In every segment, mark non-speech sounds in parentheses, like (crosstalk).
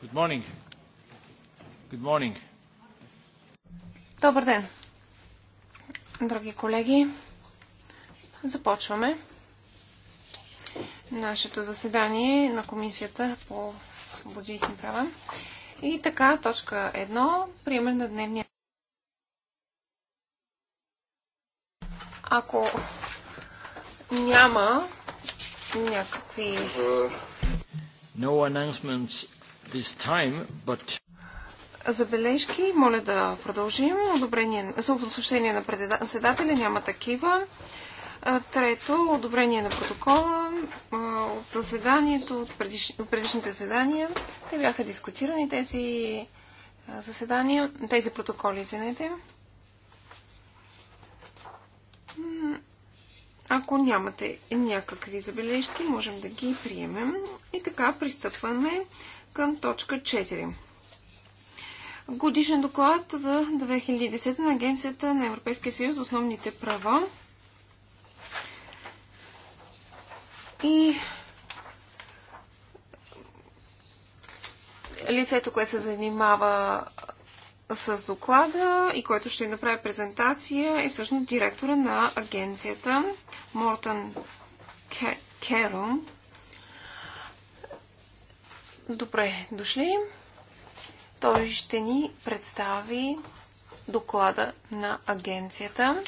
Good morning. Good morning. Добър ден, драги колеги. Започваме нашето заседание на Комисията по свободите права. И така, точка 1, пример на дневния. Ако няма някакви... No announcements time, but... Забележки, моля да продължим. Одобрение за съобщение на председателя няма такива. Трето, одобрение на протокола от заседанието, от предишните заседания. Те бяха дискутирани тези заседания, тези протоколи, извинете. Ако нямате някакви забележки, можем да ги приемем. И така, пристъпваме към точка 4. Годишен доклад за 2010 на Агенцията на Европейския съюз за основните права. И лицето, което се занимава с доклада и който ще направи презентация е всъщност директора на агенцията Мортън Керум. Добре дошли. Той ще ни представи доклада на агенцията.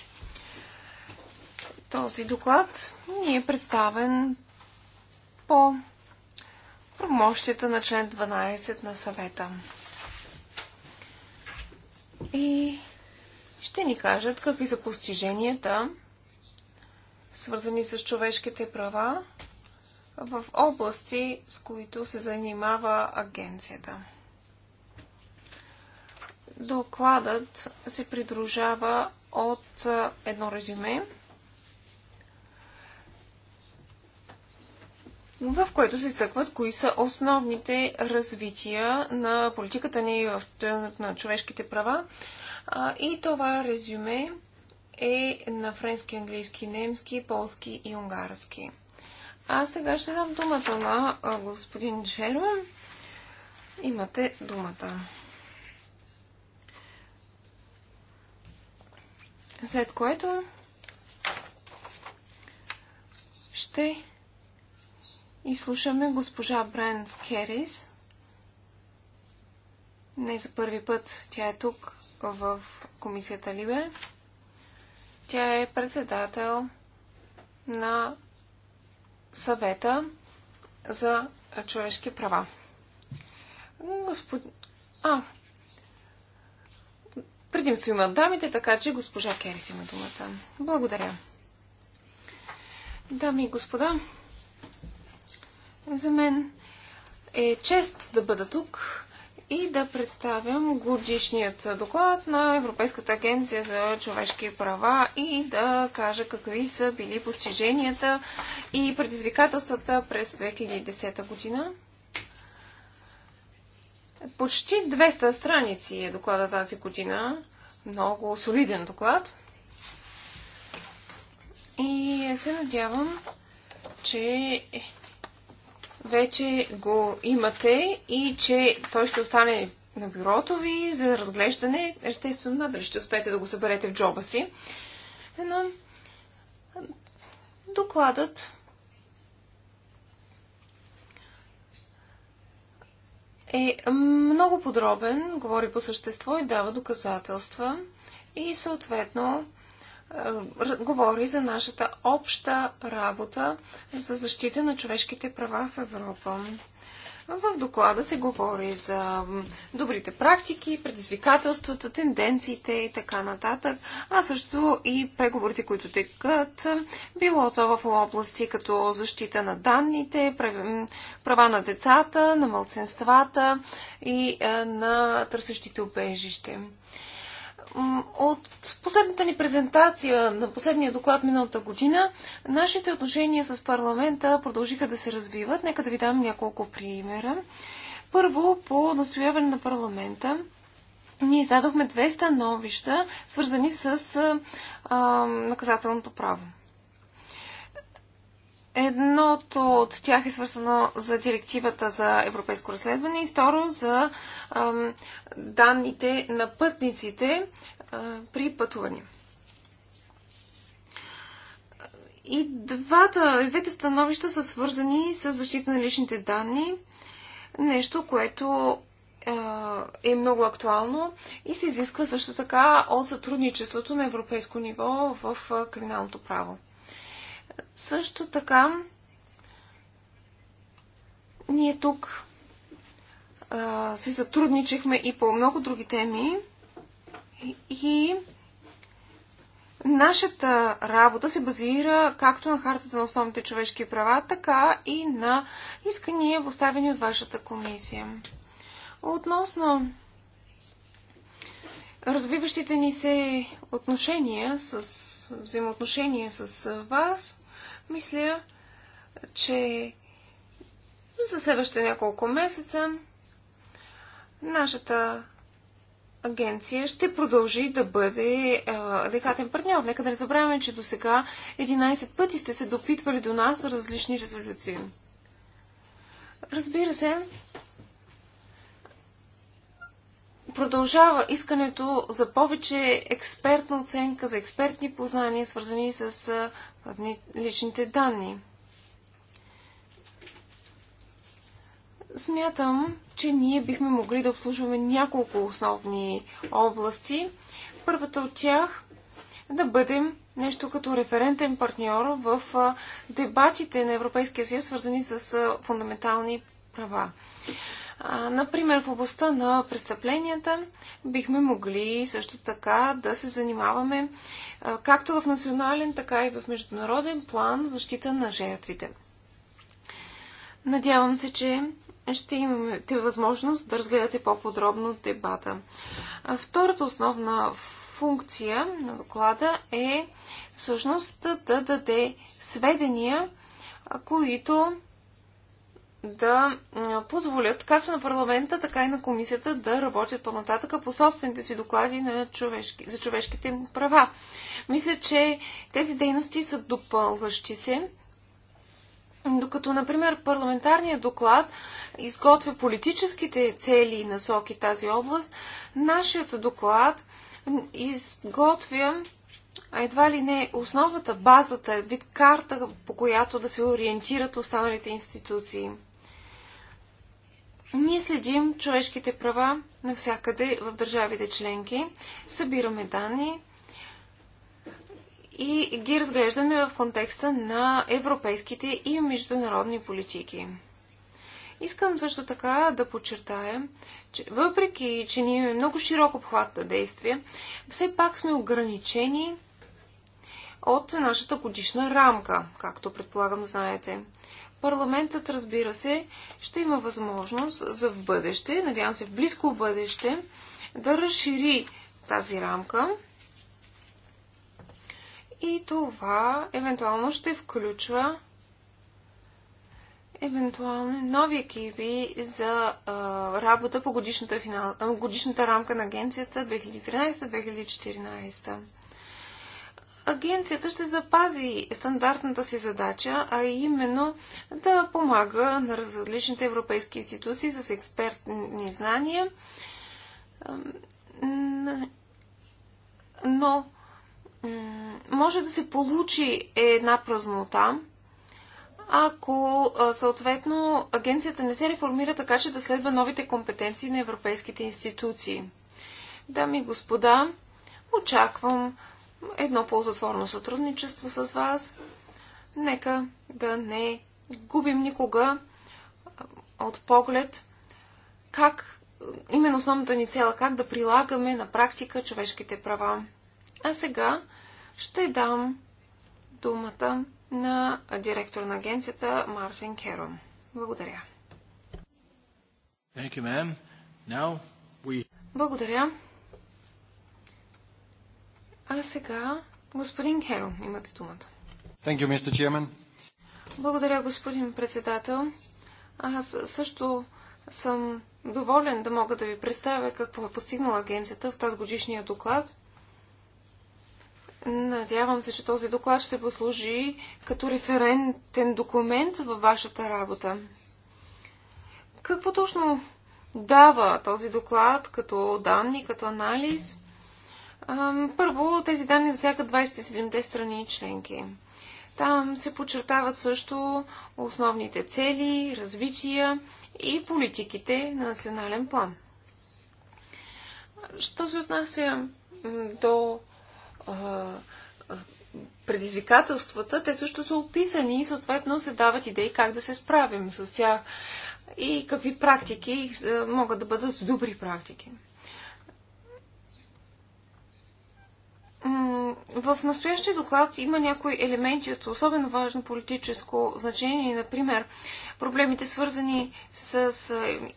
Този доклад ни е представен по промощията на член 12 на съвета. И ще ни кажат какви са постиженията, свързани с човешките права в области, с които се занимава агенцията. Докладът се придружава от едно резюме, в което се изтъкват кои са основните развития на политиката ни в на човешките права. И това резюме е на френски, английски, немски, полски и унгарски. А сега ще дам думата на господин Джеро. Имате думата. След което ще изслушаме госпожа Брайан Керис. Не за първи път тя е тук в комисията Либе. Тя е председател на съвета за човешки права. Господ... А, предимство имат дамите, така че госпожа Керис има думата. Благодаря. Дами и господа, за мен е чест да бъда тук и да представям годишният доклад на Европейската агенция за човешки права и да кажа какви са били постиженията и предизвикателствата през 2010 година. Почти 200 страници е доклада тази година. Много солиден доклад. И се надявам, че вече го имате и че той ще остане на бюрото ви за разглеждане. Естествено, надали ще успеете да го съберете в джоба си. Но докладът е много подробен, говори по същество и дава доказателства и съответно е, говори за нашата обща работа за защита на човешките права в Европа. В доклада се говори за добрите практики, предизвикателствата, тенденциите и така нататък, а също и преговорите, които текат, било то в области като защита на данните, права на децата, на мълценствата и е, на търсещите убежище. От последната ни презентация на последния доклад миналата година, нашите отношения с парламента продължиха да се развиват. Нека да ви дам няколко примера. Първо, по настояване на парламента, ние издадохме две становища, свързани с а, наказателното право. Едното от тях е свързано за директивата за европейско разследване и второ за ам, данните на пътниците а, при пътуване. И двата, двете становища са свързани с защита на личните данни, нещо, което е много актуално и се изисква също така от сътрудничеството на европейско ниво в криминалното право. Също така, ние тук а, се сътрудничихме и по много други теми. И, и нашата работа се базира както на хартата на основните човешки права, така и на искания, поставени от вашата комисия. Относно развиващите ни се отношения с взаимоотношения с вас, мисля, че за следващите няколко месеца нашата агенция ще продължи да бъде адекватен партньор. Нека да не забравяме, че до сега 11 пъти сте се допитвали до нас различни резолюции. Разбира се, продължава искането за повече експертна оценка, за експертни познания, свързани с личните данни. Смятам, че ние бихме могли да обслужваме няколко основни области. Първата от тях е да бъдем нещо като референтен партньор в дебатите на Европейския съюз, свързани с фундаментални права. Например, в областта на престъпленията бихме могли също така да се занимаваме както в национален, така и в международен план защита на жертвите. Надявам се, че ще имате възможност да разгледате по-подробно дебата. Втората основна функция на доклада е всъщност да даде сведения, които да позволят както на парламента, така и на комисията да работят по-нататъка по собствените си доклади на човешки, за човешките права. Мисля, че тези дейности са допълващи се, докато, например, парламентарният доклад изготвя политическите цели и насоки в тази област, нашият доклад изготвя а едва ли не основата, базата, вид карта, по която да се ориентират останалите институции. Ние следим човешките права навсякъде в държавите членки, събираме данни и ги разглеждаме в контекста на европейските и международни политики. Искам също така да подчертая, че въпреки, че ние имаме много широк обхват на действие, все пак сме ограничени от нашата годишна рамка, както предполагам знаете. Парламентът, разбира се, ще има възможност за в бъдеще, надявам се в близко бъдеще, да разшири тази рамка. И това евентуално ще включва евентуално нови екипи за а, работа по годишната, финал, годишната рамка на агенцията 2013-2014 агенцията ще запази стандартната си задача, а именно да помага на различните европейски институции с експертни знания. Но може да се получи една празнота, ако съответно агенцията не се реформира така, че да следва новите компетенции на европейските институции. Дами и господа, очаквам едно ползотворно сътрудничество с вас. Нека да не губим никога от поглед как, именно основната ни цела, как да прилагаме на практика човешките права. А сега ще дам думата на директор на агенцията Мартин Керон. Благодаря. Благодаря. А сега господин Херо, имате думата. Thank you, Mr. Chairman. Благодаря, господин председател. Аз също съм доволен да мога да ви представя какво е постигнала агенцията в тази годишния доклад. Надявам се, че този доклад ще послужи като референтен документ във вашата работа. Какво точно дава този доклад като данни, като анализ? Първо, тези данни засягат 27-те страни и членки. Там се подчертават също основните цели, развития и политиките на национален план. Що се отнася до предизвикателствата, те също са описани и съответно се дават идеи как да се справим с тях и какви практики могат да бъдат добри практики. в настоящия доклад има някои елементи от особено важно политическо значение, например проблемите свързани с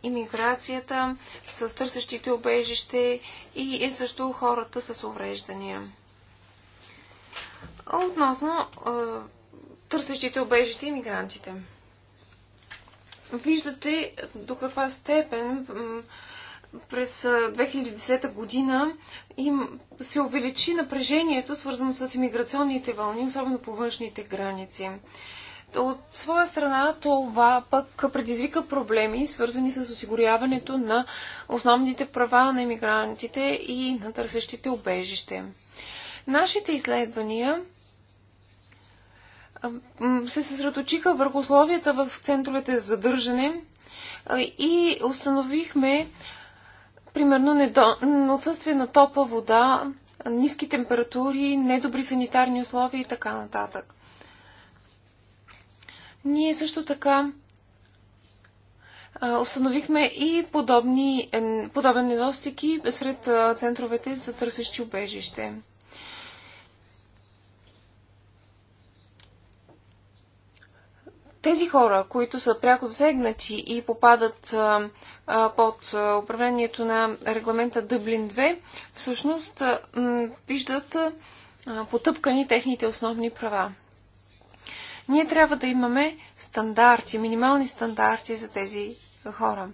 иммиграцията, с търсещите обежище и също хората с увреждания. Относно търсещите обежище и мигрантите. Виждате до каква степен през 2010 година им се увеличи напрежението, свързано с иммиграционните вълни, особено по външните граници. От своя страна това пък предизвика проблеми, свързани с осигуряването на основните права на иммигрантите и на търсещите обежище. Нашите изследвания се съсредоточиха върху условията в центровете за задържане и установихме примерно недо... отсъствие на топа вода, ниски температури, недобри санитарни условия и така нататък. Ние също така установихме и подобни, подобен недостиг и сред центровете за търсещи убежище. тези хора, които са пряко засегнати и попадат а, а, под а, управлението на регламента Дъблин 2, всъщност виждат а, потъпкани техните основни права. Ние трябва да имаме стандарти, минимални стандарти за тези хора.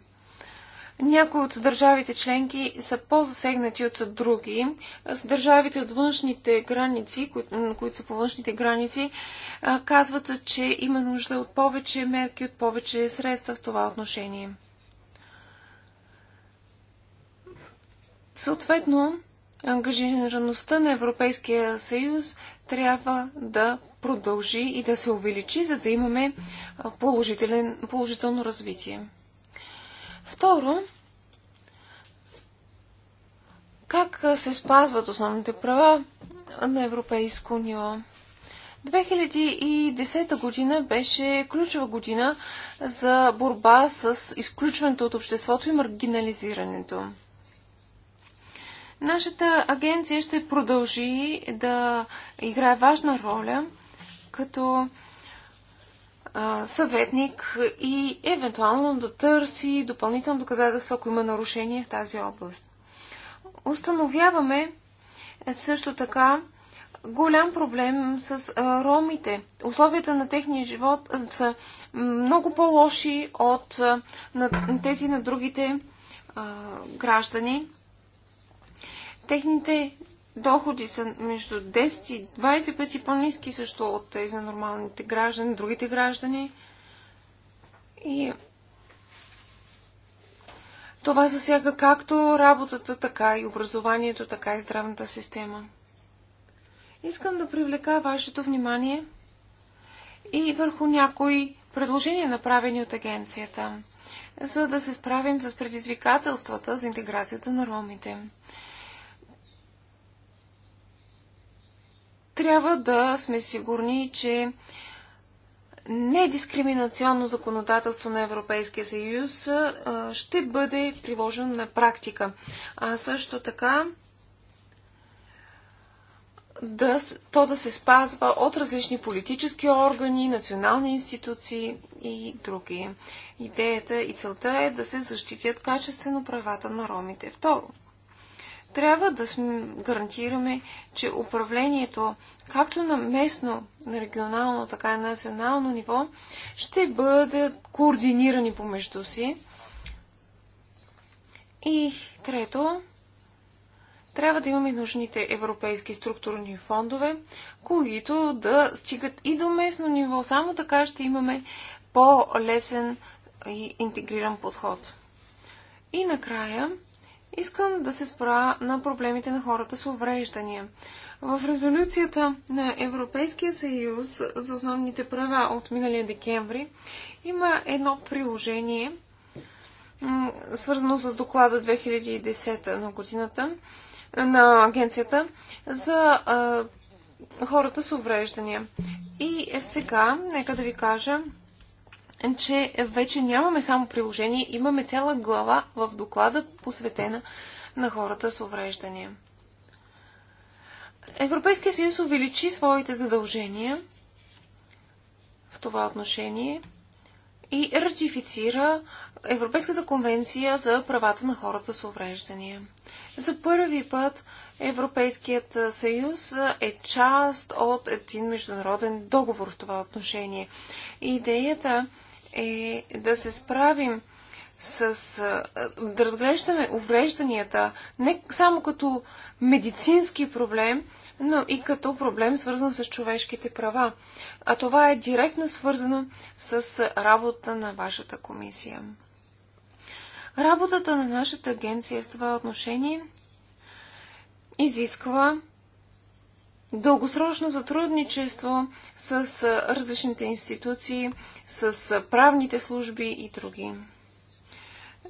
Някои от държавите членки са по-засегнати от други. С държавите от външните граници, които, които са по външните граници, казват, че има нужда от повече мерки, от повече средства в това отношение. Съответно, ангажираността на Европейския съюз трябва да продължи и да се увеличи, за да имаме положително развитие. Второ, как се спазват основните права на европейско ниво? 2010 година беше ключова година за борба с изключването от обществото и маргинализирането. Нашата агенция ще продължи да играе важна роля, като съветник и евентуално да търси допълнително доказателство, ако има нарушение в тази област. Установяваме е, също така голям проблем с ромите. Условията на техния живот са много по-лоши от на тези на другите граждани. Техните доходи са между 10 и 20 пъти по-низки също от тези на нормалните граждани, другите граждани. И това засяга както работата, така и образованието, така и здравната система. Искам да привлека вашето внимание и върху някои предложения, направени от агенцията, за да се справим с предизвикателствата за интеграцията на ромите. трябва да сме сигурни, че недискриминационно законодателство на Европейския съюз ще бъде приложено на практика. А също така да, то да се спазва от различни политически органи, национални институции и други. Идеята и целта е да се защитят качествено правата на ромите. Второ, трябва да гарантираме, че управлението както на местно, на регионално, така и на национално ниво ще бъдат координирани помежду си. И трето, трябва да имаме нужните европейски структурни фондове, които да стигат и до местно ниво. Само така ще имаме по-лесен и интегриран подход. И накрая, Искам да се спра на проблемите на хората с увреждания. В резолюцията на Европейския съюз за основните права от миналия декември има едно приложение, свързано с доклада 2010 на годината на агенцията за а, хората с увреждания. И е сега, нека да ви кажа, че вече нямаме само приложение, имаме цяла глава в доклада, посветена на хората с увреждания. Европейския съюз увеличи своите задължения в това отношение и ратифицира Европейската конвенция за правата на хората с увреждания. За първи път Европейският съюз е част от един международен договор в това отношение. Идеята е да се справим с... да разглеждаме уврежданията не само като медицински проблем, но и като проблем свързан с човешките права. А това е директно свързано с работа на вашата комисия. Работата на нашата агенция в това отношение изисква дългосрочно сътрудничество с различните институции, с правните служби и други.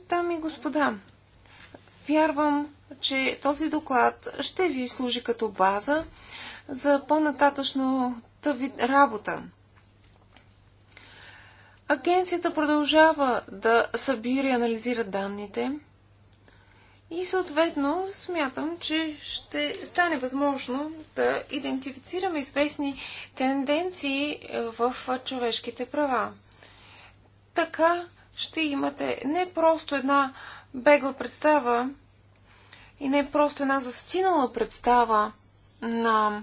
Дами и господа, вярвам, че този доклад ще ви служи като база за по-нататъчната ви работа. Агенцията продължава да събира и анализира данните – и съответно смятам, че ще стане възможно да идентифицираме известни тенденции е, в човешките права. Така ще имате не просто една бегла представа и не просто една застинала представа на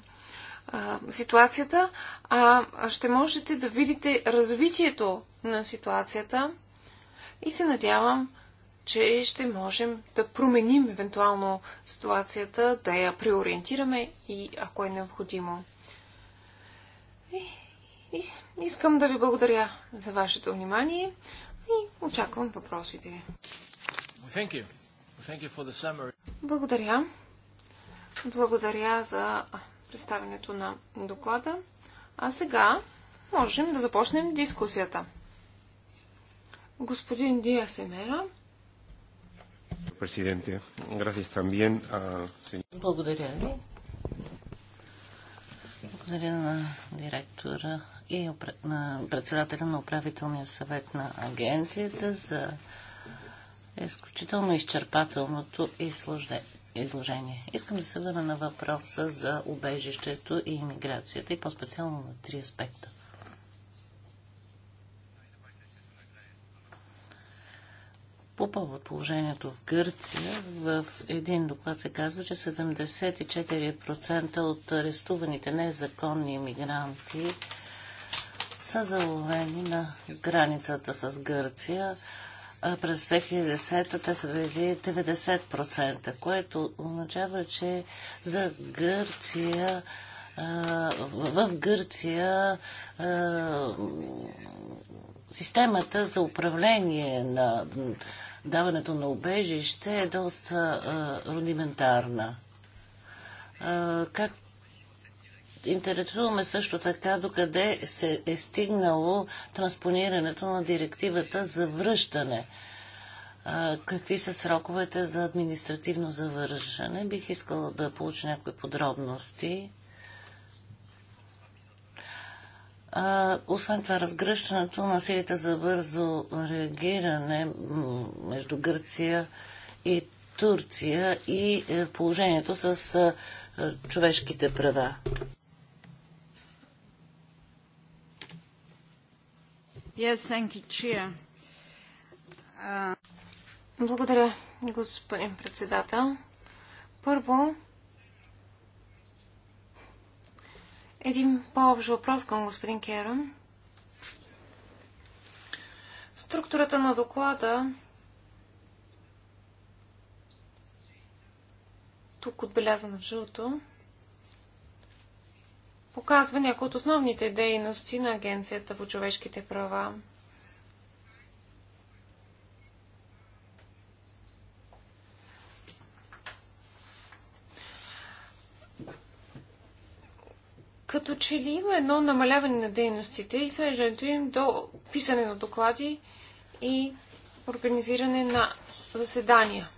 а, ситуацията, а ще можете да видите развитието на ситуацията и се надявам, че ще можем да променим евентуално ситуацията, да я приориентираме и ако е необходимо. И, и, искам да ви благодаря за вашето внимание и очаквам въпросите ви. Thank you. Thank you благодаря. Благодаря за представенето на доклада. А сега можем да започнем дискусията. Господин Диасемера presidente. Gracias también a... Благодаря ви. Благодаря на директора и на председателя на управителния съвет на агенцията за изключително изчерпателното изложение. Искам да се върна на въпроса за убежището и иммиграцията и по-специално на три аспекта. По повод положението в Гърция, в един доклад се казва, че 74% от арестуваните незаконни иммигранти са заловени на границата с Гърция. А през 2010 те са били 90%, което означава, че за Гърция в Гърция системата за управление на даването на обежище е доста а, рудиментарна. А, как интересуваме също така докъде се е стигнало транспонирането на директивата за връщане. А, какви са сроковете за административно завършане? Бих искала да получа някои подробности. А, освен това, разгръщането на силите за бързо реагиране между Гърция и Турция и е, положението с човешките права. Yes, you, Благодаря, господин председател. Първо, Един по-общ въпрос към господин Керон. Структурата на доклада тук отбелязана в жълто показва някои от основните дейности на Агенцията по човешките права. като че ли има едно намаляване на дейностите и свеждането им до писане на доклади и организиране на заседания.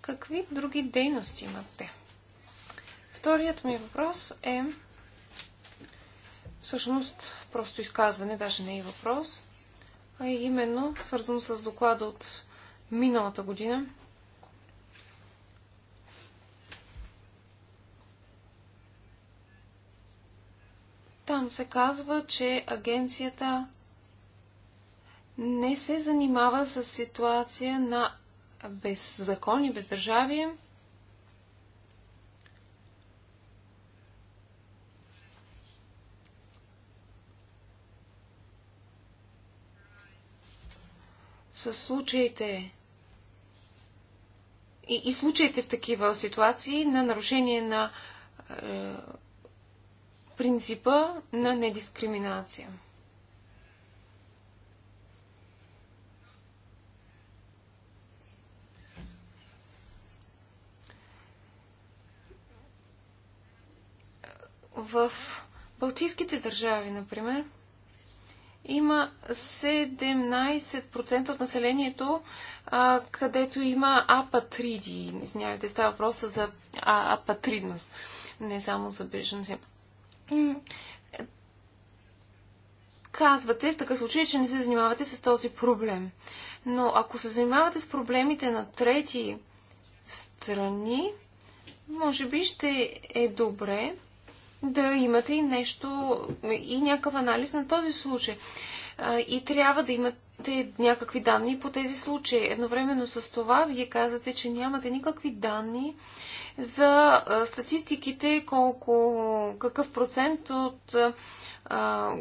Какви други дейности имат те? Вторият ми въпрос е всъщност просто изказване, даже не е въпрос, а е именно свързано с доклада от миналата година – Там се казва, че агенцията не се занимава с ситуация на беззаконие, бездържавие. С случаите и, и случаите в такива ситуации на нарушение на е, принципа на недискриминация. В Балтийските държави, например, има 17% от населението, а, където има апатриди. Извинявайте, става въпроса за а, апатридност, не само за беженци казвате в такъв случай, че не се занимавате с този проблем. Но ако се занимавате с проблемите на трети страни, може би ще е добре да имате и нещо, и някакъв анализ на този случай. И трябва да имате някакви данни по тези случаи. Едновременно с това, вие казвате, че нямате никакви данни за статистиките, колко, какъв процент от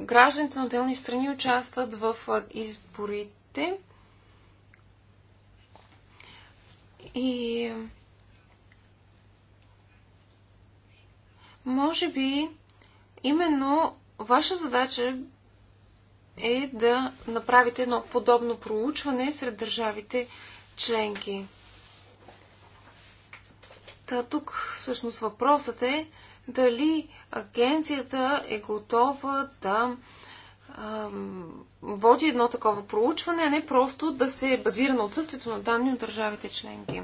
гражданите на отделни страни участват в изборите. И може би именно ваша задача е да направите едно подобно проучване сред държавите членки. Та тук всъщност въпросът е дали агенцията е готова да води едно такова проучване, а не просто да се базира на отсъствието на данни от държавите членки.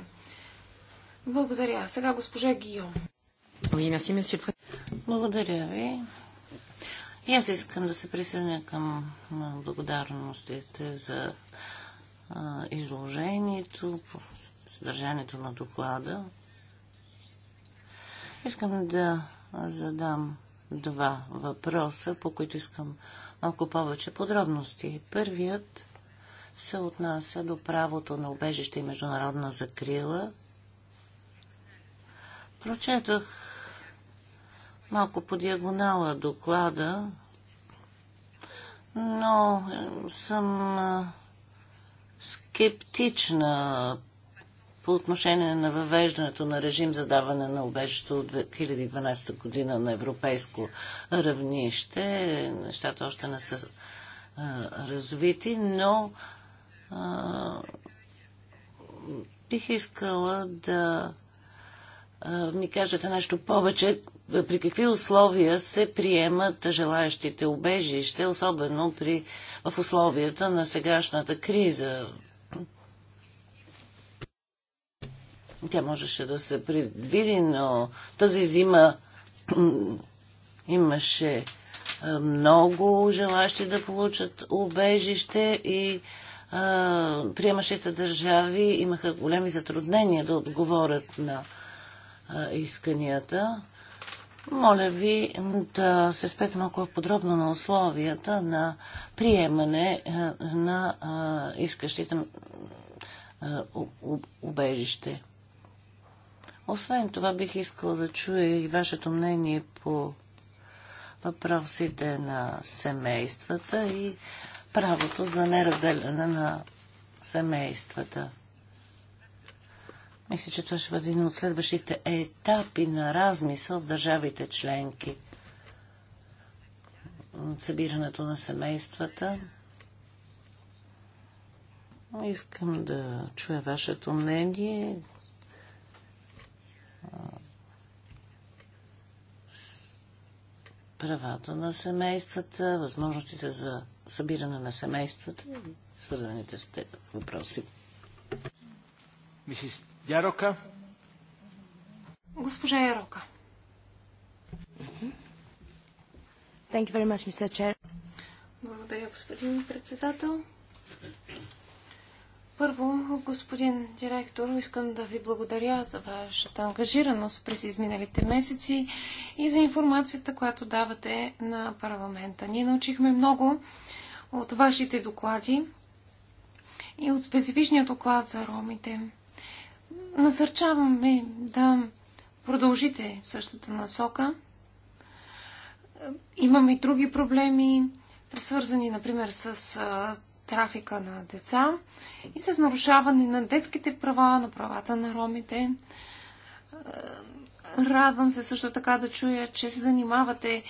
Благодаря. Сега госпожа Гио. Благодаря ви. И аз искам да се присъединя към благодарностите за изложението, съдържанието на доклада. Искам да задам два въпроса, по които искам малко повече подробности. Първият се отнася до правото на убежище и международна закрила. Прочетах малко по диагонала доклада, но съм скептична по отношение на въвеждането на режим за даване на обещето от 2012 година на европейско равнище. Нещата още не са а, развити, но а, бих искала да ми кажете нещо повече. При какви условия се приемат желаящите обежище, особено при, в условията на сегашната криза Тя можеше да се предвиди, но тази зима (clears throat) имаше много желащи да получат убежище и а, приемащите държави имаха големи затруднения да отговорят на а, исканията. Моля ви да се спете малко подробно на условията на приемане на а, искащите а, убежище. Освен това бих искала да чуя и вашето мнение по въпросите на семействата и правото за неразделяне на семействата. Мисля, че това ще бъде един от следващите етапи на размисъл в държавите членки. Събирането на семействата. Искам да чуя вашето мнение правата на семействата, възможностите за събиране на семействата и свързаните с те въпроси. Мисис Ярока. Госпожа Ярока. Благодаря, господин председател. Първо, господин директор, искам да ви благодаря за вашата ангажираност през изминалите месеци и за информацията, която давате на парламента. Ние научихме много от вашите доклади и от специфичния доклад за ромите. Насърчаваме да продължите същата насока. Имаме и други проблеми, свързани, например, с трафика на деца и с нарушаване на детските права, на правата на ромите. Е, радвам се също така да чуя, че се занимавате е,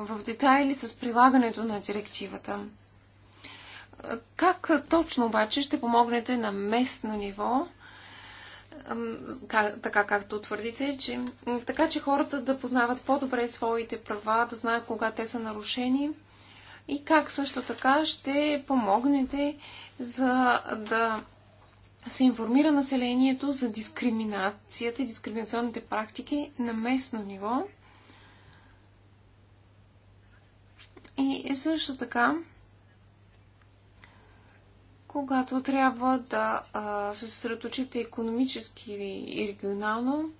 в детайли с прилагането на директивата. Е, как точно обаче ще помогнете на местно ниво, така както твърдите, че, така че хората да познават по-добре своите права, да знаят кога те са нарушени? и как също така ще помогнете за да се информира населението за дискриминацията и дискриминационните практики на местно ниво. И също така, когато трябва да се съсредоточите економически и регионално,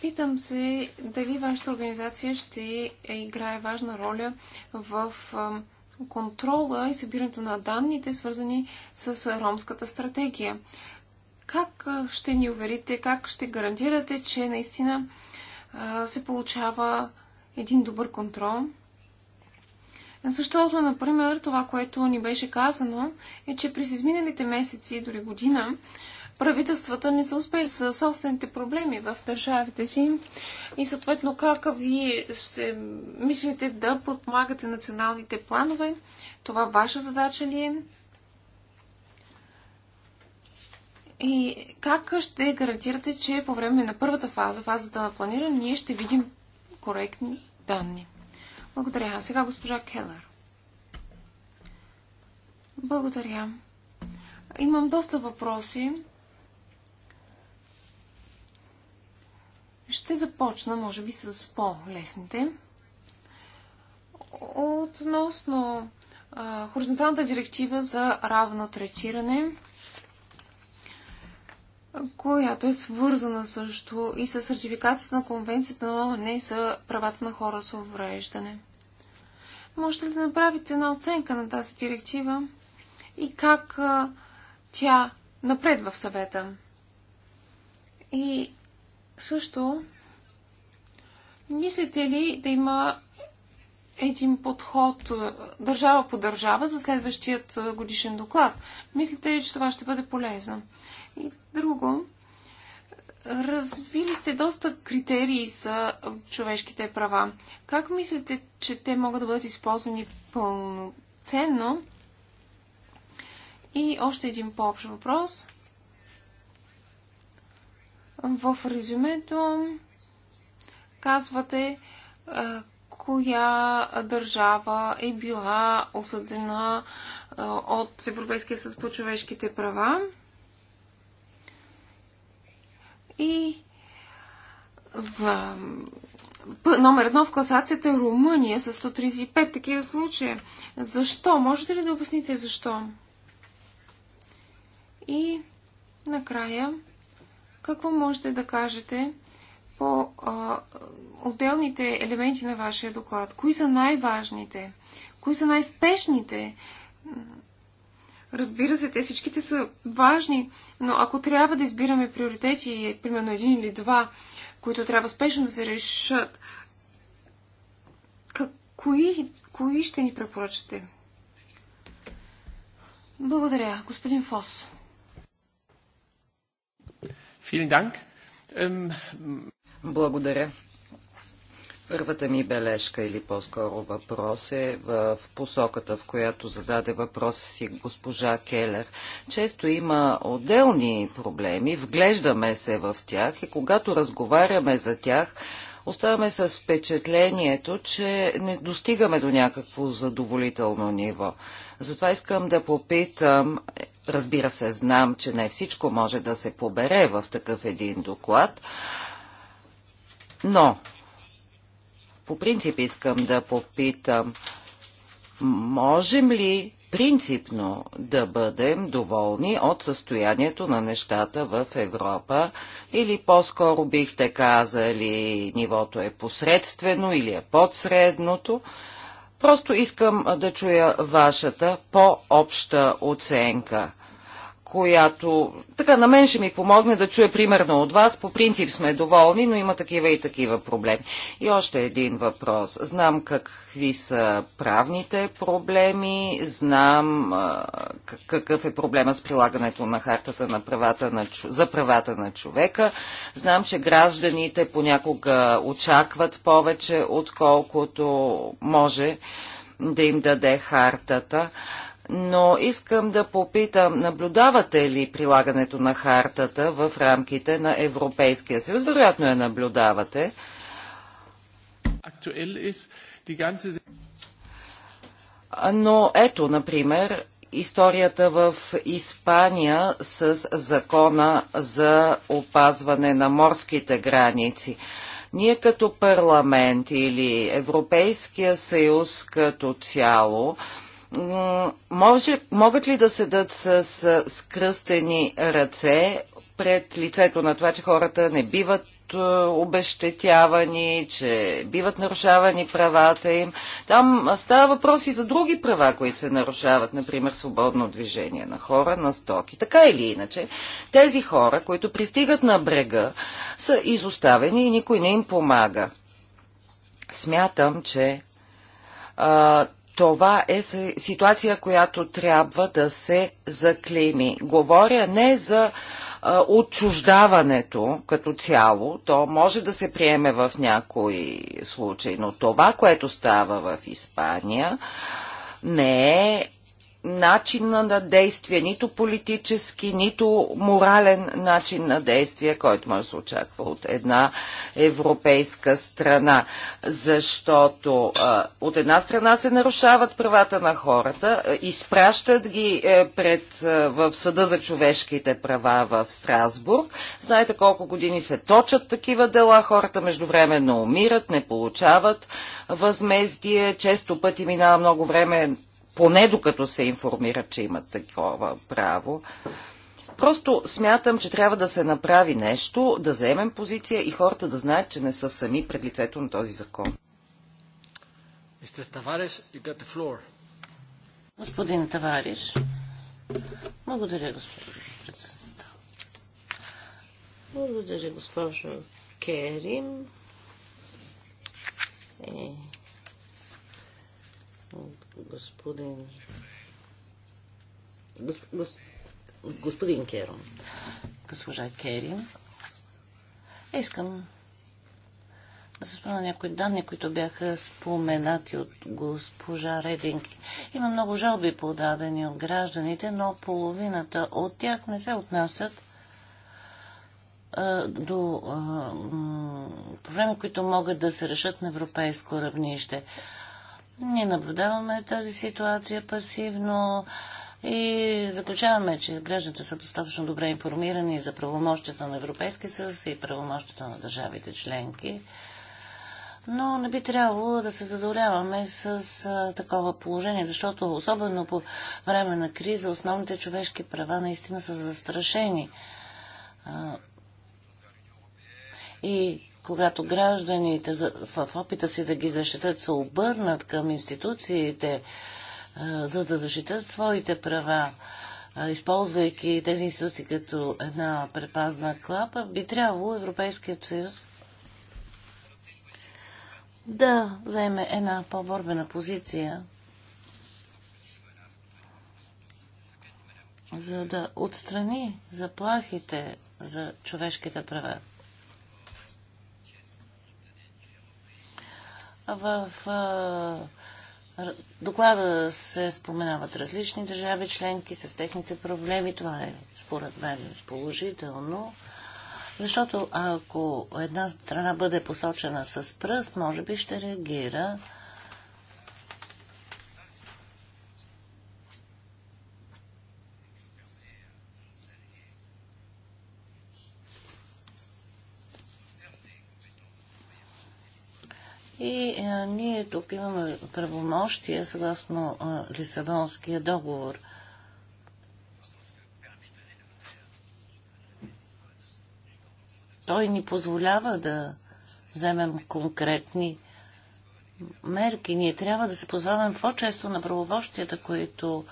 Питам се дали вашата организация ще играе важна роля в контрола и събирането на данните, свързани с ромската стратегия. Как ще ни уверите, как ще гарантирате, че наистина се получава един добър контрол? Защото, например, това, което ни беше казано, е, че през изминалите месеци, дори година, правителствата не са успели с собствените проблеми в държавите си и съответно как вие се мислите да подмагате националните планове? Това ваша задача ли е? И как ще гарантирате, че по време на първата фаза, фазата на планиране, ние ще видим коректни данни? Благодаря. А сега госпожа Келър. Благодаря. Имам доста въпроси. Ще започна, може би, с по-лесните. Относно а, хоризонталната директива за равно третиране, която е свързана също и с ратификацията на Конвенцията на ООН за правата на хора с увреждане. Можете ли да направите една оценка на тази директива и как а, тя напредва в съвета? И също, мислите ли да има един подход е, държава по държава за следващият е, годишен доклад? Мислите ли, че това ще бъде полезно? И друго, развили сте доста критерии за човешките права. Как мислите, че те могат да бъдат използвани пълноценно? И още един по-общ въпрос – в резюмето казвате е, коя държава е била осъдена е, от Европейския съд по човешките права. И в, номер едно в класацията е Румъния с 135 такива случая. Защо? Можете ли да обясните защо? И накрая какво можете да кажете по а, отделните елементи на вашия доклад? Кои са най-важните? Кои са най-спешните? Разбира се, те всичките са важни, но ако трябва да избираме приоритети, примерно един или два, които трябва спешно да се решат, как, кои, кои ще ни препоръчате? Благодаря, господин Фос. Благодаря. Първата ми бележка или по-скоро въпрос е в посоката, в която зададе въпроса си госпожа Келер. Често има отделни проблеми, вглеждаме се в тях и когато разговаряме за тях, оставаме с впечатлението, че не достигаме до някакво задоволително ниво. Затова искам да попитам, Разбира се, знам, че не всичко може да се побере в такъв един доклад, но по принцип искам да попитам, можем ли принципно да бъдем доволни от състоянието на нещата в Европа или по-скоро бихте казали нивото е посредствено или е подсредното. Просто искам да чуя вашата по-обща оценка която така на мен ще ми помогне да чуя примерно от вас. По принцип сме доволни, но има такива и такива проблеми. И още един въпрос. Знам какви са правните проблеми, знам а, какъв е проблема с прилагането на хартата на правата на, за правата на човека. Знам, че гражданите понякога очакват повече, отколкото може да им даде хартата. А, но искам да попитам, наблюдавате ли прилагането на хартата в рамките на Европейския съюз? Вероятно я наблюдавате. Но ето, например, историята в Испания с закона за опазване на морските граници. Ние като парламент или Европейския съюз като цяло, може, могат ли да седат с, с кръстени ръце пред лицето на това, че хората не биват е, обещетявани, че биват нарушавани правата им. Там става въпрос и за други права, които се нарушават, например свободно движение на хора, на стоки. Така или иначе, тези хора, които пристигат на брега, са изоставени и никой не им помага. Смятам, че а, това е ситуация, която трябва да се заклейми. Говоря не за отчуждаването като цяло, то може да се приеме в някой случай, но това, което става в Испания, не е начина на действие, нито политически, нито морален начин на действие, който може да се очаква от една европейска страна. Защото а, от една страна се нарушават правата на хората, изпращат ги е, пред, е, в Съда за човешките права в Страсбург. Знаете колко години се точат такива дела, хората междувременно умират, не получават възмездие, често пъти минава много време поне докато се информират, че имат такова право. Просто смятам, че трябва да се направи нещо, да заемем позиция и хората да знаят, че не са сами пред лицето на този закон. Господин Тавариш, благодаря, господин председател. Благодаря, госпожо Керим. Е, господин... Гос... Господин Керон. Госпожа Керин. Искам да се спомня някои данни, които бяха споменати от госпожа Рединг. Има много жалби подадени от гражданите, но половината от тях не се отнасят а, до а, проблеми, които могат да се решат на европейско равнище. Ние наблюдаваме тази ситуация пасивно и заключаваме, че гражданите са достатъчно добре информирани за правомощията на Европейския съюз и правомощията на държавите членки. Но не би трябвало да се задоволяваме с а, такова положение, защото особено по време на криза основните човешки права наистина са застрашени. А, и когато гражданите в опита си да ги защитат се обърнат към институциите, за да защитат своите права, използвайки тези институции като една препазна клапа, би трябвало Европейският съюз да заеме една по-борбена позиция, за да отстрани заплахите за човешките права. В доклада се споменават различни държави членки с техните проблеми. Това е, според мен, положително. Защото ако една страна бъде посочена с пръст, може би ще реагира И а, е, ние тук имаме правомощия съгласно а, е, Лисабонския договор. Той ни позволява да вземем конкретни мерки. Ние трябва да се позваваме по-често на правомощията, които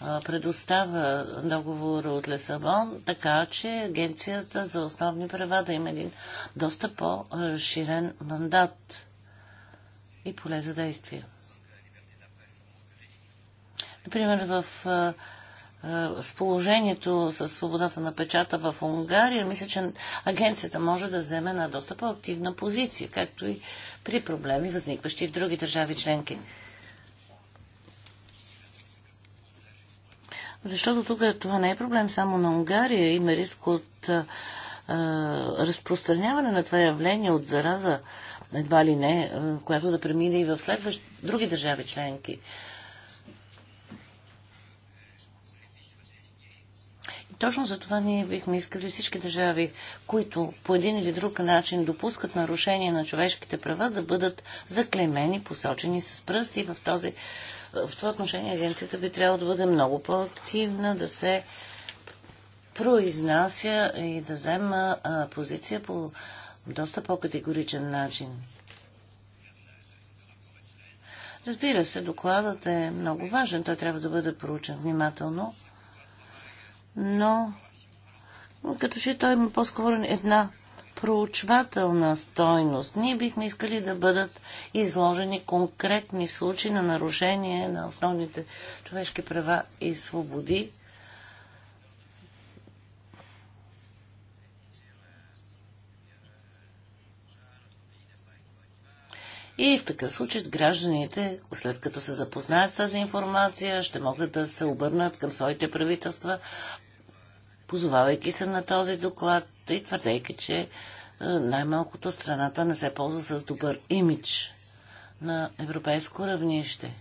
е, предоставя договор от Лесабон, така че Агенцията за основни права да има един доста по-разширен мандат и поле за действие. Например, в с положението с свободата на печата в Унгария, мисля, че агенцията може да вземе една доста по-активна позиция, както и при проблеми, възникващи в други държави членки. Защото тук е, това не е проблем само на Унгария. Има риск от а, разпространяване на това явление от зараза едва ли не, е, която да премине и в следващ, други държави членки. И точно за това ние бихме искали всички държави, които по един или друг начин допускат нарушение на човешките права, да бъдат заклемени, посочени с пръсти в този в това отношение агенцията би трябвало да бъде много по-активна, да се произнася и да взема позиция по доста по-категоричен начин. Разбира се, докладът е много важен. Той трябва да бъде проучен внимателно. Но като че той има по-скоро една проучвателна стойност. Ние бихме искали да бъдат изложени конкретни случаи на нарушение на основните човешки права и свободи И в такъв случай гражданите, след като се запознаят с тази информация, ще могат да се обърнат към своите правителства, позовавайки се на този доклад и твърдейки, че е, най-малкото страната не се ползва с добър имидж на европейско равнище.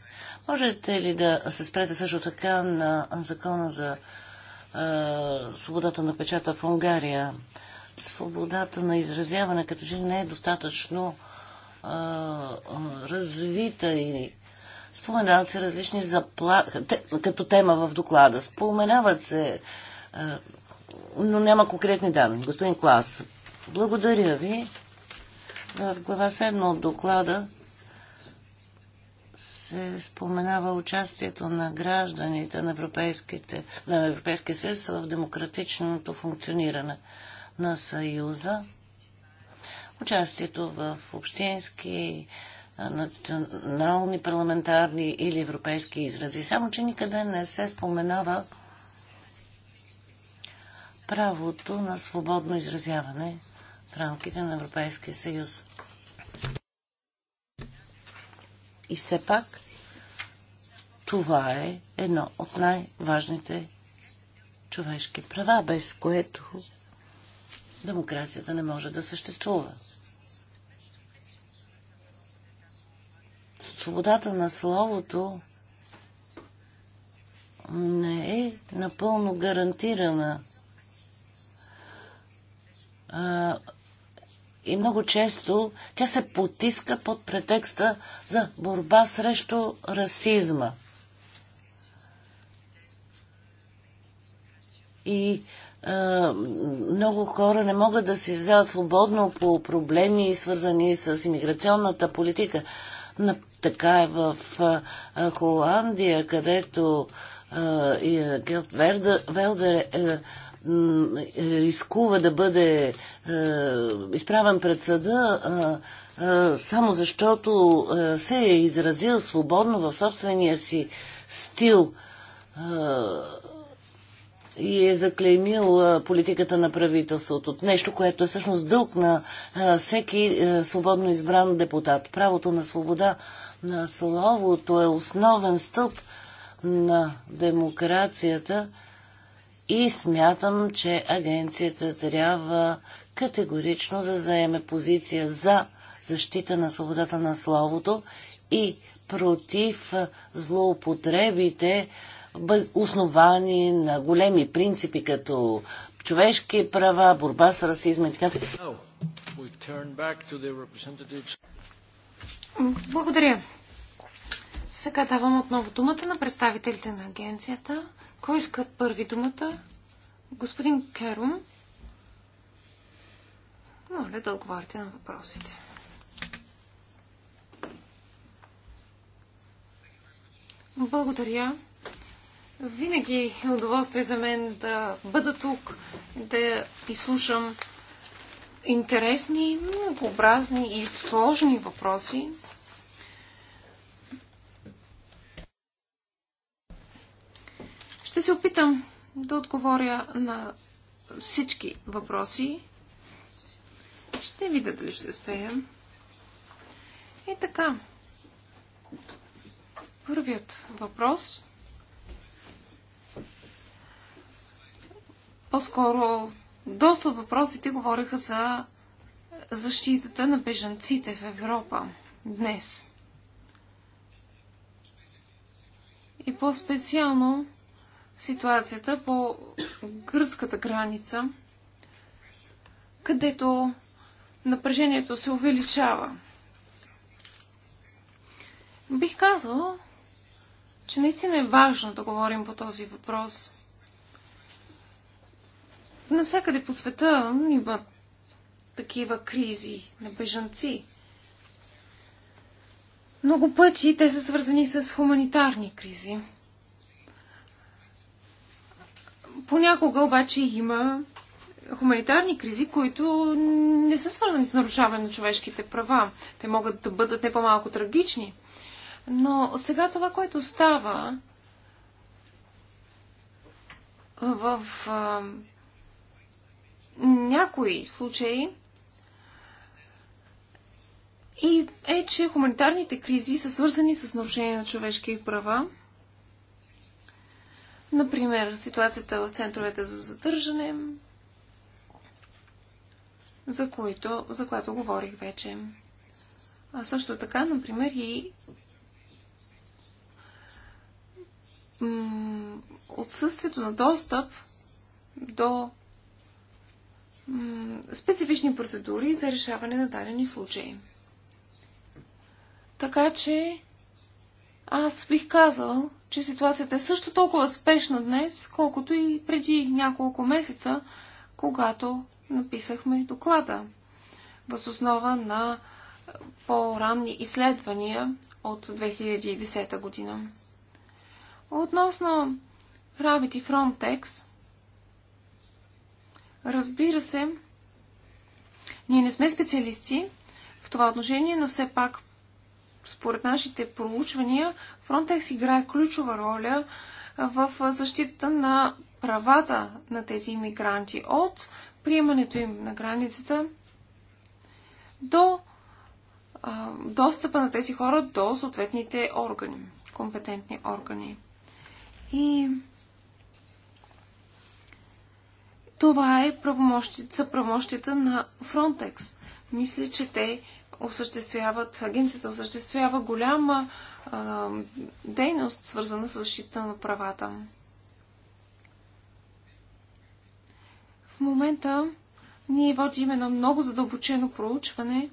Можете ли да се спрете също така на закона за е, свободата на печата в Унгария? Свободата на изразяване като че не е достатъчно развита и споменават се различни заплахи, като тема в доклада. Споменават се, но няма конкретни данни. Господин Клас, благодаря ви. В глава 7 от доклада се споменава участието на гражданите на, европейските, на Европейския съюз в демократичното функциониране на Съюза. Участието в общински, национални, парламентарни или европейски изрази. Само, че никъде не се споменава правото на свободно изразяване в рамките на Европейския съюз. И все пак това е едно от най-важните човешки права, без което демокрацията не може да съществува. свободата на словото не е напълно гарантирана. А, и много често тя се потиска под претекста за борба срещу расизма. И а, много хора не могат да се вземат свободно по проблеми, свързани с иммиграционната политика. Така е в Холандия, където Гелт Велдер е, рискува да бъде е, изправен пред съда само защото е, се е изразил свободно в собствения си стил и е заклеймил политиката на правителството. Нещо, което е всъщност дълг на всеки свободно избран депутат. Правото на свобода на словото е основен стълб на демокрацията и смятам, че агенцията трябва категорично да заеме позиция за защита на свободата на словото и против злоупотребите основани на големи принципи, като човешки права, борба с расизма и така. Благодаря. Сега давам отново думата на представителите на агенцията. Кой искат първи думата? Господин Керум. Моля да отговорите на въпросите. Благодаря. Винаги е удоволствие за мен да бъда тук, да изслушам интересни, многообразни и сложни въпроси. Ще се опитам да отговоря на всички въпроси. Ще видя дали ще успеем. И така. Първият въпрос – По-скоро, доста от въпросите говориха за защитата на бежанците в Европа днес. И по-специално ситуацията по гръцката граница, където напрежението се увеличава. Бих казала, че наистина е важно да говорим по този въпрос – Навсякъде по света има такива кризи на бежанци. Много пъти те са свързани с хуманитарни кризи. Понякога обаче има хуманитарни кризи, които не са свързани с нарушаване на човешките права. Те могат да бъдат не по-малко трагични. Но сега това, което става в някои случаи и е, че хуманитарните кризи са свързани с нарушение на човешки права. Например, ситуацията в центровете за задържане, за, които, за която говорих вече. А също така, например, и отсъствието на достъп до специфични процедури за решаване на дадени случаи. Така че аз бих казал, че ситуацията е също толкова спешна днес, колкото и преди няколко месеца, когато написахме доклада. Възоснова на по-ранни изследвания от 2010 година. Относно рабити Фронтекс. Frontex, Разбира се, ние не сме специалисти в това отношение, но все пак, според нашите проучвания, Frontex играе ключова роля в защита на правата на тези иммигранти от приемането им на границата до а, достъпа на тези хора до съответните органи, компетентни органи. И Това е правомощи, са правомощията на Frontex. Мисля, че те осъществяват, агенцията осъществява голяма а, дейност, свързана с защита на правата. В момента ние водим едно много задълбочено проучване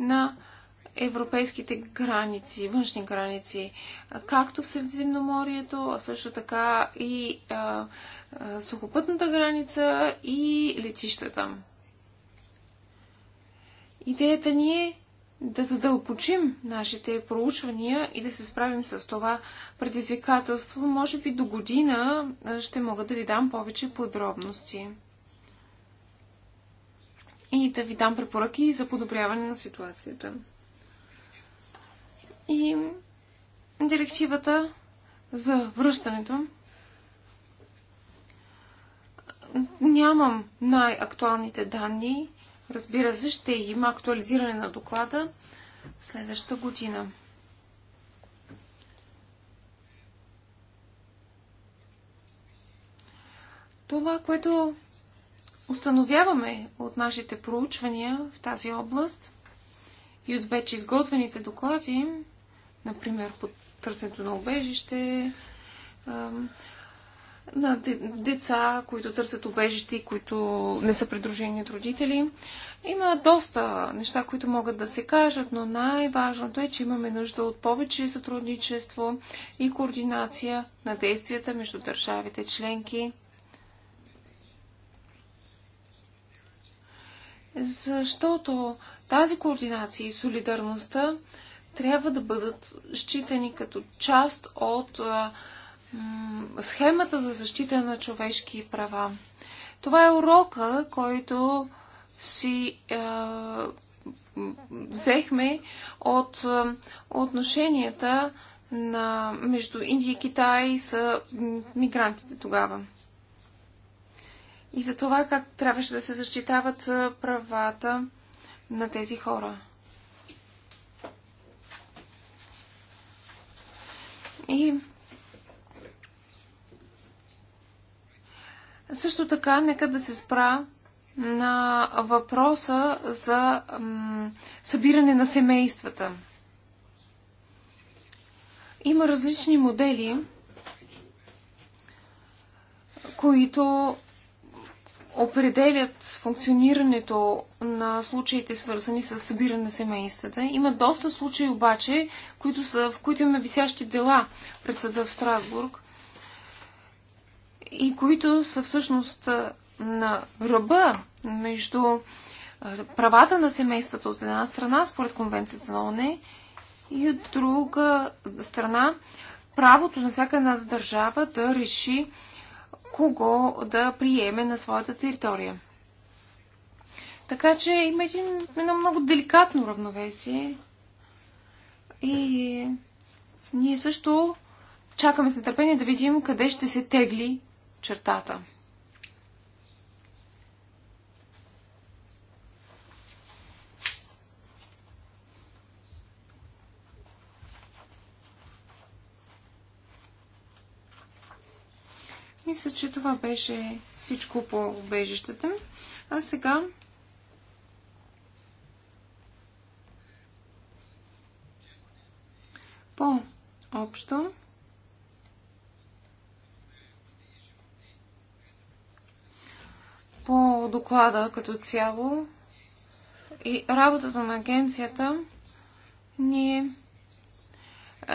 на европейските граници, външни граници, както в Средиземноморието, а също така и а, а, сухопътната граница и летищата. Идеята ни е да задълбочим нашите проучвания и да се справим с това предизвикателство. Може би до година ще мога да ви дам повече подробности и да ви дам препоръки за подобряване на ситуацията. И директивата за връщането. Нямам най-актуалните данни. Разбира се, ще има актуализиране на доклада следващата година. Това, което установяваме от нашите проучвания в тази област и от вече изготвените доклади, например, под търсенето на обежище, на деца, които търсят обежище и които не са придружени от родители. Има доста неща, които могат да се кажат, но най-важното е, че имаме нужда от повече сътрудничество и координация на действията между държавите членки. Защото тази координация и солидарността трябва да бъдат считани като част от схемата за защита на човешки права. Това е урока, който си е, взехме от отношенията на, между Индия и Китай с мигрантите тогава. И за това как трябваше да се защитават правата на тези хора. И също така, нека да се спра на въпроса за събиране на семействата. Има различни модели, които определят функционирането на случаите, свързани с събиране на семействата. Има доста случаи обаче, които са, в които имаме висящи дела пред съда в Страсбург и които са всъщност на ръба между правата на семействата от една страна, според конвенцията на ОНЕ, и от друга страна правото на всяка една държава да реши кого да приеме на своята територия. Така че има един, едно много деликатно равновесие. И ние също чакаме с нетърпение да видим къде ще се тегли чертата. Мисля, че това беше всичко по убежищата. А сега по-общо по доклада като цяло и работата на агенцията ние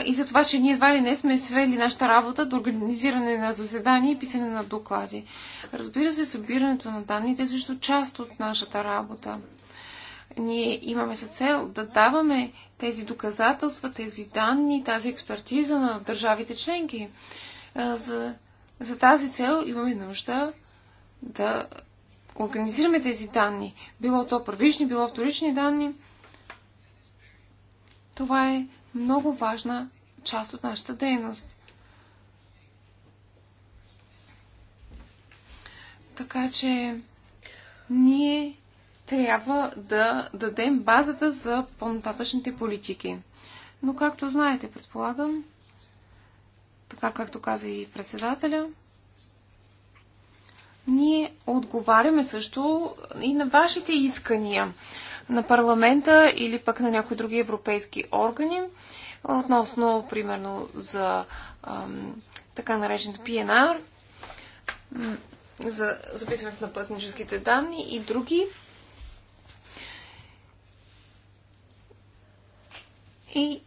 и за това, че ние едва ли не сме свели нашата работа до организиране на заседания и писане на доклади. Разбира се, събирането на данните е също част от нашата работа. Ние имаме за цел да даваме тези доказателства, тези данни, тази експертиза на държавите членки. За, за тази цел имаме нужда да организираме тези данни, било то първични, било вторични данни. Това е много важна част от нашата дейност. Така че ние трябва да дадем базата за по-нататъчните политики. Но както знаете, предполагам, така както каза и председателя, ние отговаряме също и на вашите искания на парламента или пък на някои други европейски органи, относно, примерно, за ам, така нареченото ПНР, за записването на пътническите данни и други. И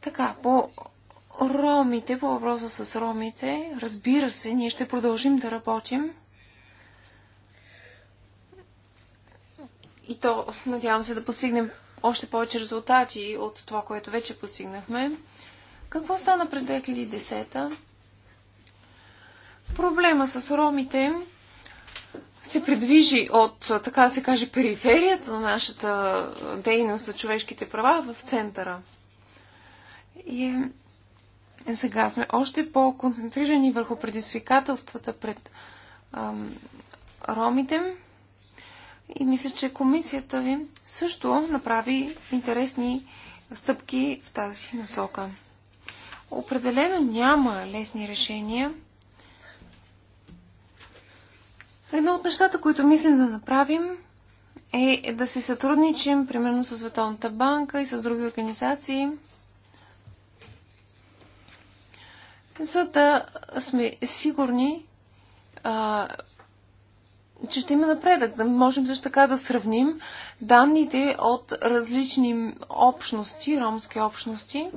така, по ромите, по въпроса с ромите, разбира се, ние ще продължим да работим И то, надявам се да постигнем още повече резултати от това, което вече постигнахме. Какво стана през 2010-та? Проблема с ромите се придвижи от, така да се каже, периферията на нашата дейност за човешките права в центъра. И сега сме още по-концентрирани върху предизвикателствата пред ам, ромите и мисля, че комисията ви също направи интересни стъпки в тази насока. Определено няма лесни решения. Едно от нещата, които мислим да направим, е да се сътрудничим, примерно, с Световната банка и с други организации, за да сме сигурни, че ще има напредък. Да можем също така да сравним данните от различни общности, ромски общности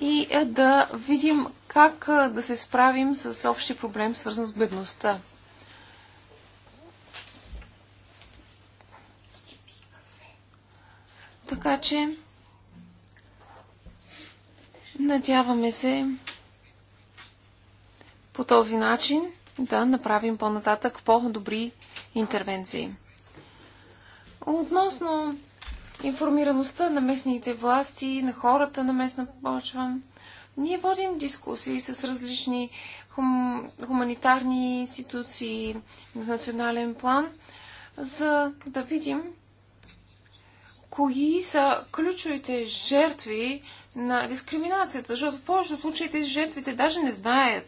и е, да видим как е, да се справим с общи проблем, свързан с бедността. Така че, надяваме се по този начин да направим по-нататък по-добри интервенции. Относно информираността на местните власти, на хората на местна почва, ние водим дискусии с различни хум... хуманитарни институции на национален план, за да видим кои са ключовите жертви на дискриминацията, защото в повечето случаи тези жертвите даже не знаят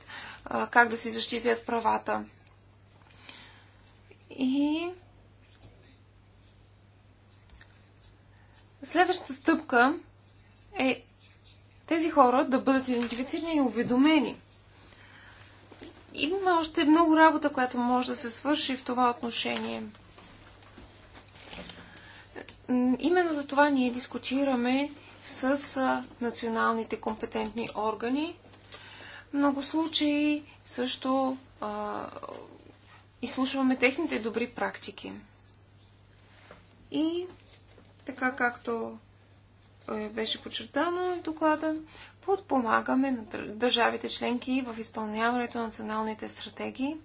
как да си защитят правата. И следващата стъпка е тези хора да бъдат идентифицирани и уведомени. Има още много работа, която може да се свърши в това отношение. Именно за това ние дискутираме с националните компетентни органи много случаи също а, изслушваме техните добри практики. И така както беше подчертано в доклада, подпомагаме на държавите членки в изпълняването на националните стратегии.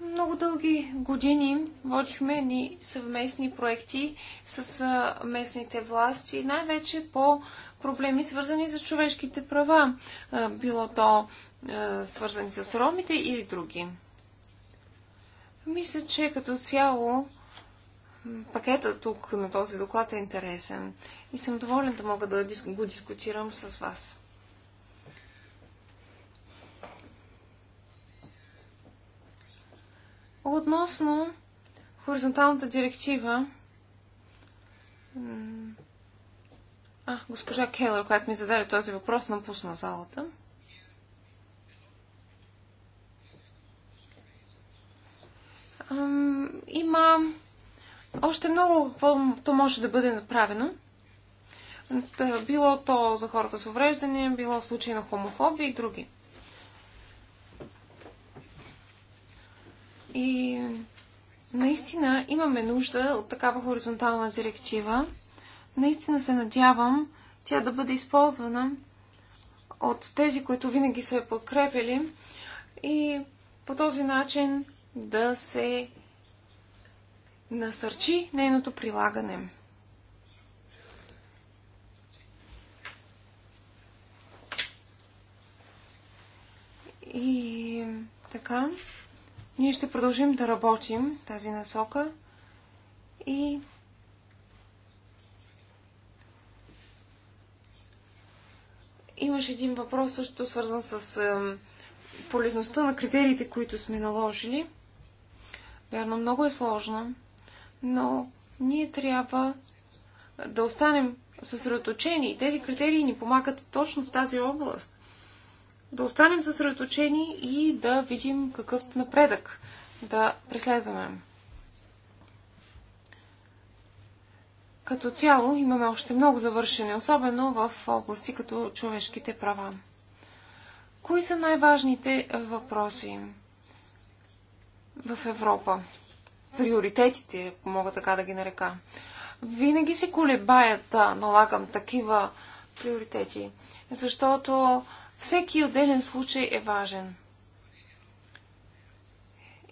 Много дълги години водихме ни съвместни проекти с местните власти, най-вече по проблеми, свързани с човешките права, било то свързани с ромите или други. Мисля, че като цяло пакета тук на този доклад е интересен и съм доволен да мога да го дискутирам с вас. Относно хоризонталната директива, а, госпожа Келър, която ми зададе този въпрос, напусна залата. Ам, има още много каквото може да бъде направено. Било то за хората с увреждания, било случаи на хомофобия и други. И наистина имаме нужда от такава хоризонтална директива, Наистина се надявам тя да бъде използвана от тези, които винаги са подкрепили и по този начин да се насърчи нейното прилагане. И така, ние ще продължим да работим тази насока и Имаш един въпрос също свързан с полезността на критериите, които сме наложили. Вярно, много е сложно, но ние трябва да останем съсредоточени. И тези критерии ни помагат точно в тази област. Да останем съсредоточени и да видим какъв напредък да преследваме. като цяло имаме още много завършене, особено в области като човешките права. Кои са най-важните въпроси в Европа? Приоритетите, ако мога така да ги нарека. Винаги се колебаят да налагам такива приоритети, защото всеки отделен случай е важен.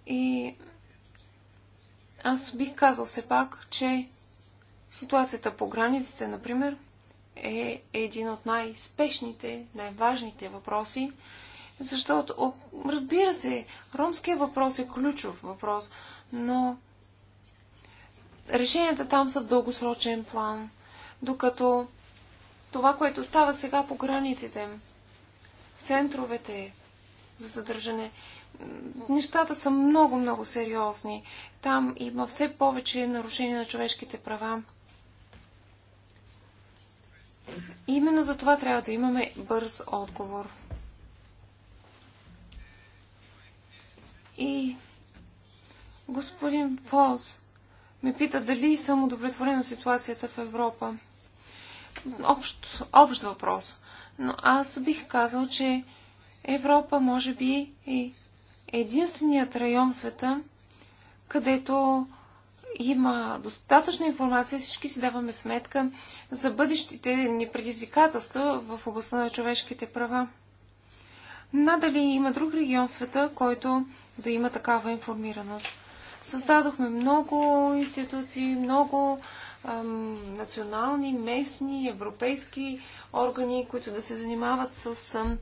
И аз бих казал все пак, че Ситуацията по границите, например, е един от най-спешните, най-важните въпроси, защото, разбира се, ромския въпрос е ключов въпрос, но решенията там са в дългосрочен план, докато това, което става сега по границите, в центровете за задържане, нещата са много-много сериозни. Там има все повече нарушения на човешките права. Именно за това трябва да имаме бърз отговор. И господин Полз ме пита дали съм удовлетворен от ситуацията в Европа. Общ, общ въпрос. Но аз бих казал, че Европа може би е единственият район в света, където има достатъчно информация, всички си даваме сметка за бъдещите ни предизвикателства в областта на човешките права. Надали има друг регион в света, който да има такава информираност. Създадохме много институции, много ам, национални, местни, европейски органи, които да се занимават с ам,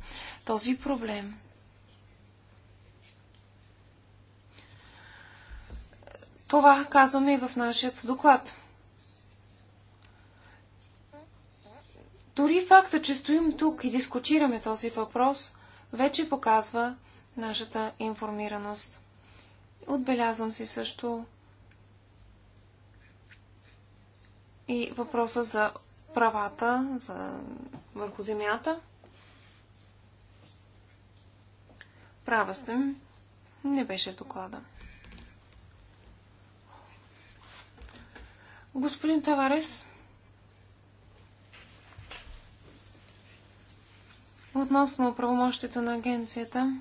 този проблем. Това казваме и в нашия доклад. Дори факта, че стоим тук и дискутираме този въпрос, вече показва нашата информираност. Отбелязвам си също и въпроса за правата за... върху земята. Права сте. Не беше доклада. Господин Таварес, относно правомощите на агенцията,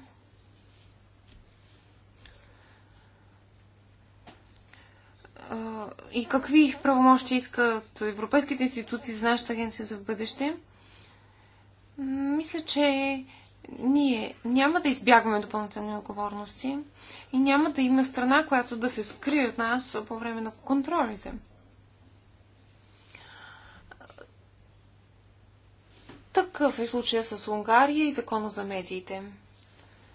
и какви правомощи искат европейските институции за нашата агенция за бъдеще, мисля, че ние няма да избягваме допълнителни отговорности и няма да има страна, която да се скрие от нас по време на контролите. Такъв е случая с Унгария и закона за медиите.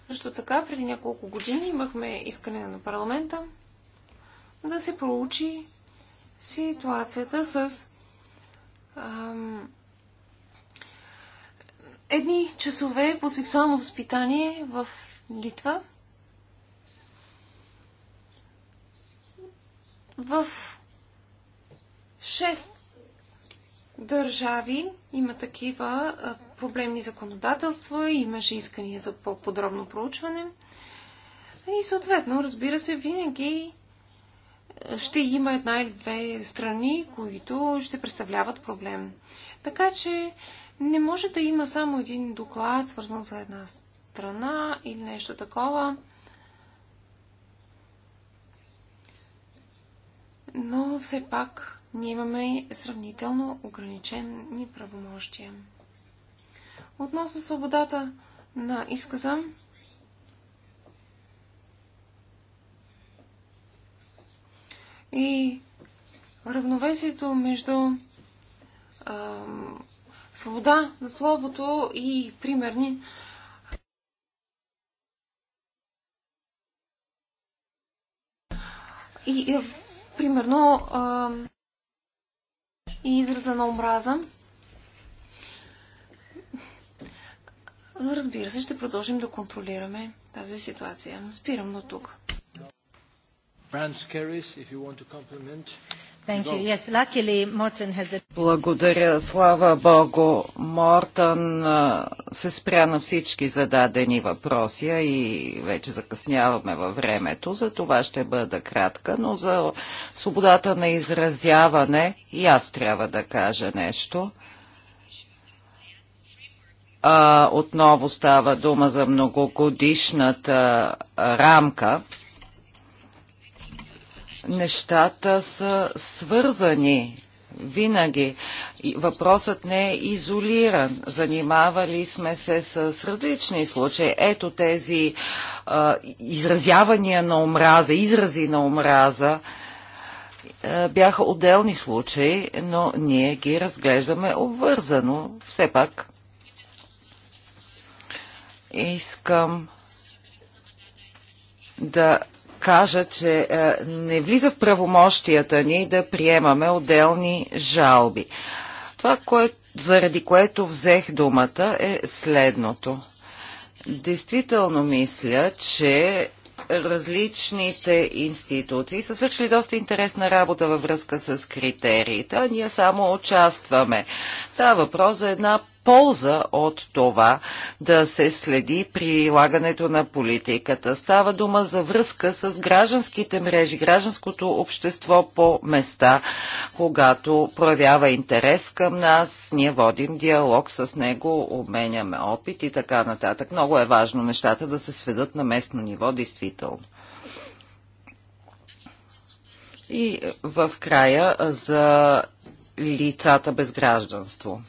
Също така, преди няколко години имахме искане на парламента да се проучи ситуацията с ам, едни часове по сексуално възпитание в Литва. В 6 държави има такива проблемни законодателства, имаше искания за по-подробно проучване. И съответно, разбира се, винаги ще има една или две страни, които ще представляват проблем. Така че не може да има само един доклад, свързан за една страна или нещо такова. Но все пак ние имаме сравнително ограничени правомощия. Относно свободата на изказа, и равновесието между а, свобода на словото и примерни и, и примерно а, и израза на омраза. Но Разбира се, ще продължим да контролираме тази ситуация. Спирам до тук. Brand Scaris, if you want to compliment. Благодаря. Слава Богу, Мортън се спря на всички зададени въпроси и вече закъсняваме във времето. За това ще бъда кратка, но за свободата на изразяване и аз трябва да кажа нещо. А, отново става дума за многогодишната рамка – нещата са свързани винаги. Въпросът не е изолиран. Занимавали сме се с различни случаи. Ето тези а, изразявания на омраза, изрази на омраза а, бяха отделни случаи, но ние ги разглеждаме обвързано. Все пак искам да кажа, че е, не влиза в правомощията ни да приемаме отделни жалби. Това, кое, заради което взех думата, е следното. Действително мисля, че различните институции са свършили доста интересна работа във връзка с критериите, а ние само участваме. е въпрос за една полза от това да се следи прилагането на политиката. Става дума за връзка с гражданските мрежи, гражданското общество по места. Когато проявява интерес към нас, ние водим диалог с него, обменяме опит и така нататък. Много е важно нещата да се сведат на местно ниво, действително. И в края за лицата без гражданство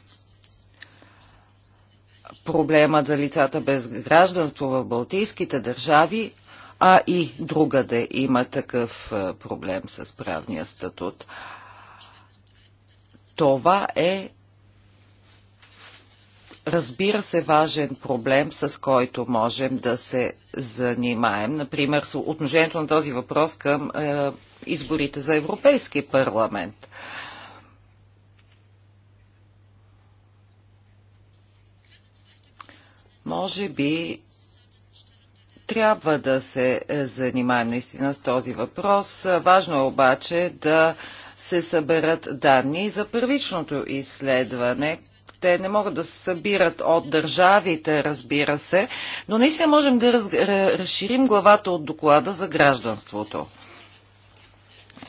проблемът за лицата без гражданство в Балтийските държави, а и другаде има такъв е, проблем с правния статут. Това е разбира се, важен проблем, с който можем да се занимаем. Например, отношението на този въпрос към е, изборите за Европейски парламент. Е, Може би трябва да се е, занимаем наистина с този въпрос. Важно е обаче да се съберат данни за първичното изследване. Те не могат да се събират от държавите, разбира се, но наистина можем да раз... разширим главата от доклада за гражданството.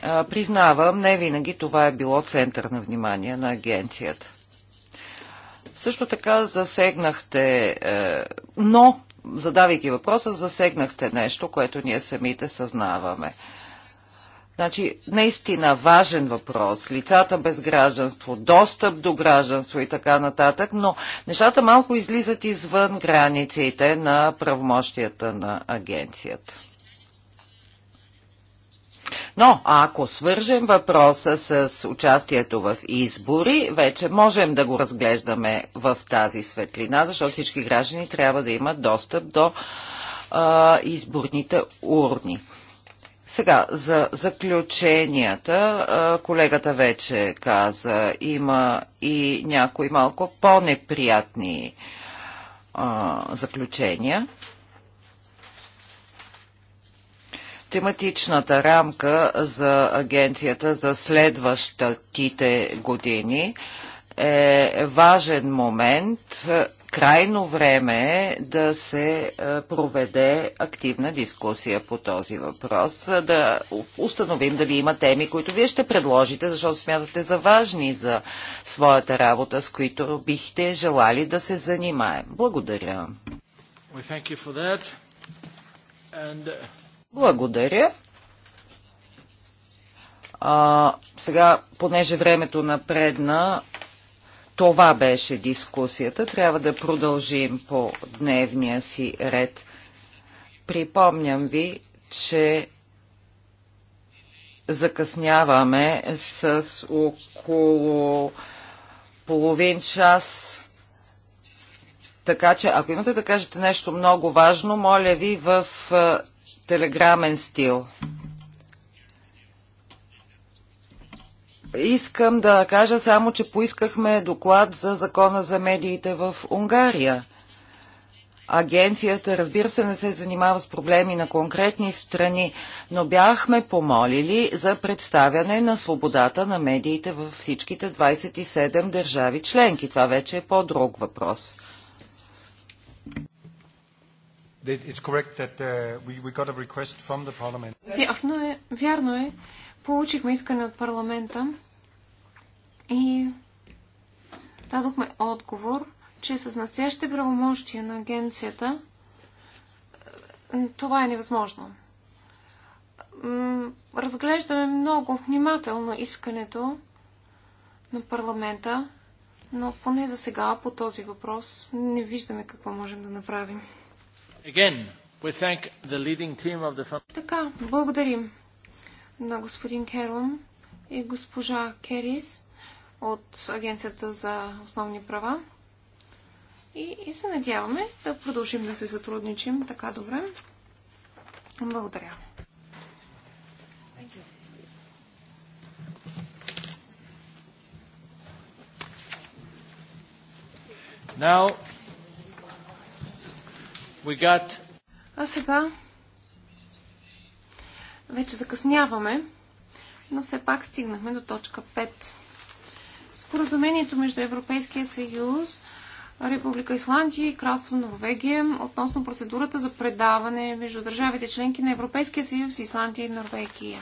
признавам, не винаги това е било център на внимание на агенцията. Също така засегнахте, е, но задавайки въпроса, засегнахте нещо, което ние самите съзнаваме. Значи, наистина важен въпрос. Лицата без гражданство, достъп до гражданство и така нататък, но нещата малко излизат извън границите на правомощията на агенцията. Но ако свържем въпроса с участието в избори, вече можем да го разглеждаме в тази светлина, защото всички граждани трябва да имат достъп до а, изборните урни. Сега, за заключенията, колегата вече каза, има и някои малко по-неприятни заключения. тематичната рамка за агенцията за следващите години е важен момент. Крайно време е да се е, проведе активна дискусия по този въпрос, е, да установим дали има теми, които вие ще предложите, защото смятате за важни за своята работа, с които бихте желали да се занимаем. Благодаря. Благодаря. А, сега, понеже времето напредна, това беше дискусията. Трябва да продължим по дневния си ред. Припомням ви, че закъсняваме с около половин час. Така че, ако имате да кажете нещо много важно, моля ви в телеграмен стил. Искам да кажа само, че поискахме доклад за закона за медиите в Унгария. Агенцията, разбира се, не се занимава с проблеми на конкретни страни, но бяхме помолили за представяне на свободата на медиите във всичките 27 държави членки. Това вече е по-друг въпрос. Uh, вярно е, вярно е. Получихме искане от парламента и дадохме отговор, че с настоящите правомощия на агенцията това е невъзможно. Разглеждаме много внимателно искането на парламента, но поне за сега по този въпрос не виждаме какво можем да направим. Така, благодарим на господин Керум и госпожа Керис от Агенцията за основни права. И, и се надяваме да продължим да се сътрудничим така добре. Благодаря. Now Got... А сега вече закъсняваме, но все пак стигнахме до точка 5. Споразумението между Европейския съюз, Република Исландия и Кралство Норвегия относно процедурата за предаване между държавите членки на Европейския съюз, Исландия и Норвегия.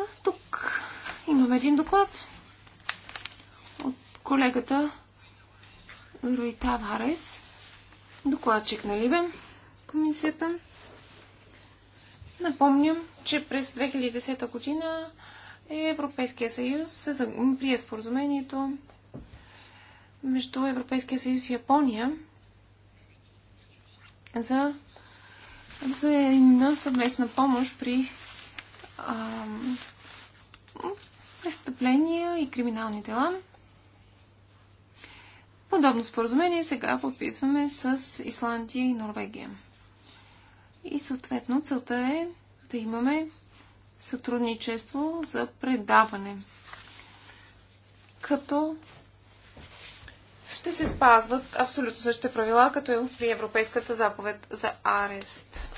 А, тук имаме един доклад колегата Руита Варес, докладчик на Либен, комисията. Напомням, че през 2010 година е Европейския съюз се прие споразумението между Европейския съюз и Япония за взаимна съвместна помощ при а, престъпления и криминални дела. Подобно споразумение сега подписваме с Исландия и Норвегия. И съответно целта е да имаме сътрудничество за предаване. Като ще се спазват абсолютно същите правила, като е при Европейската заповед за арест.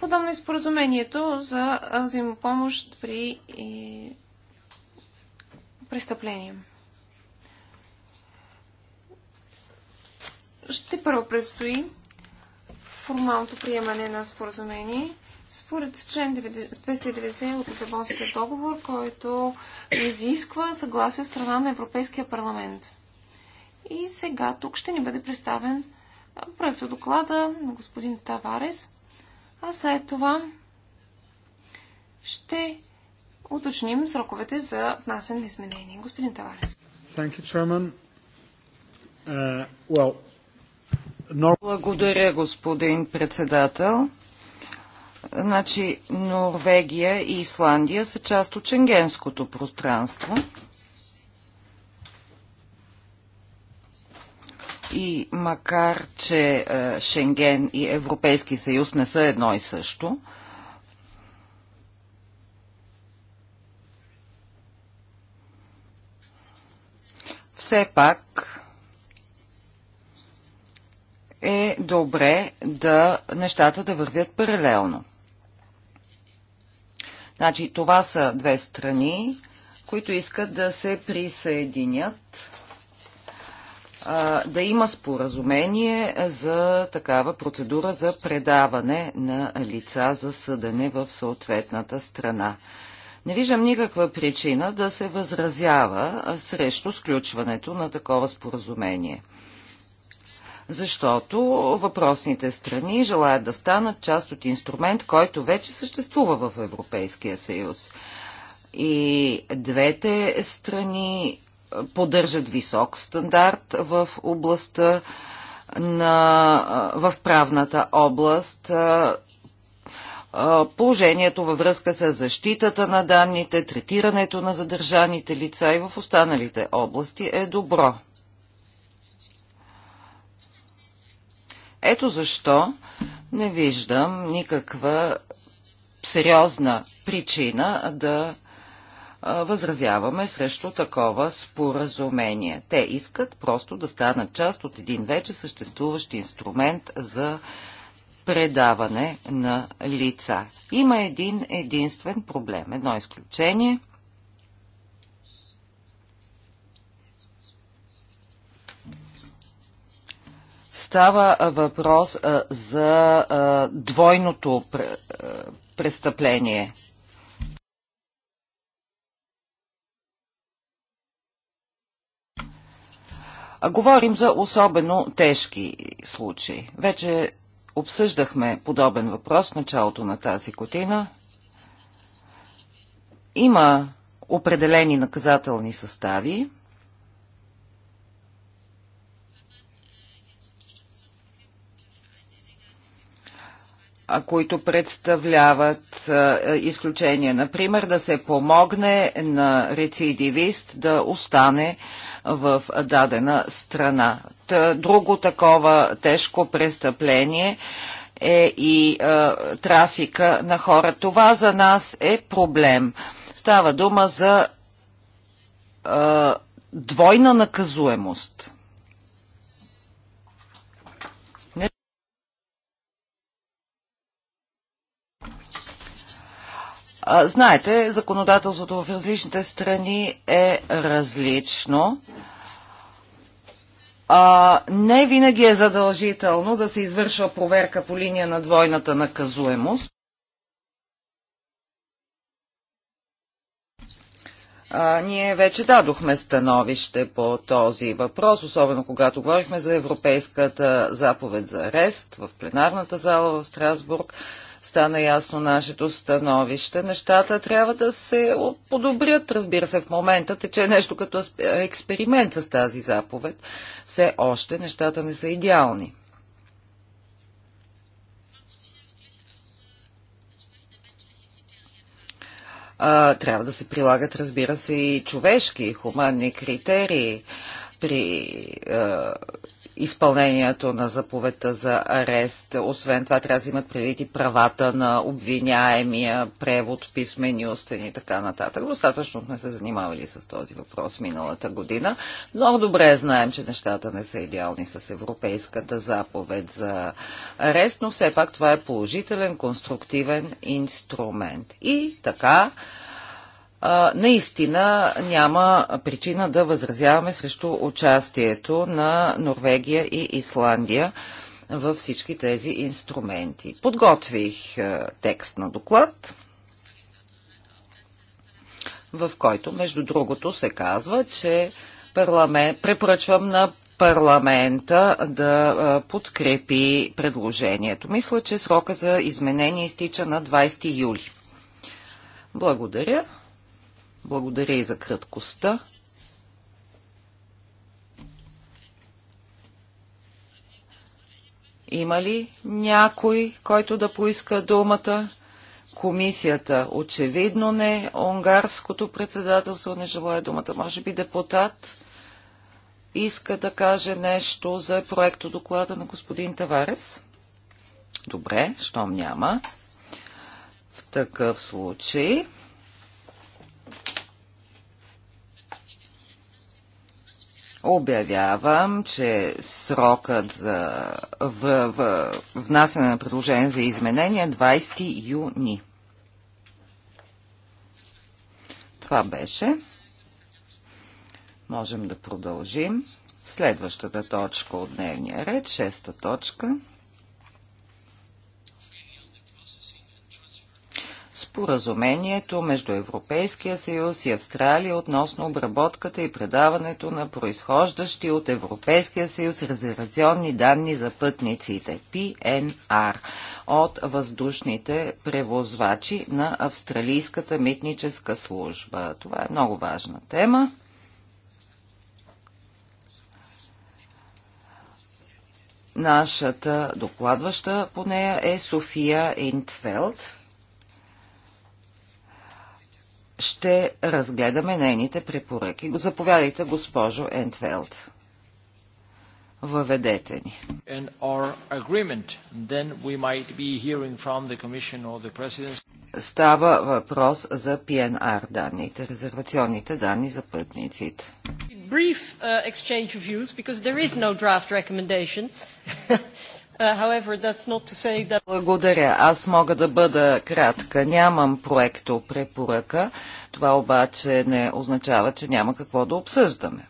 Подобно е споразумението за взаимопомощ при престъпление. Ще първо предстои формалното приемане на споразумение според член 290 от Лисабонския договор, който изисква съгласие от страна на Европейския парламент. И сега тук ще ни бъде представен проекто доклада на господин Таварес, а след това ще уточним сроковете за внасяне на изменения. Господин Таварес. Uh, well, no... Благодаря, господин председател. Значи, Норвегия и Исландия са част от шенгенското пространство. И макар, че е, Шенген и Европейски съюз не са едно и също, все пак е добре да нещата да вървят паралелно. Значи, това са две страни, които искат да се присъединят, да има споразумение за такава процедура за предаване на лица за съдене в съответната страна. Не виждам никаква причина да се възразява срещу сключването на такова споразумение. Защото въпросните страни желаят да станат част от инструмент, който вече съществува в Европейския съюз. И двете страни поддържат висок стандарт в областта на, в правната област положението във връзка с защитата на данните, третирането на задържаните лица и в останалите области е добро. Ето защо не виждам никаква сериозна причина да възразяваме срещу такова споразумение. Те искат просто да станат част от един вече съществуващ инструмент за предаване на лица. Има един единствен проблем, едно изключение. Става въпрос а, за а, двойното пр престъпление. Говорим за особено тежки случаи. Вече обсъждахме подобен въпрос в началото на тази година. Има определени наказателни състави. които представляват изключение. Например, да се помогне на рецидивист да остане в дадена страна. Друго такова тежко престъпление е и е, трафика на хора. Това за нас е проблем. Става дума за е, двойна наказуемост. Знаете, законодателството в различните страни е различно. А, не винаги е задължително да се извършва проверка по линия на двойната наказуемост. А, ние вече дадохме становище по този въпрос, особено когато говорихме за Европейската заповед за арест в пленарната зала в Страсбург стана ясно нашето становище. Нещата трябва да се подобрят, разбира се, в момента тече нещо като експеримент с тази заповед. Все още нещата не са идеални. а, трябва да се прилагат, разбира се, и човешки, хуманни критерии при е, изпълнението на заповедта за арест. Освен това трябва да имат предвид и правата на обвиняемия, превод, писмени устен и така нататък. Достатъчно сме се занимавали с този въпрос миналата година. Много добре знаем, че нещата не са идеални с европейската заповед за арест, но все пак това е положителен, конструктивен инструмент. И така, наистина няма причина да възразяваме срещу участието на Норвегия и Исландия във всички тези инструменти. Подготвих текст на доклад, в който, между другото, се казва, че парламент, препоръчвам на парламента да подкрепи предложението. Мисля, че срока за изменение изтича на 20 юли. Благодаря. Благодаря и за краткостта. Има ли някой, който да поиска думата? Комисията очевидно не. Унгарското председателство не желая думата. Може би депутат иска да каже нещо за проекто доклада на господин Таварес. Добре, щом няма. В такъв случай обявявам, че срокът за в, в, внасяне на предложение за изменение е 20 юни. Това беше. Можем да продължим. Следващата точка от дневния ред, шеста точка – споразумението между Европейския съюз и Австралия относно обработката и предаването на произхождащи от Европейския съюз резервационни данни за пътниците PNR от въздушните превозвачи на Австралийската митническа служба. Това е много важна тема. Нашата докладваща по нея е София Интфелд ще разгледаме нейните препоръки. Заповядайте, госпожо Ентвелд. Въведете ни. Става въпрос за PNR данните, резервационните данни за пътниците. Brief uh, exchange of views because there is no draft recommendation. (laughs) Uh, Благодаря. Аз мога да бъда кратка. Нямам проекто препоръка. Това обаче не означава, че няма какво да обсъждаме.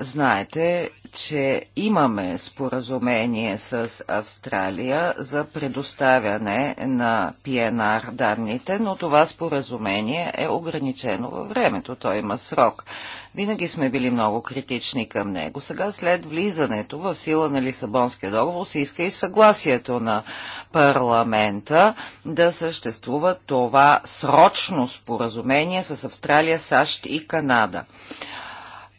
Знаете, че имаме споразумение с Австралия за предоставяне на ПНР данните, но това споразумение е ограничено във времето. Той има срок. Винаги сме били много критични към него. Сега след влизането в сила на Лисабонския договор се иска и съгласието на парламента да съществува това срочно споразумение с Австралия, САЩ и Канада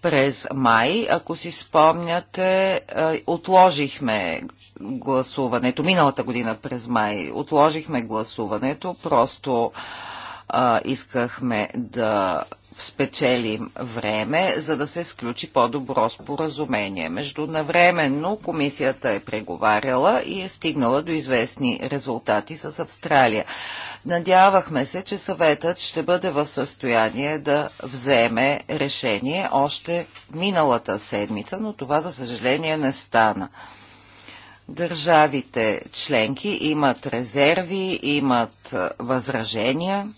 през май, ако си спомняте, е, отложихме гласуването. Миналата година през май отложихме гласуването, просто а, искахме да спечелим време, за да се сключи по-добро споразумение. Междунавременно комисията е преговаряла и е стигнала до известни резултати с Австралия. Надявахме се, че съветът ще бъде в състояние да вземе решение още миналата седмица, но това за съжаление не стана държавите членки имат резерви, имат възражения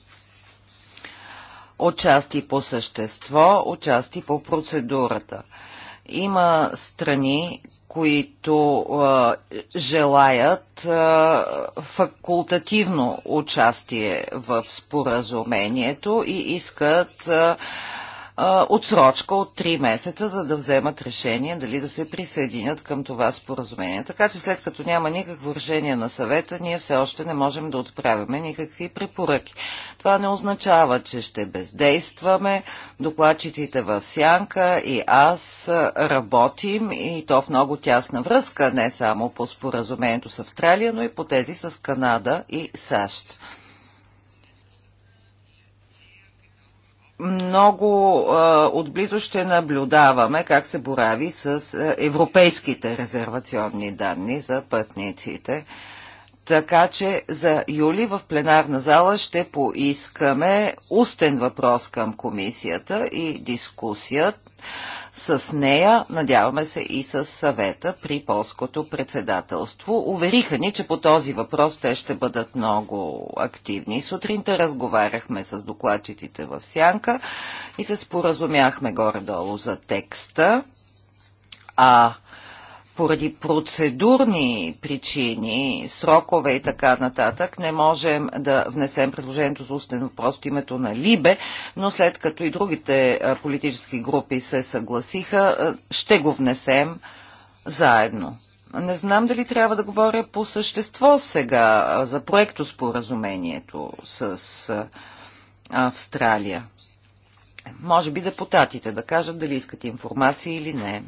отчасти по същество, отчасти по процедурата. Има страни, които а, желаят а, факултативно участие в споразумението и искат а, отсрочка от 3 месеца, за да вземат решение дали да се присъединят към това споразумение. Така че след като няма никакво решение на съвета, ние все още не можем да отправяме никакви препоръки. Това не означава, че ще бездействаме. Докладчиците в Сянка и аз работим и то в много тясна връзка, не само по споразумението с Австралия, но и по тези с Канада и САЩ. много а, отблизо ще наблюдаваме как се борави с европейските резервационни данни за пътниците. Така че за юли в пленарна зала ще поискаме устен въпрос към комисията и дискусията с нея, надяваме се и с съвета при полското председателство. Увериха ни, че по този въпрос те ще бъдат много активни. Сутринта разговаряхме с докладчиците в Сянка и се споразумяхме горе-долу за текста. А поради процедурни причини, срокове и така нататък, не можем да внесем предложението за устен въпрос от името на Либе, но след като и другите политически групи се съгласиха, ще го внесем заедно. Не знам дали трябва да говоря по същество сега за проекто споразумението с Австралия. Може би депутатите да кажат дали искат информация или не.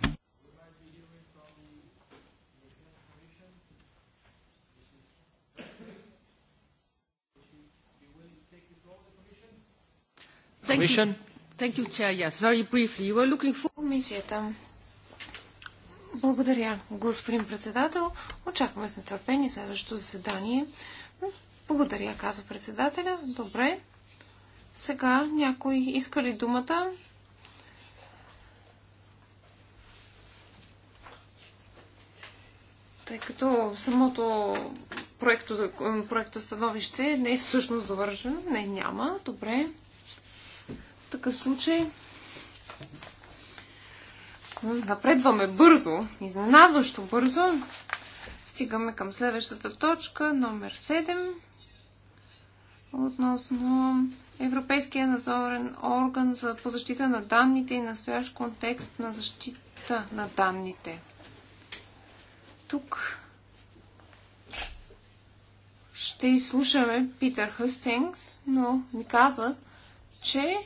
Commission? Thank you, Chair. Yes, very briefly. were looking for... Комисията. Благодаря, господин председател. Очакваме с нетърпение следващото заседание. Благодаря, казва председателя. Добре. Сега някой иска ли думата? Тъй като самото проекто, проекто становище не е всъщност довършено. Не, няма. Добре такъв случай напредваме бързо, изненадващо бързо. Стигаме към следващата точка, номер 7, относно Европейския надзорен орган за по защита на данните и настоящ контекст на защита на данните. Тук ще изслушаме Питър Хъстингс, но ми казват, че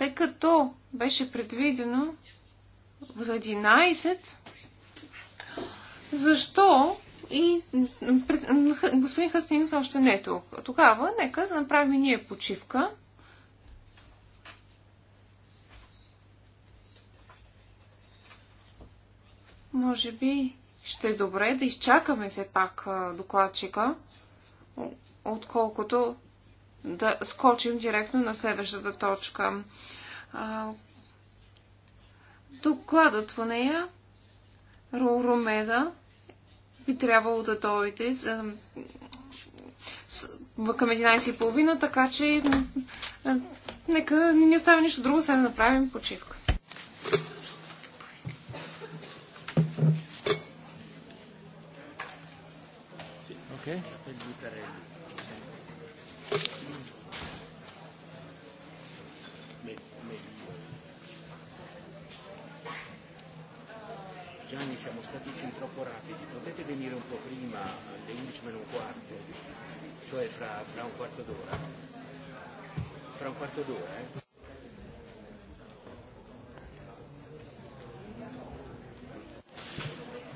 тъй като беше предвидено в 11, защо и господин Хастинс още не е тук. Тогава нека да направим ние почивка. Може би ще е добре да изчакаме все пак докладчика, отколкото да скочим директно на следващата точка. Докладът в нея Ромеда би трябвало да дойде към 11.30, така че нека не ни оставя нищо друго, сега да направим почивка. Okay. siamo stati fin troppo rapidi. Potete venire un po' prima, alle 11 meno un quarto, cioè fra, fra un quarto d'ora? Fra un quarto d'ora, eh?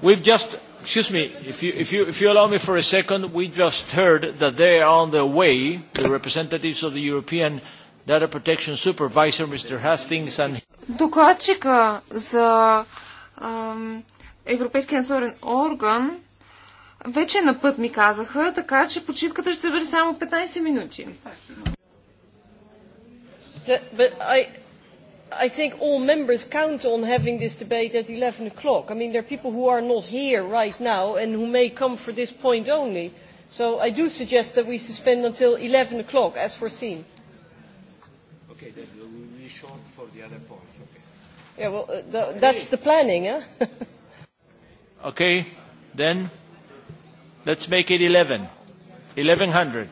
We've just, excuse me, if you, if, you, if you allow me for a second, we just heard that they are on their way, the representatives of the European Data Protection Supervisor, Mr. Hastings, and... Докладчика за ам, Европейския надзорен орган вече е на път, ми казаха, така че почивката ще бъде само 15 минути. I think all members count on having this debate at 11 o'clock. I mean, there are people who are not here right now and who may come for this point only. So I do suggest that we suspend until 11 o'clock, as foreseen. Okay, then we'll be short for the other points. Okay. Yeah, well, uh, the, that's the planning, huh? Okay, then let's make it 11. 1100.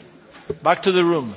Back to the room.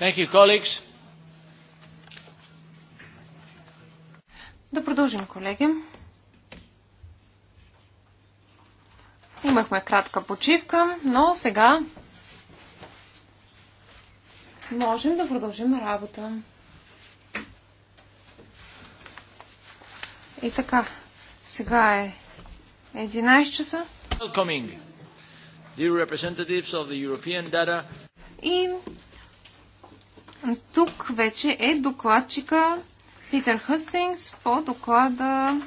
Thank you, colleagues. Да продължим, колеги. Имахме кратка почивка, но сега можем да продължим работа. И така, сега е 11 часа. dear representatives of the European data. И тук вече е докладчика Питър Хъстингс по доклада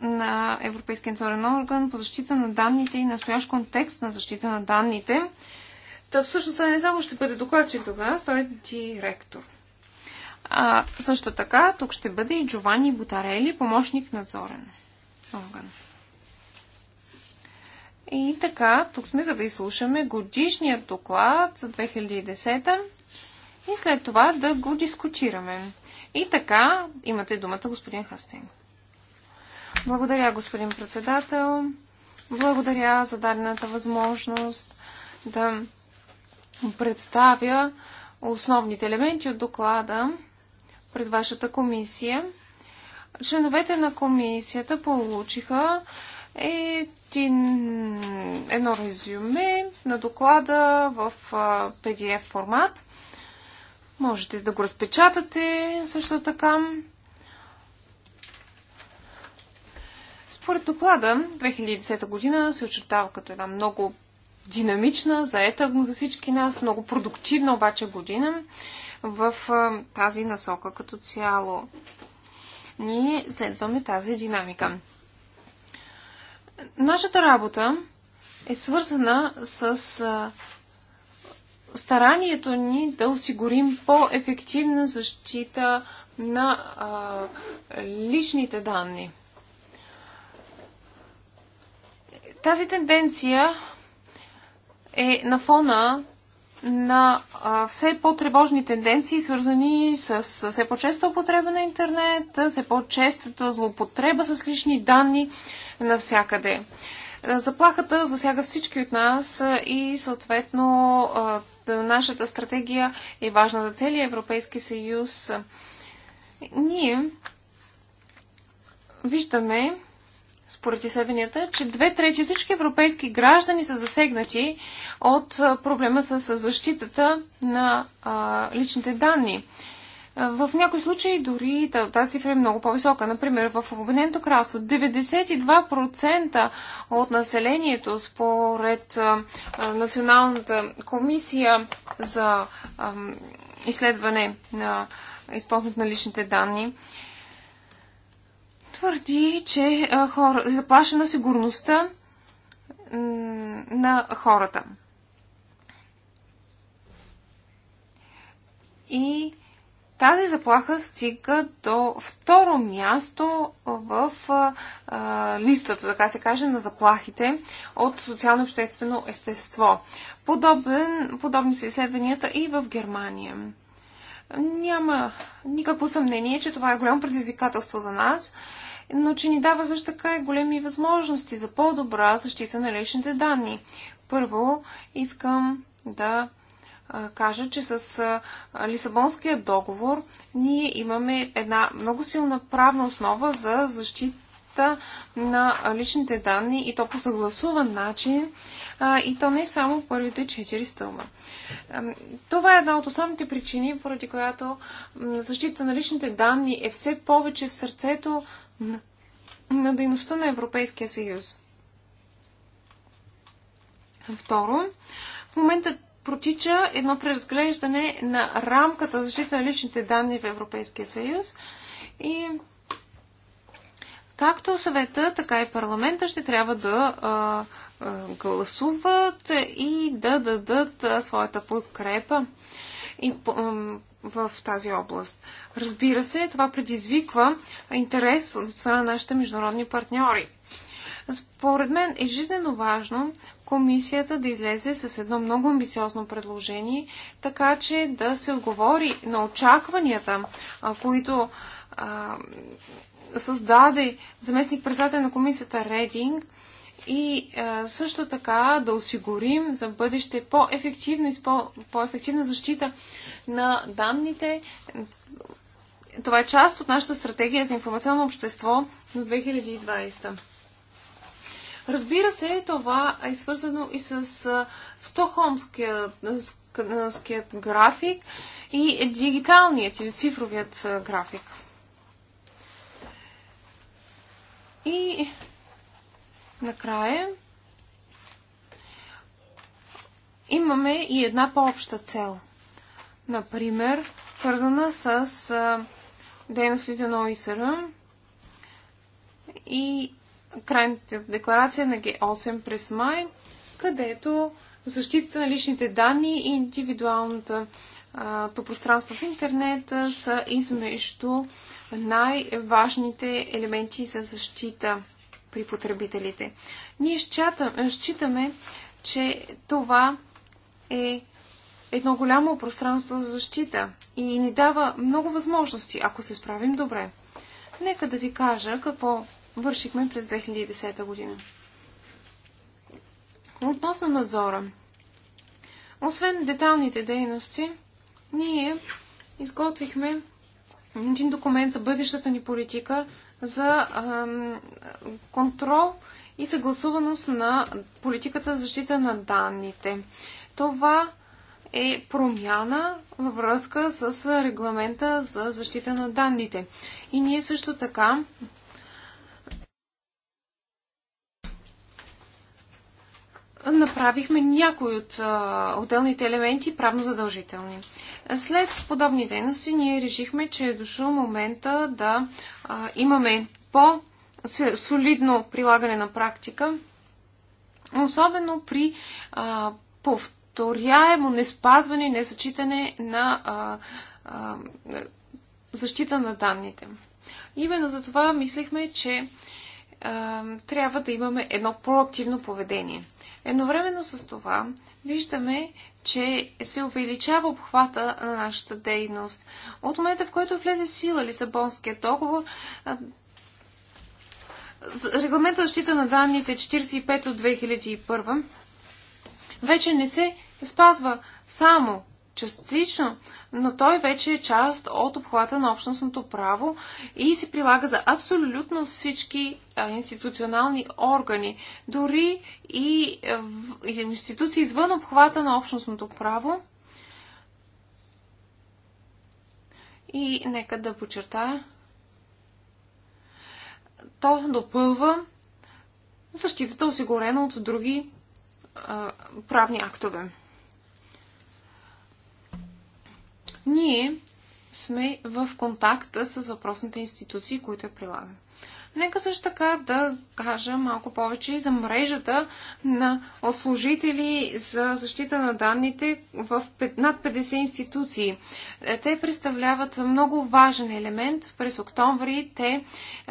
на Европейския надзорен орган по защита на данните и настоящ контекст на защита на данните. Та всъщност той не само ще бъде докладчик до той е директор. А, също така, тук ще бъде и Джованни Бутарели, помощник надзорен орган. И така, тук сме за да изслушаме годишният доклад за 2010 и след това да го дискутираме. И така, имате думата, господин Хастинг. Благодаря, господин председател. Благодаря за дадената възможност да представя основните елементи от доклада пред вашата комисия. Членовете на комисията получиха е един, едно резюме на доклада в PDF формат. Можете да го разпечатате също така. Според доклада, 2010 година се очертава като една много динамична, заета за всички нас, много продуктивна обаче година в тази насока като цяло. Ние следваме тази динамика. Нашата работа е свързана с старанието ни да осигурим по-ефективна защита на а, личните данни. Тази тенденция е на фона на а, все по-тревожни тенденции, свързани с, с все по-честа употреба на интернет, все по-честата злоупотреба с лични данни, навсякъде. Е, заплахата засяга всички от нас е, и съответно е, нашата стратегия е важна за целия Европейски съюз. Ние виждаме, според изследванията, че две трети от всички европейски граждани са засегнати от проблема с защитата на личните данни. В някои случаи дори тази цифра е много по-висока. Например, в Обединеното кралство 92% от населението според Националната комисия за изследване на използването на личните данни твърди, че хора, на сигурността на хората. И тази заплаха стига до второ място в а, листата, така се каже, на заплахите от социално-обществено естество. Подобен, подобни са изследванията и в Германия. Няма никакво съмнение, че това е голямо предизвикателство за нас, но че ни дава също така и големи възможности за по-добра защита на личните данни. Първо, искам да кажа, че с Лисабонския договор ние имаме една много силна правна основа за защита на личните данни и то по съгласуван начин и то не само първите четири стълба. Това е една от основните причини, поради която защита на личните данни е все повече в сърцето на, на дейността на Европейския съюз. Второ, в момента протича едно преразглеждане на рамката за защита на личните данни в Европейския съюз и както съвета, така и парламента ще трябва да а, а, гласуват и да дадат своята подкрепа и, в тази област. Разбира се, това предизвиква интерес от страна на нашите международни партньори. Според мен е жизнено важно комисията да излезе с едно много амбициозно предложение, така че да се отговори на очакванията, които а, създаде заместник председател на комисията Рединг и а, също така да осигурим за бъдеще по-ефективна и по-ефективна защита на данните. Това е част от нашата стратегия за информационно общество до 2020. Разбира се, това е свързано и с стохомският график и дигиталният или цифровият график. И накрая имаме и една по-обща цел. Например, свързана с дейностите на ОИСР и крайната декларация на Г8 през май, където защитата на личните данни и индивидуалната то пространство в интернет са измежду най-важните елементи за защита при потребителите. Ние считаме, считаме, че това е едно голямо пространство за защита и ни дава много възможности, ако се справим добре. Нека да ви кажа какво вършихме през 2010 година. Относно надзора. Освен деталните дейности, ние изготвихме един документ за бъдещата ни политика за ам, контрол и съгласуваност на политиката за защита на данните. Това е промяна във връзка с регламента за защита на данните. И ние също така направихме някои от а, отделните елементи правно задължителни. След подобни дейности ние решихме, че е дошъл момента да а, имаме по-солидно прилагане на практика, особено при а, повторяемо неспазване и несъчитане на а, а, защита на данните. Именно за това мислихме, че трябва да имаме едно проактивно поведение. Едновременно с това виждаме, че се увеличава обхвата на нашата дейност. От момента, в който влезе сила Лисабонския договор, регламента защита на данните 45 от 2001 вече не се спазва само частично, но той вече е част от обхвата на общностното право и се прилага за абсолютно всички институционални органи, дори и институции извън обхвата на общностното право. И нека да почертая, то допълва защитата, осигурена от други а, правни актове. Ние сме в контакта с въпросните институции, които я прилагат. Нека също така да кажа малко повече и за мрежата на служители за защита на данните в над 50 институции. Е, те представляват много важен елемент. През октомври те е,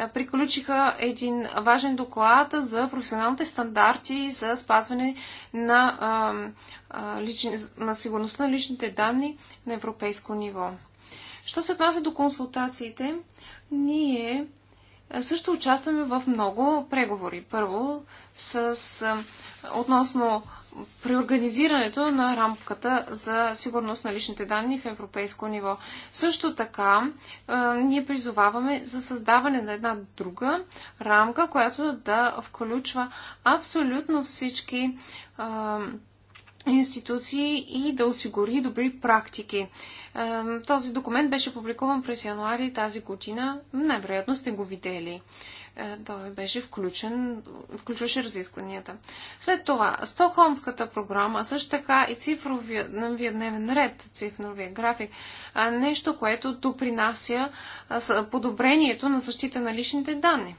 приключиха един важен доклад за професионалните стандарти за спазване на, на сигурността на личните данни на европейско ниво. Що се отнася до консултациите, ние също участваме в много преговори. Първо, с, относно при организирането на рамката за сигурност на личните данни в европейско ниво. Също така, ние призоваваме за създаване на една друга рамка, която да включва абсолютно всички институции и да осигури добри практики. Този документ беше публикуван през януари тази година. Най-вероятно сте го видели. Е, той беше включен, включваше разискванията. След това, Стокхолмската програма, също така и цифровия дневен ред, цифровия график, е, нещо, което допринася е, подобрението на защита на личните данни.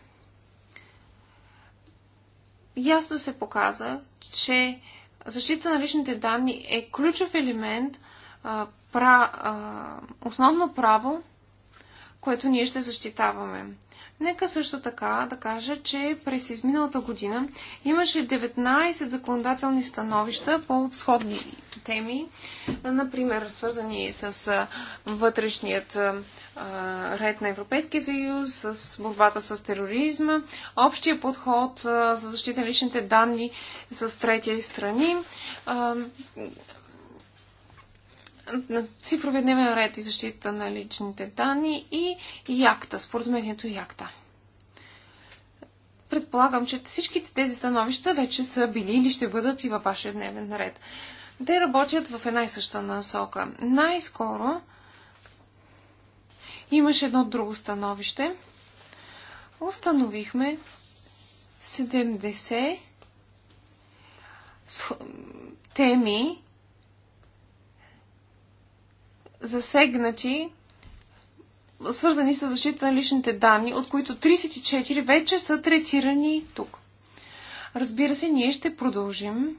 Ясно се показа, че защита на личните данни е ключов елемент, основно право, което ние ще защитаваме. Нека също така да кажа, че през изминалата година имаше 19 законодателни становища по сходни теми, например свързани с вътрешният ред на Европейския съюз, с борбата с тероризма, общия подход за защита на личните данни с трети страни, на цифрови дневен ред и защита на личните данни и ЯКТА, споразумението ЯКТА. Предполагам, че всичките тези становища вече са били или ще бъдат и във вашия дневен ред. Те работят в една и съща насока. Най-скоро имаше едно друго становище. Установихме 70 теми, засегнати, свързани с защита на личните данни, от които 34 вече са третирани тук. Разбира се, ние ще продължим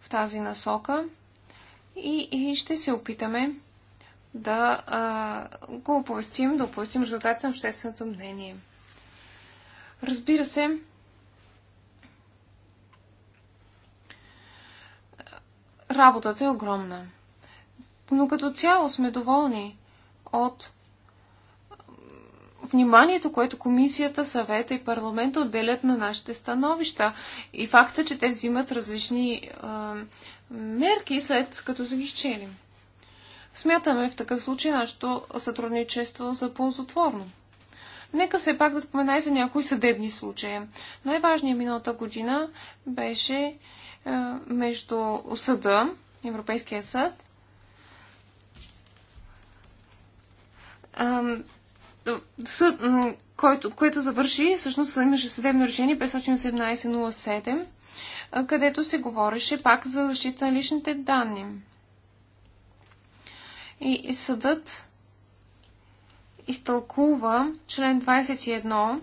в тази насока и, и ще се опитаме да а, го оповестим, да оповестим резултатите на общественото мнение. Разбира се, работата е огромна. Но като цяло сме доволни от вниманието, което комисията, съвета и парламента отделят на нашите становища и факта, че те взимат различни а, мерки след като са ги изчелим. Смятаме в такъв случай нашето сътрудничество за ползотворно. Нека все пак да спомена и за някои съдебни случаи. Най-важният миналата година беше е, между съда, Европейския съд съд, който, което завърши, всъщност имаше съдебно решение 517.07, където се говореше пак за защита на личните данни. И, и съдът изтълкува член 21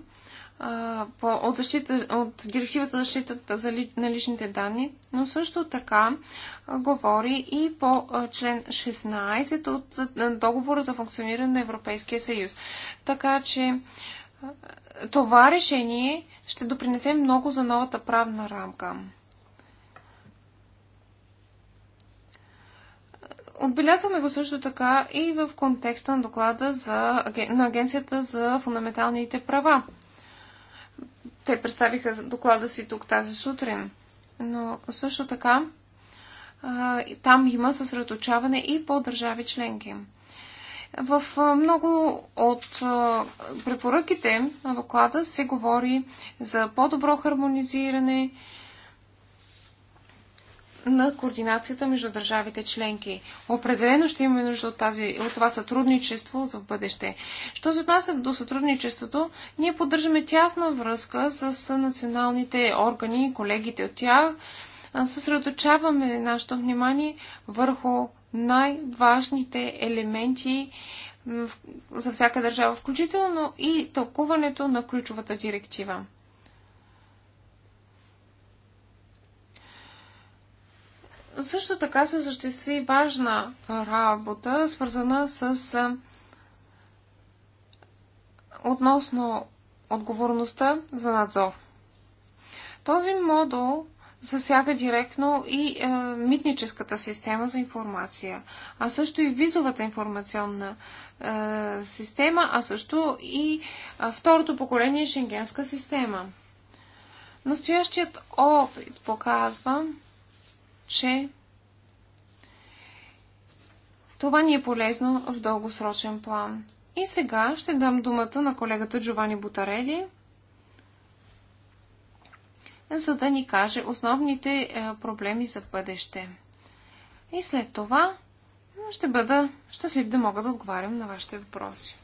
по, от, защита, от директивата за защитата за ли, на личните данни, но също така а, говори и по а, член 16 от а, договора за функциониране на Европейския съюз. Така че а, това решение ще допринесе много за новата правна рамка. Отбелязваме го също така и в контекста на доклада за, на Агенцията за фундаменталните права те представиха доклада си тук тази сутрин. Но също така там има съсредоточаване и по държави членки. В много от препоръките на доклада се говори за по-добро хармонизиране, на координацията между държавите членки. Определено ще имаме нужда от, тази, от това сътрудничество за бъдеще. Що се отнася до сътрудничеството, ние поддържаме тясна връзка с националните органи и колегите от тях. Съсредоточаваме нашето внимание върху най-важните елементи за всяка държава, включително и тълкуването на ключовата директива. Също така се осъществи важна работа, свързана с относно отговорността за надзор. Този модул засяга директно и е, митническата система за информация, а също и визовата информационна е, система, а също и е, второто поколение шенгенска система. Настоящият опит показва, че това ни е полезно в дългосрочен план. И сега ще дам думата на колегата Джовани Бутарели, за да ни каже основните е, проблеми за бъдеще. И след това ще бъда щастлив да мога да отговарям на вашите въпроси.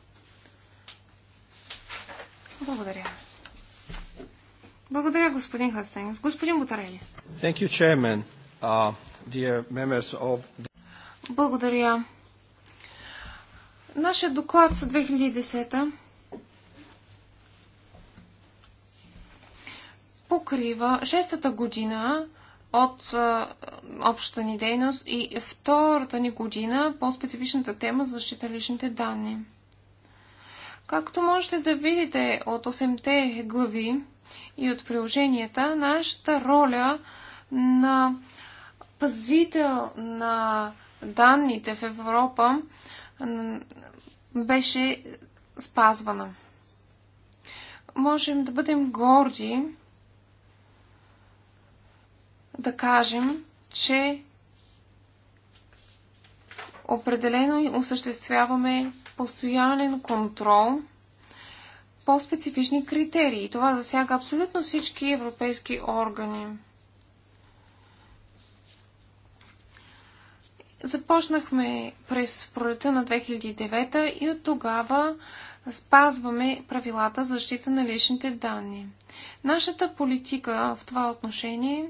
Благодаря. Благодаря, господин Хастенгс. Господин Бутарели. Thank you, chairman. Благодаря. Нашият доклад за 2010 покрива шестата година от общата ни дейност и втората ни година по специфичната тема за защита личните данни. Както можете да видите от 8-те глави и от приложенията, нашата роля на пазител на данните в Европа беше спазвана. Можем да бъдем горди да кажем, че определено осъществяваме постоянен контрол по специфични критерии. Това засяга абсолютно всички европейски органи. Започнахме през пролета на 2009 и от тогава спазваме правилата за защита на личните данни. Нашата политика в това отношение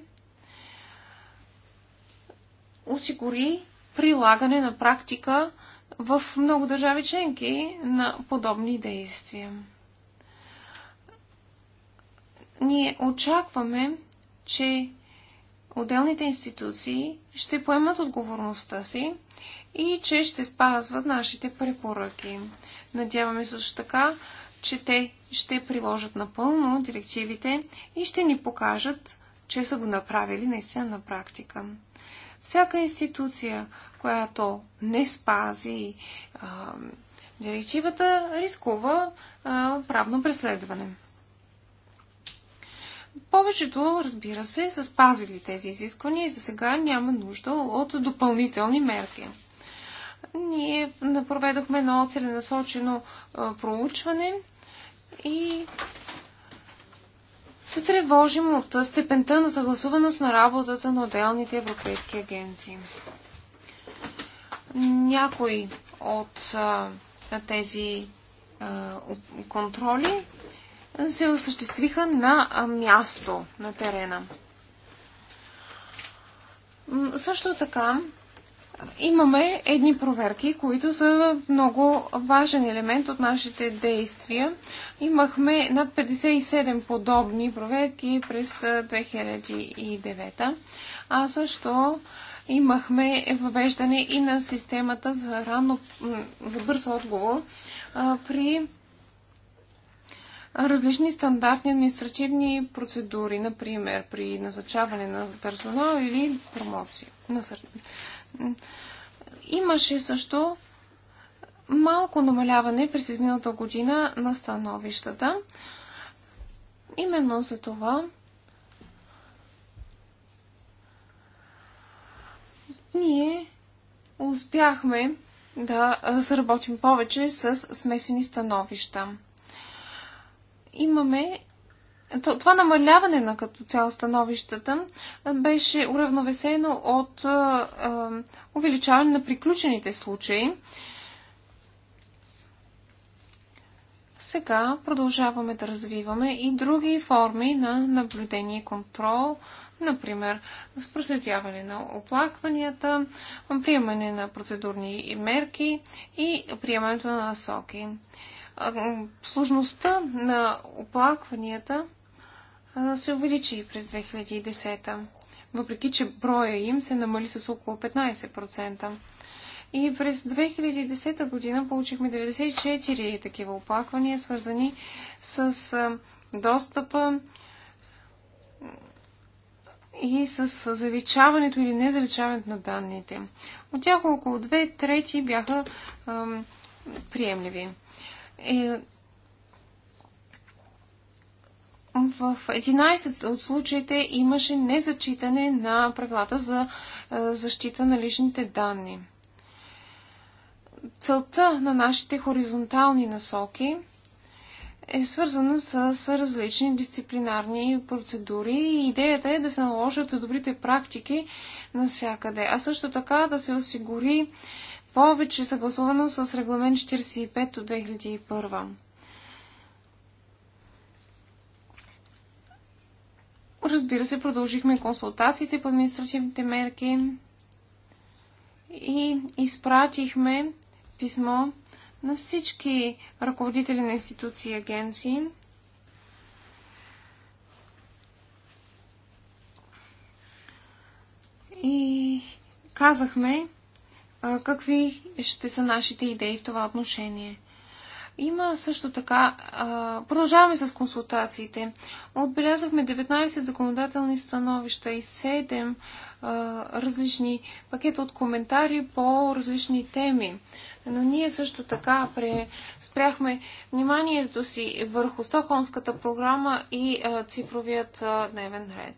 осигури прилагане на практика в много държави членки на подобни действия. Ние очакваме, че отделните институции ще поемат отговорността си и че ще спазват нашите препоръки. Надяваме също така, че те ще приложат напълно директивите и ще ни покажат, че са го направили наистина на практика. Всяка институция, която не спази а, директивата, рискува а, правно преследване. Повечето, разбира се, са спазили тези изисквания и за сега няма нужда от допълнителни мерки. Ние проведохме едно целенасочено проучване и се тревожим от степента на съгласуваност на работата на отделните европейски агенции. Някои от тези контроли се осъществиха на място, на терена. Също така, имаме едни проверки, които са много важен елемент от нашите действия. Имахме над 57 подобни проверки през 2009, а също имахме въвеждане и на системата за, рано, за бърз отговор при различни стандартни административни процедури, например при назначаване на персонал или промоция. Имаше също малко намаляване през изминалата година на становищата. Именно за това ние успяхме да заработим повече с смесени становища имаме това намаляване на като цяло становищата беше уравновесено от увеличаване на приключените случаи. Сега продължаваме да развиваме и други форми на наблюдение и контрол, например с проследяване на оплакванията, приемане на процедурни мерки и приемането на насоки сложността на оплакванията се увеличи през 2010 -та. въпреки че броя им се намали с около 15%. И през 2010 година получихме 94 такива оплаквания, свързани с достъпа и с заличаването или незаличаването на данните. От тях около 2 трети бяха ам, приемливи. И е в 11 от случаите имаше незачитане на правилата за е, защита на личните данни. Целта на нашите хоризонтални насоки е свързана с, с различни дисциплинарни процедури и идеята е да се наложат добрите практики навсякъде, а също така да се осигури повече съгласувано с регламент 45 от 2001. Разбира се, продължихме консултациите по административните мерки и изпратихме писмо на всички ръководители на институции и агенции. И казахме, какви ще са нашите идеи в това отношение. Има също така. продължаваме с консултациите. Отбелязахме 19 законодателни становища и 7 различни пакета от коментари по различни теми. Но ние също така спряхме вниманието си върху Стокхолмската програма и цифровият дневен ред.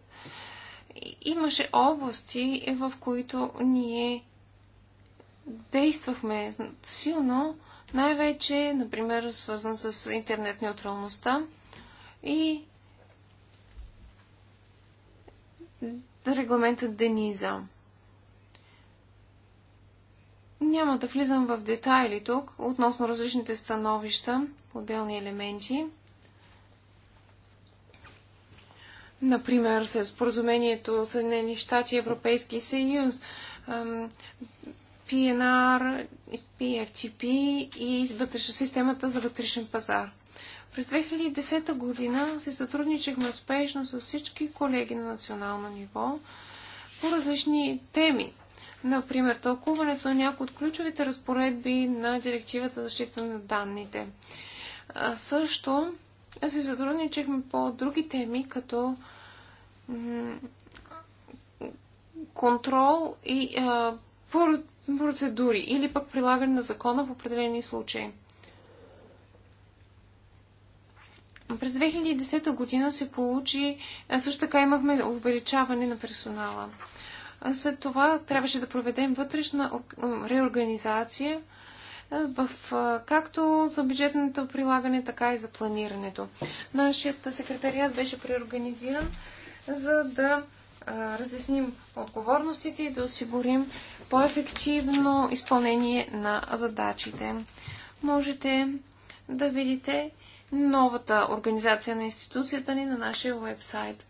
Имаше области, в които ние действахме силно, най-вече, например, свързан с интернет неутралността и регламентът Дениза. Няма да влизам в детайли тук относно различните становища, отделни елементи. Например, с поразумението Съединени щати и Европейски съюз, PNR, PFTP и системата за вътрешен пазар. През 2010 година се сътрудничахме успешно с всички колеги на национално ниво по различни теми. Например, тълкуването на някои от ключовите разпоредби на Директивата за защита на данните. А също се сътрудничахме по други теми, като контрол и а, процедури или пък прилагане на закона в определени случаи. През 2010 година се получи, също така имахме увеличаване на персонала. След това трябваше да проведем вътрешна реорганизация в, както за бюджетното прилагане, така и за планирането. Нашият секретариат беше преорганизиран, за да разясним отговорностите и да осигурим по-ефективно изпълнение на задачите. Можете да видите новата организация на институцията ни на нашия вебсайт.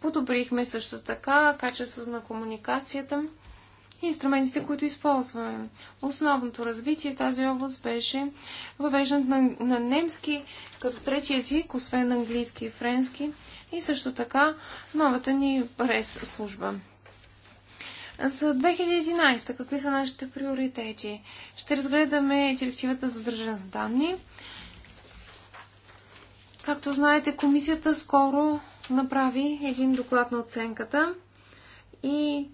Подобрихме също така качеството на комуникацията и инструментите, които използваме. Основното развитие в тази област беше въвеждането на, на немски като трети език, освен английски и френски, и също така новата ни прес служба. За 2011 какви са нашите приоритети? Ще разгледаме директивата за държане на данни. Както знаете, комисията скоро направи един доклад на оценката и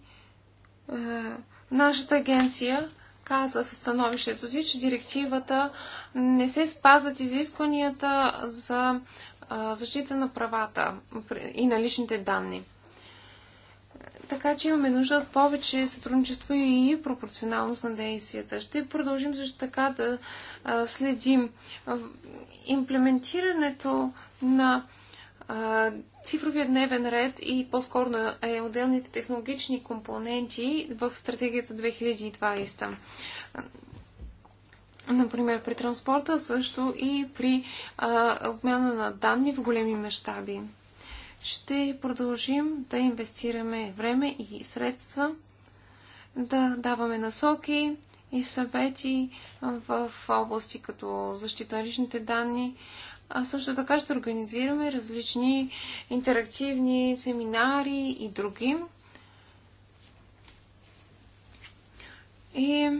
е, нашата агенция каза в становището си, че директивата не се спазват изискванията за защита на правата и на личните данни. Така че имаме нужда от повече сътрудничество и пропорционалност на действията. Ще продължим също така да следим имплементирането на цифровия дневен ред и по-скоро на отделните технологични компоненти в стратегията 2020 например при транспорта, също и при а, обмяна на данни в големи мащаби. Ще продължим да инвестираме време и средства, да даваме насоки и съвети в области като защита на личните данни, а също така ще организираме различни интерактивни семинари и други. И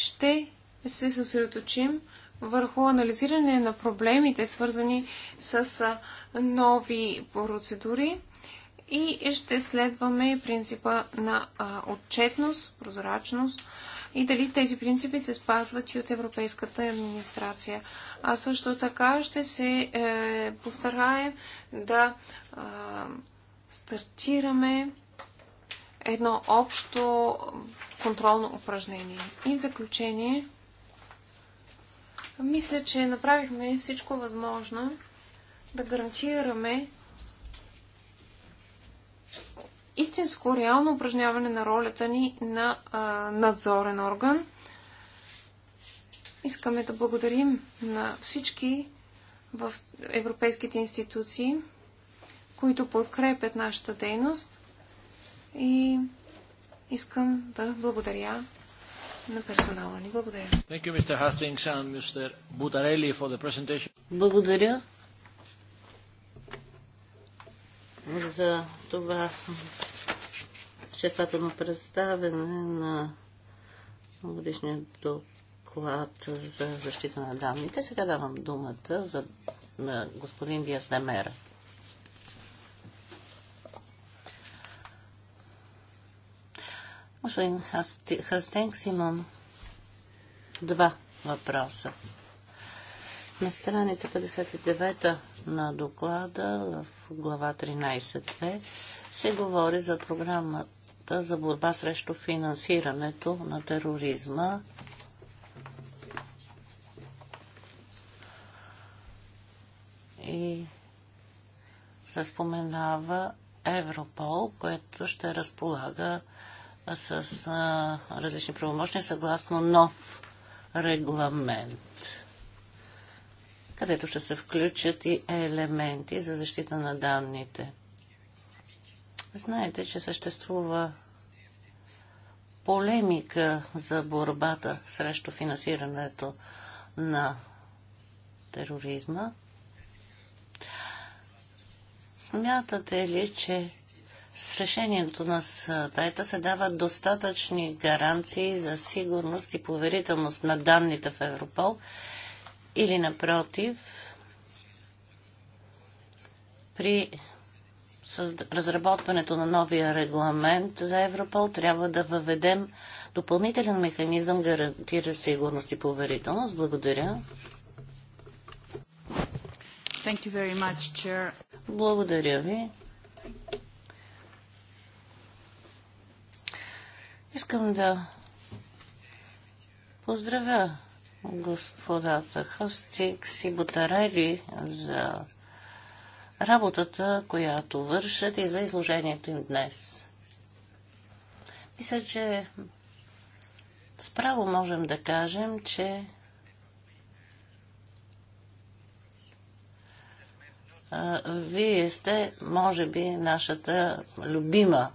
ще се съсредоточим върху анализиране на проблемите, свързани с нови процедури и ще следваме принципа на отчетност, прозрачност и дали тези принципи се спазват и от Европейската администрация. А също така ще се е, постараем да стартираме едно общо контролно упражнение. И в заключение, мисля, че направихме всичко възможно да гарантираме истинско, реално упражняване на ролята ни на а, надзорен орган. Искаме да благодарим на всички в европейските институции, които подкрепят нашата дейност и искам да благодаря на персонала ни. Благодаря. Thank you, Mr. Hastings and Mr. Butarelli for the presentation. Благодаря за това изчерпателно представяне на годишния доклад за защита на данните. Сега давам думата за, на господин Диас Демера. Господин Хастенкс, имам два въпроса. На страница 59 на доклада в глава 13.2 се говори за програмата за борба срещу финансирането на тероризма. И се споменава Европол, което ще разполага с а, различни правомощни съгласно нов регламент, където ще се включат и елементи за защита на данните. Знаете, че съществува полемика за борбата срещу финансирането на тероризма. Смятате ли, че с решението на съвета се дават достатъчни гаранции за сигурност и поверителност на данните в Европол или напротив при разработването на новия регламент за Европол трябва да въведем допълнителен механизъм гарантира сигурност и поверителност. Благодаря. Thank you very much, Chair. Благодаря ви. Искам да поздравя господата Хъстикс и Бутарели за работата, която вършат и за изложението им днес. Мисля, че справо можем да кажем, че вие сте, може би, нашата любима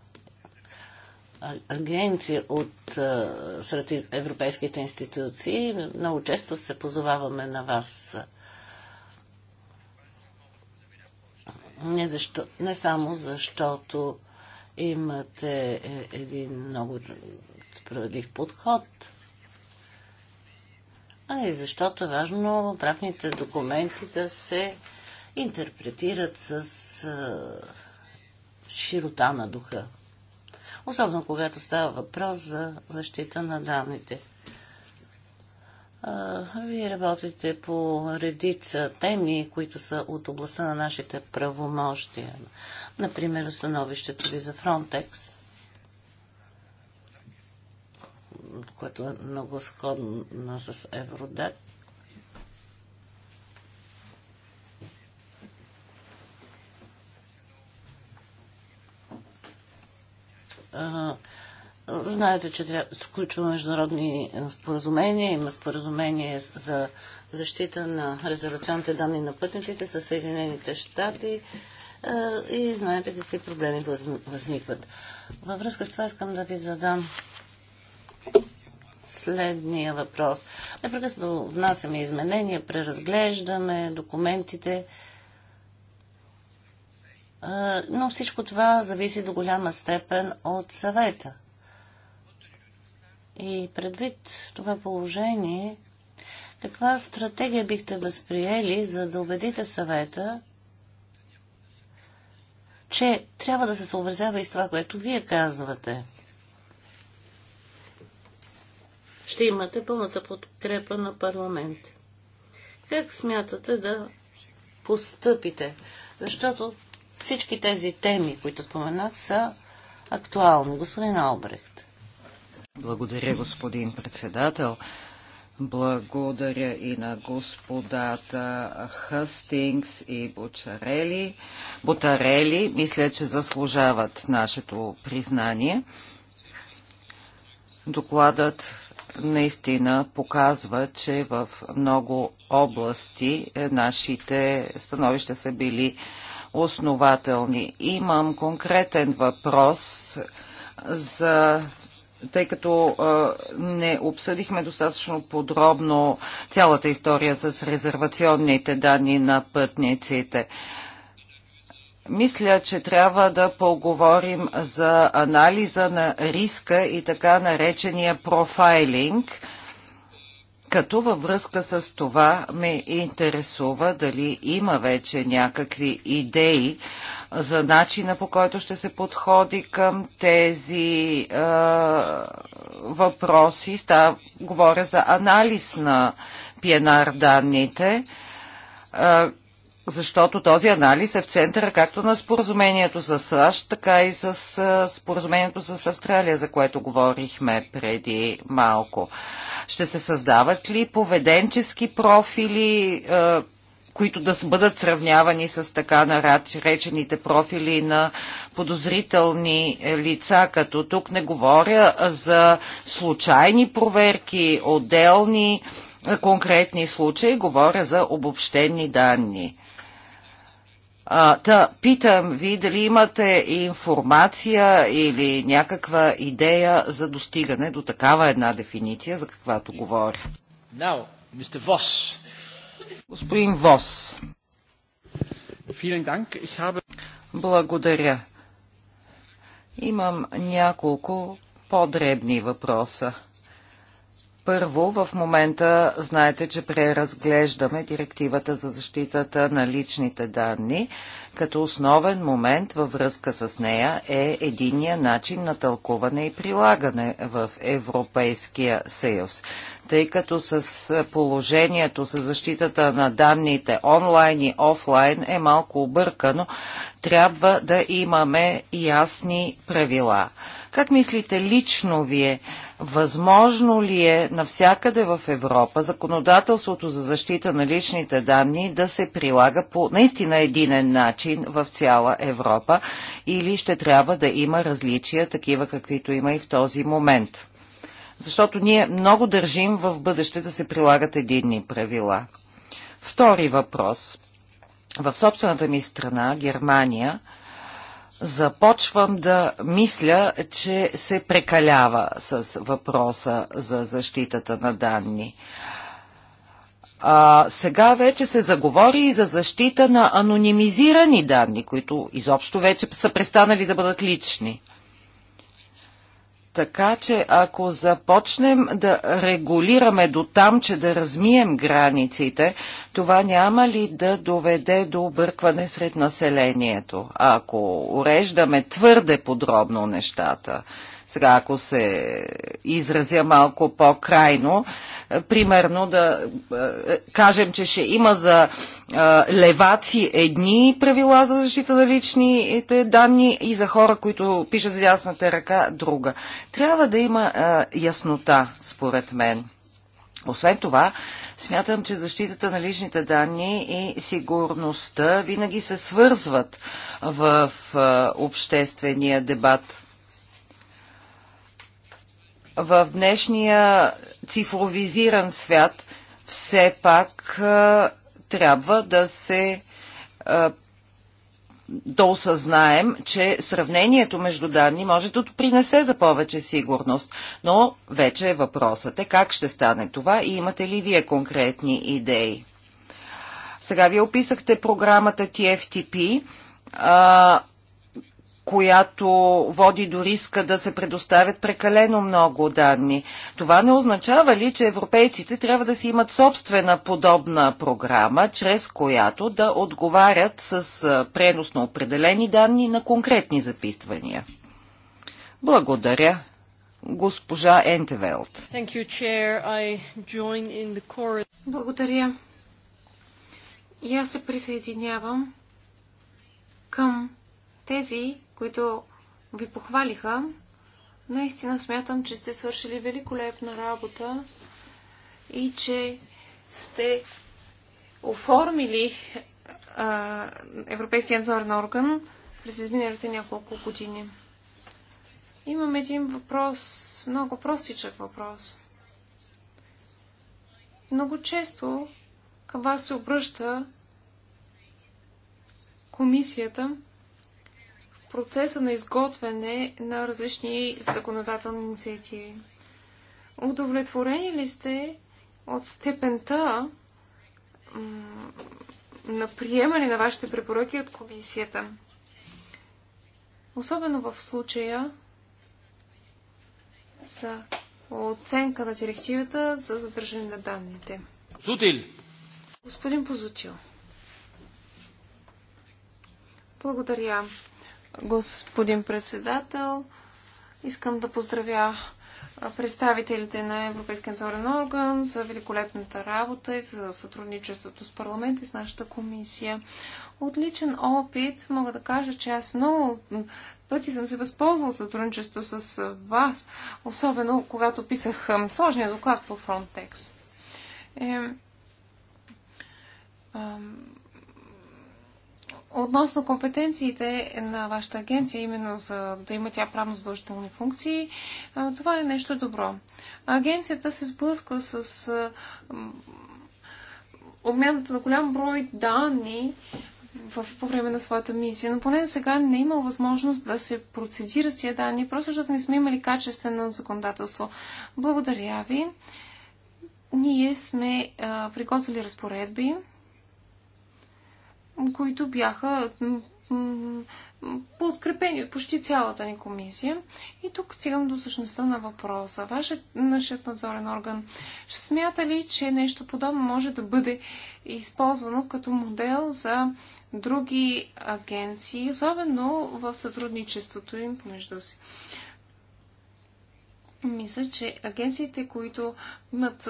агенция от сред европейските институции. Много често се позоваваме на вас. Не, защо, не само защото имате е, един много справедлив подход, а и защото е важно правните документи да се интерпретират с широта на духа особено когато става въпрос за защита на данните. Вие работите по редица теми, които са от областта на нашите правомощия. Например, становището ви за Фронтекс, което е много сходно с Евродет. Знаете, че трябва, да сключва международни е, споразумения. Има споразумение за защита на резервационните данни на пътниците с Съединените щати е, и знаете какви проблеми възникват. Във връзка с това искам да ви задам следния въпрос. Непрекъснато внасяме изменения, преразглеждаме документите но всичко това зависи до голяма степен от съвета. И предвид това положение, каква стратегия бихте възприели, за да убедите съвета, че трябва да се съобразява и с това, което вие казвате? Ще имате пълната подкрепа на парламент. Как смятате да постъпите? Защото всички тези теми, които споменах, са актуални. Господин Албрехт. Благодаря, господин председател. Благодаря и на господата Хъстингс и Бочарели. Бутарели, мисля, че заслужават нашето признание. Докладът наистина показва, че в много области нашите становища са били основателни. Имам конкретен въпрос за тъй като а, не обсъдихме достатъчно подробно цялата история с резервационните данни на пътниците. Мисля, че трябва да поговорим за анализа на риска и така наречения профайлинг – като във връзка с това ме интересува дали има вече някакви идеи за начина по който ще се подходи към тези е, въпроси. Става, говоря за анализ на пиенар данните. Е, защото този анализ е в центъра както на споразумението с САЩ, така и с споразумението с Австралия, за което говорихме преди малко. Ще се създават ли поведенчески профили, които да бъдат сравнявани с така наречените профили на подозрителни лица, като тук не говоря за случайни проверки, отделни конкретни случаи, говоря за обобщени данни. А, та, питам ви дали имате информация или някаква идея за достигане до такава една дефиниция, за каквато говоря. Now, Mr. Voss. Господин Вос. Благодаря. Имам няколко по-дребни въпроса. Първо, в момента знаете, че преразглеждаме директивата за защитата на личните данни, като основен момент във връзка с нея е единия начин на тълкуване и прилагане в Европейския съюз. Тъй като с положението с защитата на данните онлайн и офлайн е малко объркано, трябва да имаме ясни правила. Как мислите лично вие? Възможно ли е навсякъде в Европа законодателството за защита на личните данни да се прилага по наистина единен начин в цяла Европа или ще трябва да има различия, такива каквито има и в този момент? Защото ние много държим в бъдеще да се прилагат единни правила. Втори въпрос. В собствената ми страна, Германия, започвам да мисля, че се прекалява с въпроса за защитата на данни. А, сега вече се заговори и за защита на анонимизирани данни, които изобщо вече са престанали да бъдат лични. Така че ако започнем да регулираме до там, че да размием границите, това няма ли да доведе до объркване сред населението? Ако уреждаме твърде подробно нещата, сега ако се изразя малко по-крайно, е, примерно да е, е, кажем, че ще има за леваци едни правила за защита на личните данни и за хора, които пишат с ясната ръка, друга. Трябва да има яснота, според мен. Освен това, смятам, че защитата на личните данни и сигурността винаги се свързват в обществения дебат в днешния цифровизиран свят все пак а, трябва да се а, да осъзнаем, че сравнението между данни може да принесе за повече сигурност. Но вече е въпросът е как ще стане това и имате ли вие конкретни идеи? Сега вие описахте програмата TFTP. А, която води до риска да се предоставят прекалено много данни. Това не означава ли, че европейците трябва да си имат собствена подобна програма, чрез която да отговарят с пренос на определени данни на конкретни записвания? Благодаря. Госпожа Ентевелт. Благодаря. И аз се присъединявам към тези, които ви похвалиха. Наистина смятам, че сте свършили великолепна работа и че сте оформили а, Европейския надзорен орган през изминалите няколко години. Имам един въпрос, много простичък въпрос. Много често към вас се обръща комисията процеса на изготвяне на различни законодателни инициативи. Удовлетворени ли сте от степента на приемане на вашите препоръки от комисията? Особено в случая за оценка на директивата за задържане на данните. Зутил! Господин Позутил. Благодаря господин председател. Искам да поздравя представителите на Европейския надзорен орган за великолепната работа и за сътрудничеството с парламента и с нашата комисия. Отличен опит. Мога да кажа, че аз много пъти съм се възползвал от сътрудничество с вас, особено когато писах сложния доклад по Frontex. Е, Относно компетенциите на вашата агенция, именно за да има тя правно задължителни функции, това е нещо добро. Агенцията се сблъсква с обмяната на голям брой данни в, по време на своята мисия, но поне за сега не е имал възможност да се процедира с тия данни, просто защото не сме имали качествено законодателство. Благодаря ви. Ние сме а, приготвили разпоредби, които бяха подкрепени от почти цялата ни комисия. И тук стигам до същността на въпроса. Вашият нашият надзорен орган смята ли, че нещо подобно може да бъде използвано като модел за други агенции, особено в сътрудничеството им помежду си? Мисля, че агенциите, които имат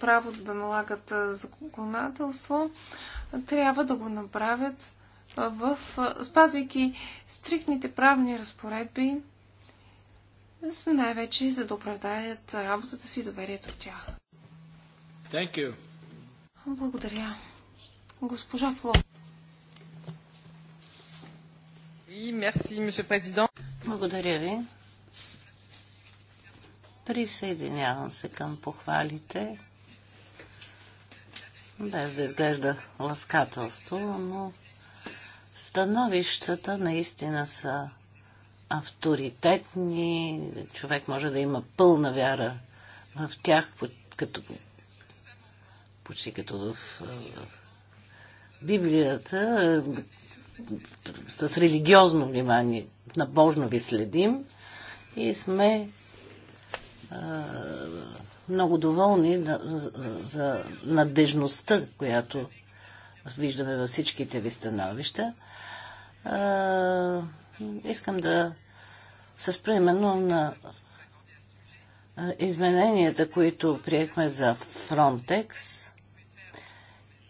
право да налагат законодателство, трябва да го направят в, спазвайки стрикните правни разпоредби, най-вече за да оправдаят работата си и доверието в тях. Thank you. Благодаря. Госпожа Фло. И, мерси, Благодаря ви. Присъединявам се към похвалите, без да изглежда ласкателство, но становищата наистина са авторитетни. Човек може да има пълна вяра в тях, като, почти като в Библията, с религиозно внимание, набожно ви следим и сме е, много доволни за надежността, която виждаме във всичките ви становища. Е, искам да се спремено на е, измененията, които приехме за Frontex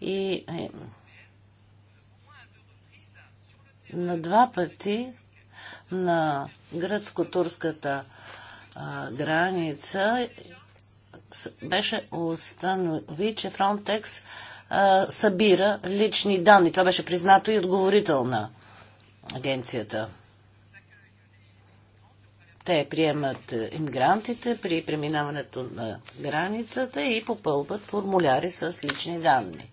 и на два пъти на гръцко-турската граница беше установи, че Фронтекс събира лични данни. Това беше признато и отговорител на агенцията. Те приемат е, иммигрантите при преминаването на границата и попълват формуляри с лични данни.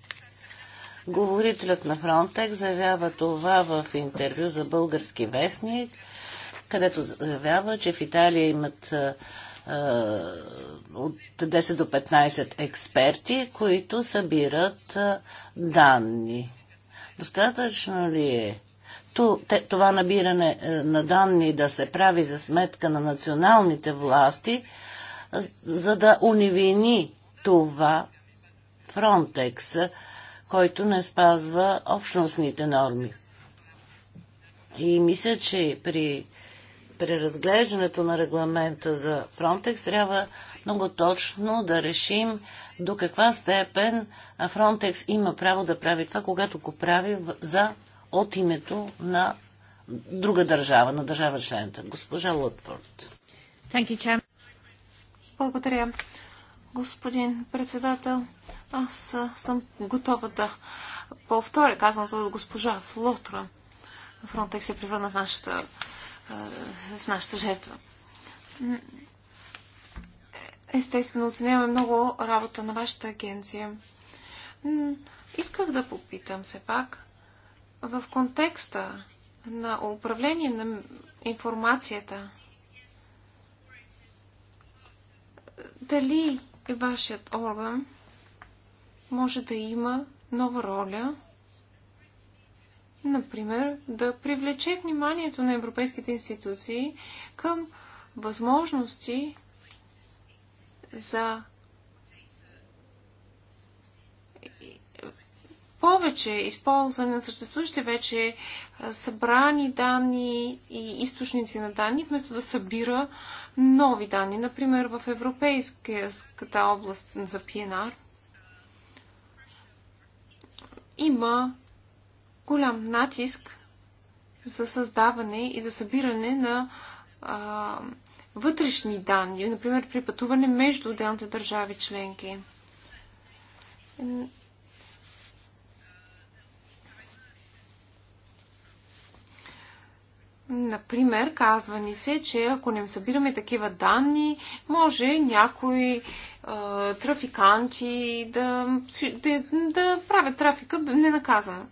Говорителят на Фронтекс заявява това в интервю за български вестник – където заявява, че в Италия имат от 10 до 15 експерти, които събират данни. Достатъчно ли е това набиране на данни да се прави за сметка на националните власти, за да унивини това Фронтекс, който не спазва общностните норми? И мисля, че при преразглеждането на регламента за Фронтекс трябва много точно да решим до каква степен Фронтекс има право да прави това, когато го прави за от името на друга държава, на държава членка. Госпожа Лътфорд. Благодаря. Господин председател, аз съм готова да повторя казаното от госпожа Флотра. Фронтекс се превърна в нашата в нашата жертва. Естествено, оценяваме много работа на вашата агенция. Исках да попитам се пак, в контекста на управление на информацията, дали вашият орган може да има нова роля – Например, да привлече вниманието на европейските институции към възможности за повече използване на съществуващите вече събрани данни и източници на данни, вместо да събира нови данни. Например, в Европейската област за ПНР има голям натиск за създаване и за събиране на а, вътрешни данни, например при пътуване между отделните държави членки. Например, казва ни се, че ако не събираме такива данни, може някои е, трафиканти да, да, да правят трафика ненаказано.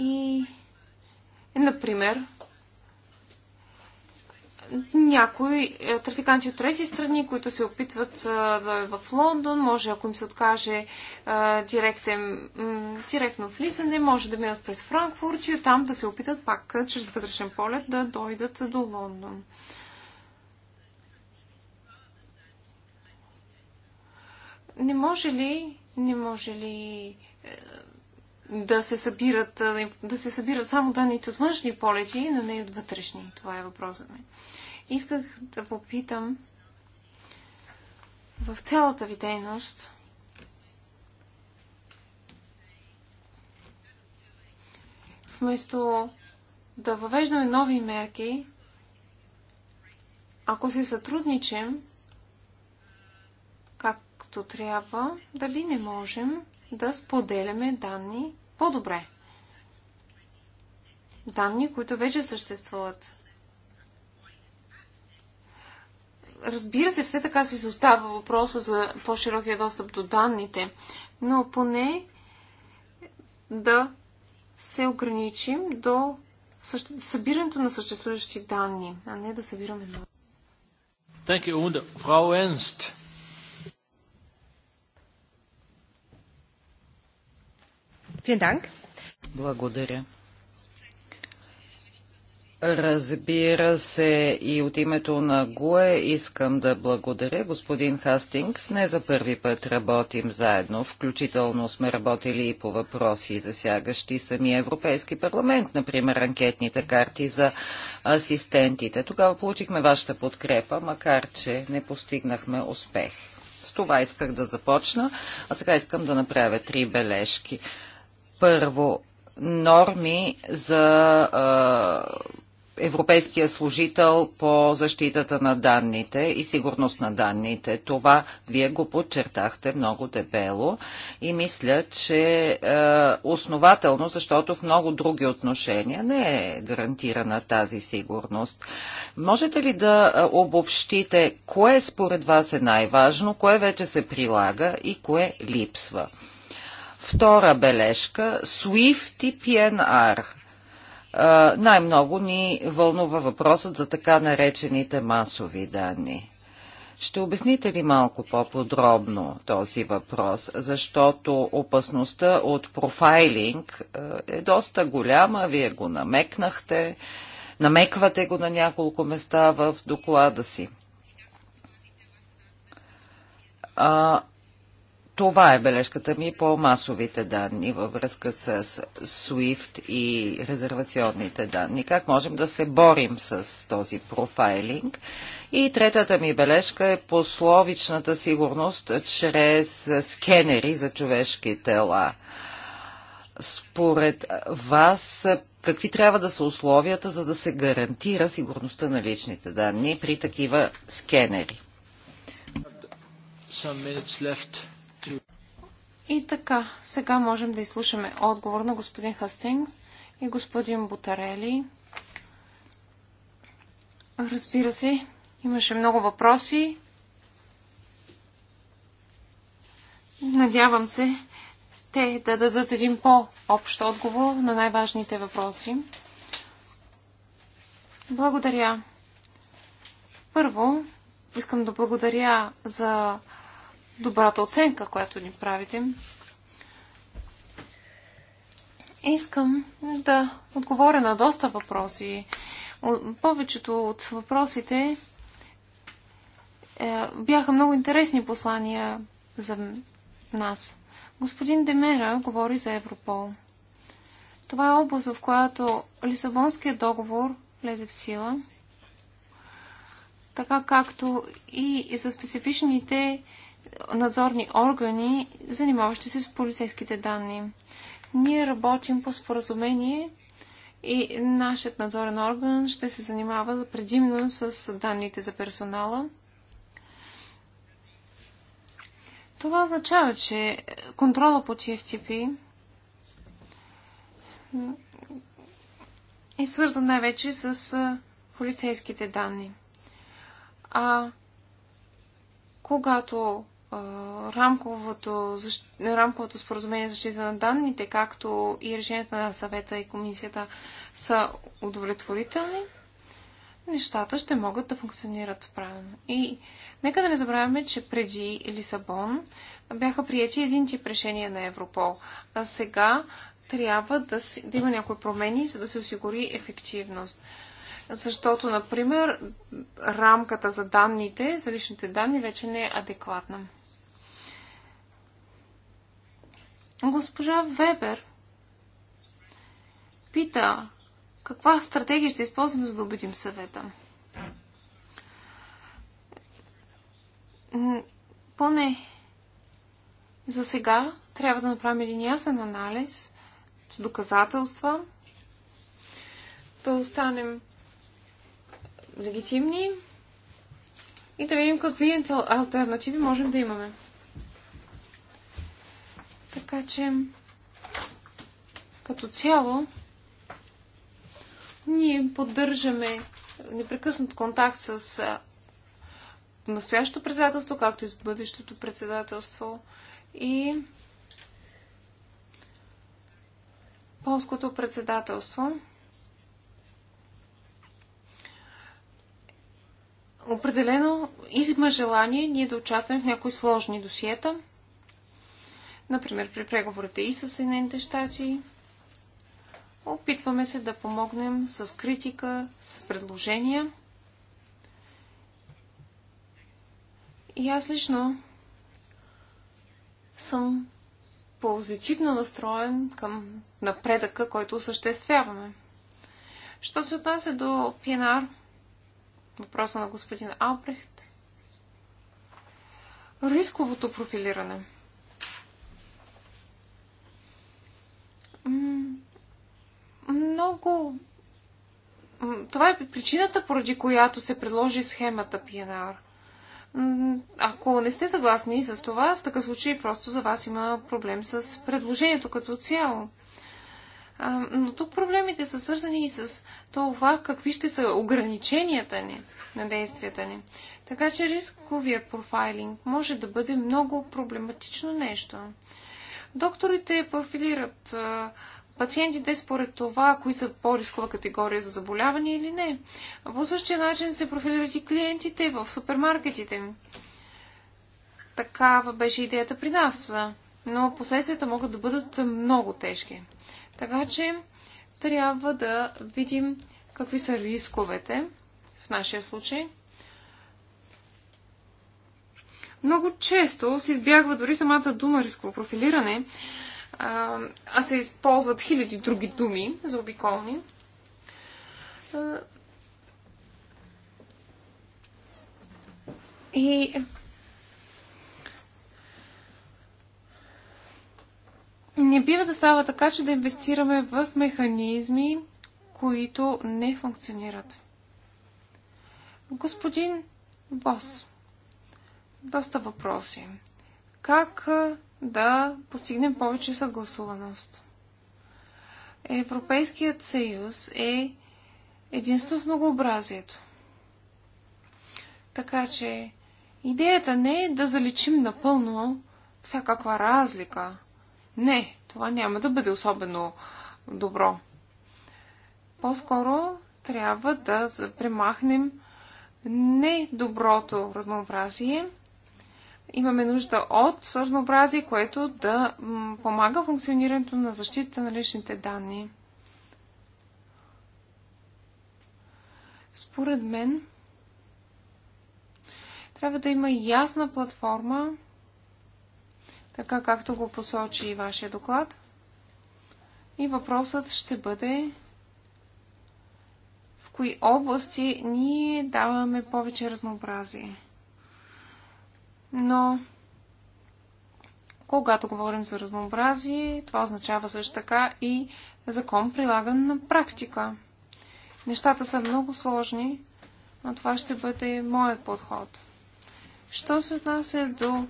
И, например, някои е, трафиканти от трети страни, които се опитват е, да е в Лондон, може ако им се откаже е, директен, директно влизане, може да минат през Франкфурт и оттам да се опитат пак чрез вътрешен полет да дойдат до Лондон. Не може ли, не може ли да се събират, да се събират само данните от външни полети, но не и от вътрешни. Това е въпросът ми. Исках да попитам в цялата ви дейност вместо да въвеждаме нови мерки, ако се сътрудничим както трябва, дали не можем да споделяме данни по-добре. Данни, които вече съществуват. Разбира се, все така си се остава въпроса за по-широкия достъп до данните, но поне да се ограничим до събирането на съществуващи данни, а не да събираме нови. Thank you, Frau Ernst. Благодаря. Разбира се, и от името на ГУЕ искам да благодаря господин Хастингс. Не за първи път работим заедно, включително сме работили и по въпроси, засягащи самия Европейски парламент, например анкетните карти за асистентите. Тогава получихме вашата подкрепа, макар че не постигнахме успех. С това исках да започна, а сега искам да направя три бележки. Първо, норми за а, европейския служител по защитата на данните и сигурност на данните. Това вие го подчертахте много дебело и мисля, че е, основателно, защото в много други отношения не е гарантирана тази сигурност. Можете ли да обобщите кое според вас е най-важно, кое вече се прилага и кое липсва? Втора бележка – SWIFT и PNR. Най-много ни вълнува въпросът за така наречените масови данни. Ще обясните ли малко по-подробно този въпрос, защото опасността от профайлинг е доста голяма, вие го намекнахте, намеквате го на няколко места в доклада си. Това е бележката ми по масовите данни във връзка с SWIFT и резервационните данни. Как можем да се борим с този профайлинг? И третата ми бележка е пословичната сигурност чрез скенери за човешки тела. Според вас, какви трябва да са условията, за да се гарантира сигурността на личните данни при такива скенери? Some minutes left. И така, сега можем да изслушаме отговор на господин Хастинг и господин Бутарели. Разбира се, имаше много въпроси. Надявам се те да дадат един по-общ отговор на най-важните въпроси. Благодаря. Първо, искам да благодаря за добрата оценка, която ни правите. Искам да отговоря на доста въпроси. Повечето от въпросите е, бяха много интересни послания за нас. Господин Демера говори за Европол. Това е област, в която Лисабонският договор влезе в сила, така както и за специфичните надзорни органи, занимаващи се с полицейските данни. Ние работим по споразумение и нашият надзорен орган ще се занимава предимно с данните за персонала. Това означава, че контрола по TFTP е свързан най-вече с полицейските данни. А когато рамковото, защ... рамковото споразумение за защита на данните, както и решенията на съвета и комисията са удовлетворителни, нещата ще могат да функционират правилно. И нека да не забравяме, че преди Лисабон бяха приети един тип решения на Европол, а сега трябва да, си, да има някои промени, за да се осигури ефективност. Защото, например, рамката за данните, за личните данни вече не е адекватна. Госпожа Вебер пита каква стратегия ще използваме, за да убедим съвета. Поне за сега трябва да направим един ясен анализ с доказателства, да останем легитимни и да видим какви альтернативи можем да имаме. Така че, като цяло, ние поддържаме непрекъснат контакт с настоящото председателство, както и с бъдещото председателство. И полското председателство определено има желание ние да участваме в някои сложни досиета. Например, при преговорите и с Съединените щати. Опитваме се да помогнем с критика, с предложения. И аз лично съм позитивно настроен към напредъка, който осъществяваме. Що се отнася до ПНР, въпроса на господин Албрехт, рисковото профилиране – Много. Това е причината, поради която се предложи схемата PNR. Ако не сте съгласни с това, в такъв случай просто за вас има проблем с предложението като цяло. Но тук проблемите са свързани и с това какви ще са ограниченията ни на действията ни. Така че рисковият профайлинг може да бъде много проблематично нещо. Докторите профилират пациентите според това, кои са по-рискова категория за заболяване или не. По същия начин се профилират и клиентите в супермаркетите. Такава беше идеята при нас, но последствията могат да бъдат много тежки. Така че трябва да видим какви са рисковете в нашия случай – много често се избягва дори самата дума рисково профилиране, а се използват хиляди други думи за обиколни. И не бива да става така, че да инвестираме в механизми, които не функционират. Господин Бос, доста въпроси. Как да постигнем повече съгласуваност? Европейският съюз е единство в многообразието. Така че идеята не е да заличим напълно всякаква разлика. Не, това няма да бъде особено добро. По-скоро трябва да премахнем недоброто разнообразие имаме нужда от разнообразие, което да помага функционирането на защита на личните данни. Според мен, трябва да има ясна платформа, така както го посочи и вашия доклад. И въпросът ще бъде в кои области ние даваме повече разнообразие но когато говорим за разнообразие, това означава също така и закон прилаган на практика. Нещата са много сложни, но това ще бъде моят подход. Що се отнася до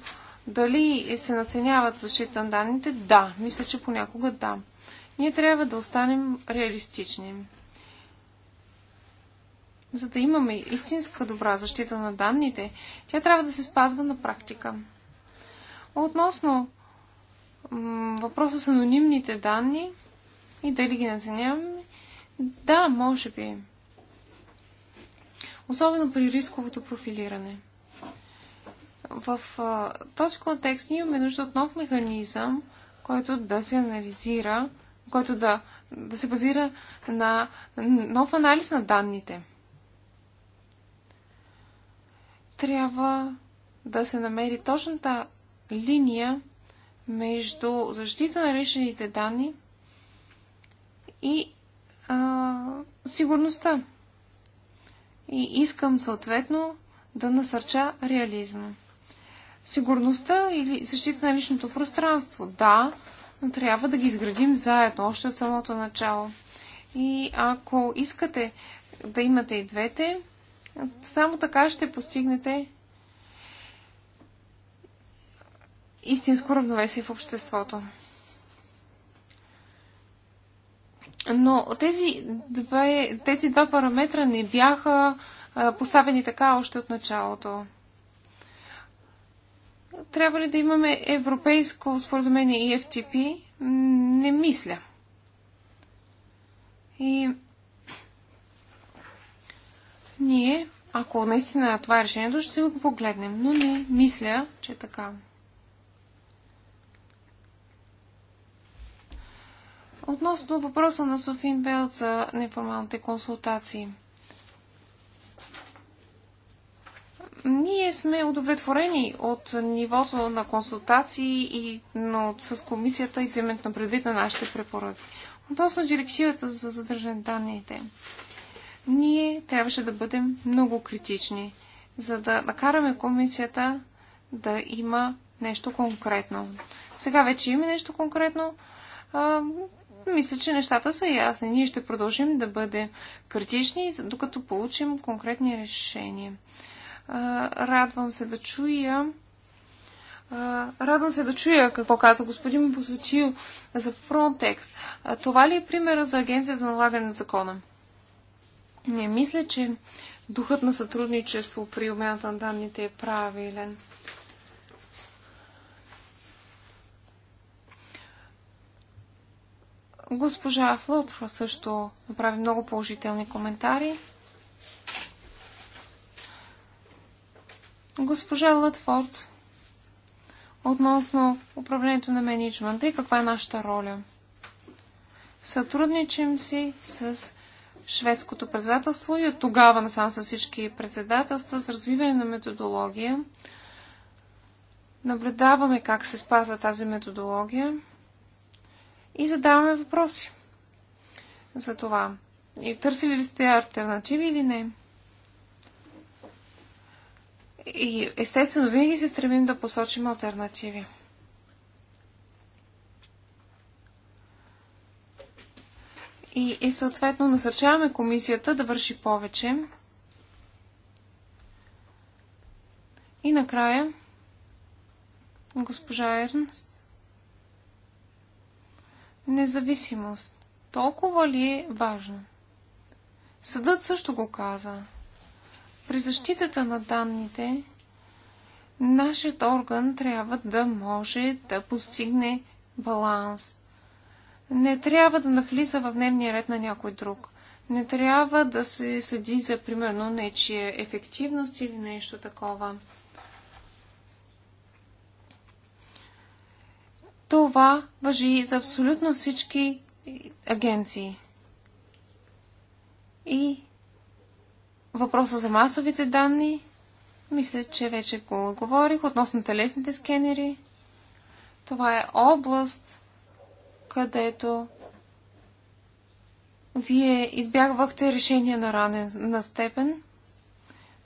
дали се наценяват защита на данните? Да, мисля, че понякога да. Ние трябва да останем реалистични за да имаме истинска добра защита на данните, тя трябва да се спазва на практика. Относно въпроса с анонимните данни и дали ги наценяваме, да, може би. Особено при рисковото профилиране. В а, този контекст ние имаме нужда от нов механизъм, който да се анализира, който да, да се базира на нов анализ на данните. трябва да се намери точната линия между защита на личните данни и а, сигурността. И искам съответно да насърча реализма. Сигурността или защита на личното пространство, да, но трябва да ги изградим заедно, още от самото начало. И ако искате да имате и двете, само така ще постигнете истинско равновесие в обществото. Но тези два, тези два параметра не бяха поставени така още от началото. Трябва ли да имаме европейско споразумение и FTP? Не мисля. И ние, ако наистина това е решението, ще си го погледнем. Но не мисля, че е така. Относно въпроса на Софин Белт за неформалните консултации. Ние сме удовлетворени от нивото на консултации и но, с комисията и вземането на предвид на нашите препоръки. Относно директивата за задържане данните ние трябваше да бъдем много критични, за да накараме комисията да има нещо конкретно. Сега вече има нещо конкретно. А, мисля, че нещата са ясни. Ние ще продължим да бъдем критични, докато получим конкретни решения. А, радвам се да чуя. А, радвам се да чуя какво каза господин Босотил за Frontex. А, това ли е примера за агенция за налагане на закона? Не мисля, че духът на сътрудничество при обмяната на данните е правилен. Госпожа Флотва също направи много положителни коментари. Госпожа Лътфорд относно управлението на менеджмента и каква е нашата роля. Сътрудничим си с шведското председателство и от тогава насам с всички председателства с развиване на методология. Наблюдаваме как се спазва тази методология и задаваме въпроси за това. И търсили ли сте альтернативи или не? И естествено, винаги се стремим да посочим альтернативи. и, и съответно насърчаваме комисията да върши повече. И накрая, госпожа Ернст, независимост. Толкова ли е важна? Съдът също го каза. При защитата на данните, нашият орган трябва да може да постигне баланс не трябва да навлиза в дневния ред на някой друг. Не трябва да се следи за, примерно, нечия ефективност или нещо такова. Това въжи за абсолютно всички агенции. И въпроса за масовите данни, мисля, че вече го говорих относно телесните скенери. Това е област, където вие избягвахте решение на ранен на степен.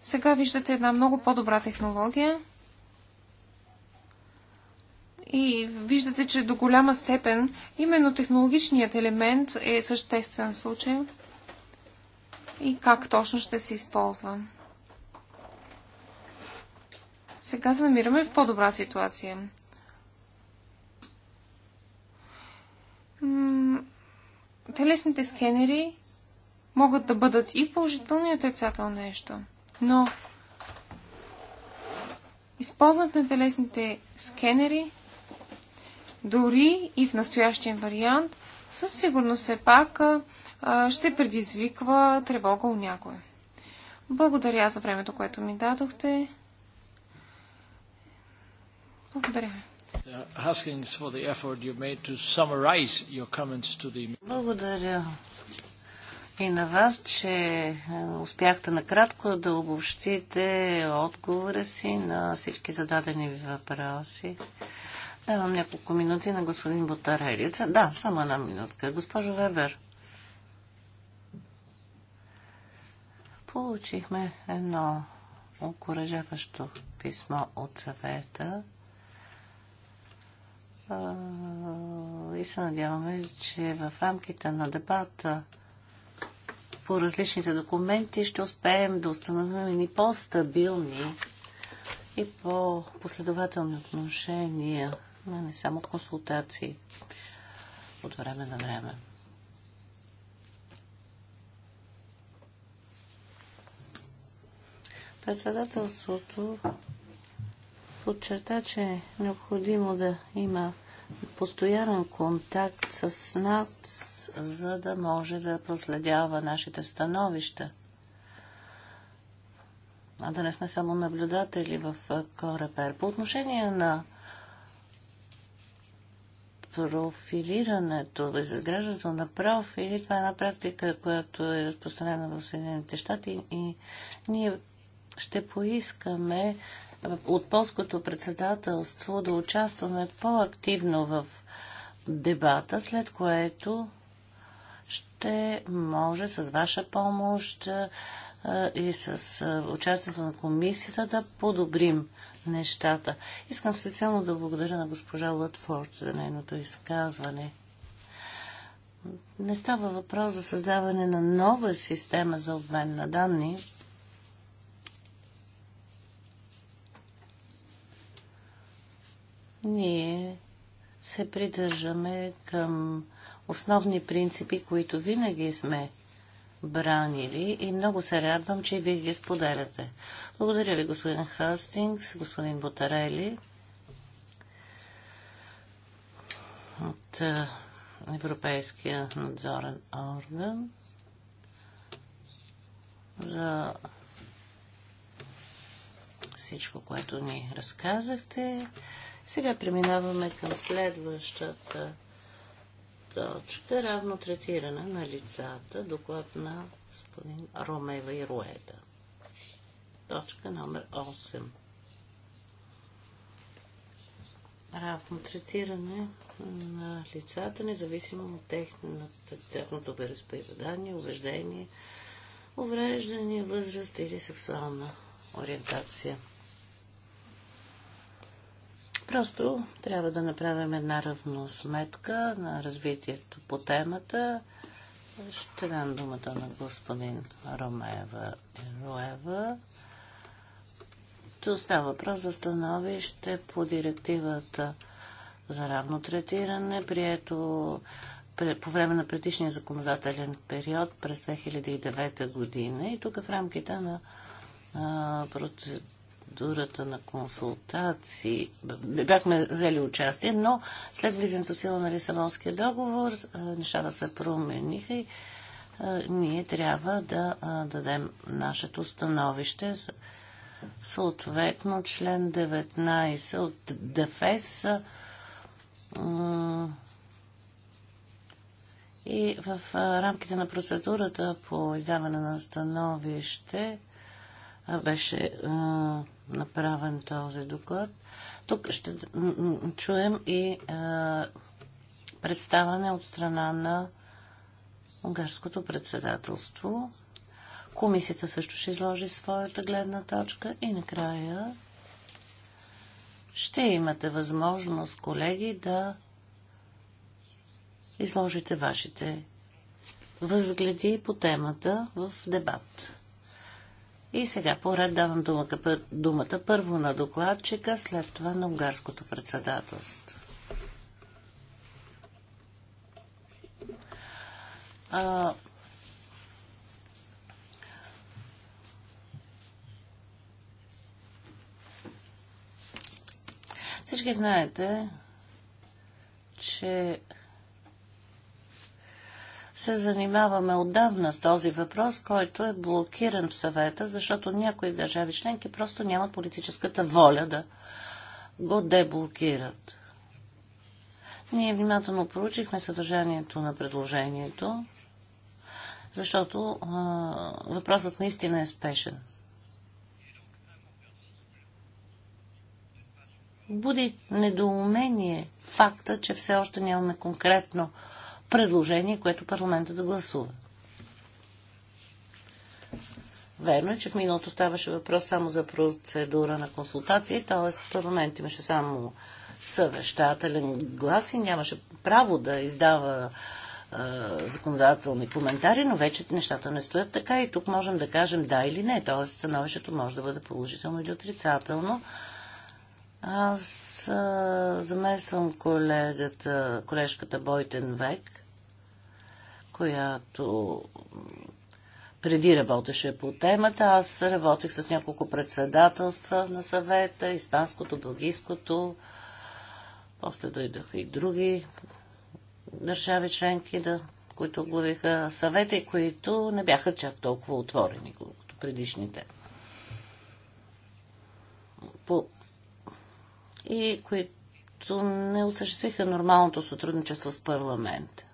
Сега виждате една много по-добра технология и виждате, че до голяма степен именно технологичният елемент е съществен случай и как точно ще се използва. Сега се намираме в по-добра ситуация. телесните скенери могат да бъдат и положително и отрицателно нещо. Но използват на телесните скенери дори и в настоящия вариант, със сигурност все пак ще предизвиква тревога у някой. Благодаря за времето, което ми дадохте. Благодаря Uh, Благодаря и на вас, че е, успяхте накратко да обобщите отговора си на всички зададени ви въпроси. Давам няколко минути на господин Ботарелица. Да, само една минутка. Госпожо Вебер, получихме едно окоръжаващо писмо от съвета и се надяваме, че в рамките на дебата по различните документи ще успеем да установим и по-стабилни и по-последователни отношения, но не само консултации от време на време. Председателството подчерта, че е необходимо да има постоянен контакт с нас, за да може да проследява нашите становища. А да не сме само наблюдатели в Корепер. По отношение на профилирането, изграждането на профили, това е една практика, която е разпространена в Съединените щати и ние ще поискаме от полското председателство да участваме по-активно в дебата, след което ще може с ваша помощ и с участието на комисията да подобрим нещата. Искам специално да благодаря на госпожа Лътфорд за нейното изказване. Не става въпрос за създаване на нова система за обмен на данни, Ние се придържаме към основни принципи, които винаги сме бранили и много се радвам, че вие ги споделяте. Благодаря ви, господин Хастингс, господин Ботарели от Европейския надзорен орган за всичко, което ни разказахте. Сега преминаваме към следващата точка. Равно третиране на лицата. Доклад на господин Ромева и Руеда. Точка номер 8. Равно третиране на лицата, независимо от техното вероисповедание, убеждение, увреждане, възраст или сексуална ориентация. Просто трябва да направим една равносметка на развитието по темата. Ще дам думата на господин Ромева Руева. То става въпрос за становище по директивата за равно третиране, прието по време на предишния законодателен период през 2009 година и тук в рамките на процедурата на консултации бяхме взели участие, но след влизането сила на Лисабонския договор нещата се промениха и ние трябва да дадем нашето становище. Съответно, член 19 от ДФЕС и в рамките на процедурата по издаване на становище беше направен този доклад. Тук ще чуем и а, представане от страна на унгарското председателство. Комисията също ще изложи своята гледна точка и накрая ще имате възможност, колеги, да изложите вашите възгледи по темата в дебат. И сега поред давам думата, думата първо на докладчика, след това на унгарското председателство. А, Всички знаете, че се занимаваме отдавна с този въпрос, който е блокиран в съвета, защото някои държави членки просто нямат политическата воля да го деблокират. Ние внимателно проучихме съдържанието на предложението, защото а, въпросът наистина е спешен. Буди недоумение факта, че все още нямаме конкретно предложение, което парламента да гласува. Верно е, че в миналото ставаше въпрос само за процедура на консултации, т.е. парламент имаше само съвещателен глас и нямаше право да издава е, законодателни коментари, но вече нещата не стоят така и тук можем да кажем да или не, т.е. становището може да бъде положително или отрицателно. Аз а, замесвам колегата, колежката Бойтен Век, която преди работеше по темата. Аз работех с няколко председателства на съвета, испанското, бългийското. После дойдоха и други държави членки, да, които главиха съвета и които не бяха чак толкова отворени, колкото предишните. По и които не осъществиха нормалното сътрудничество с парламент.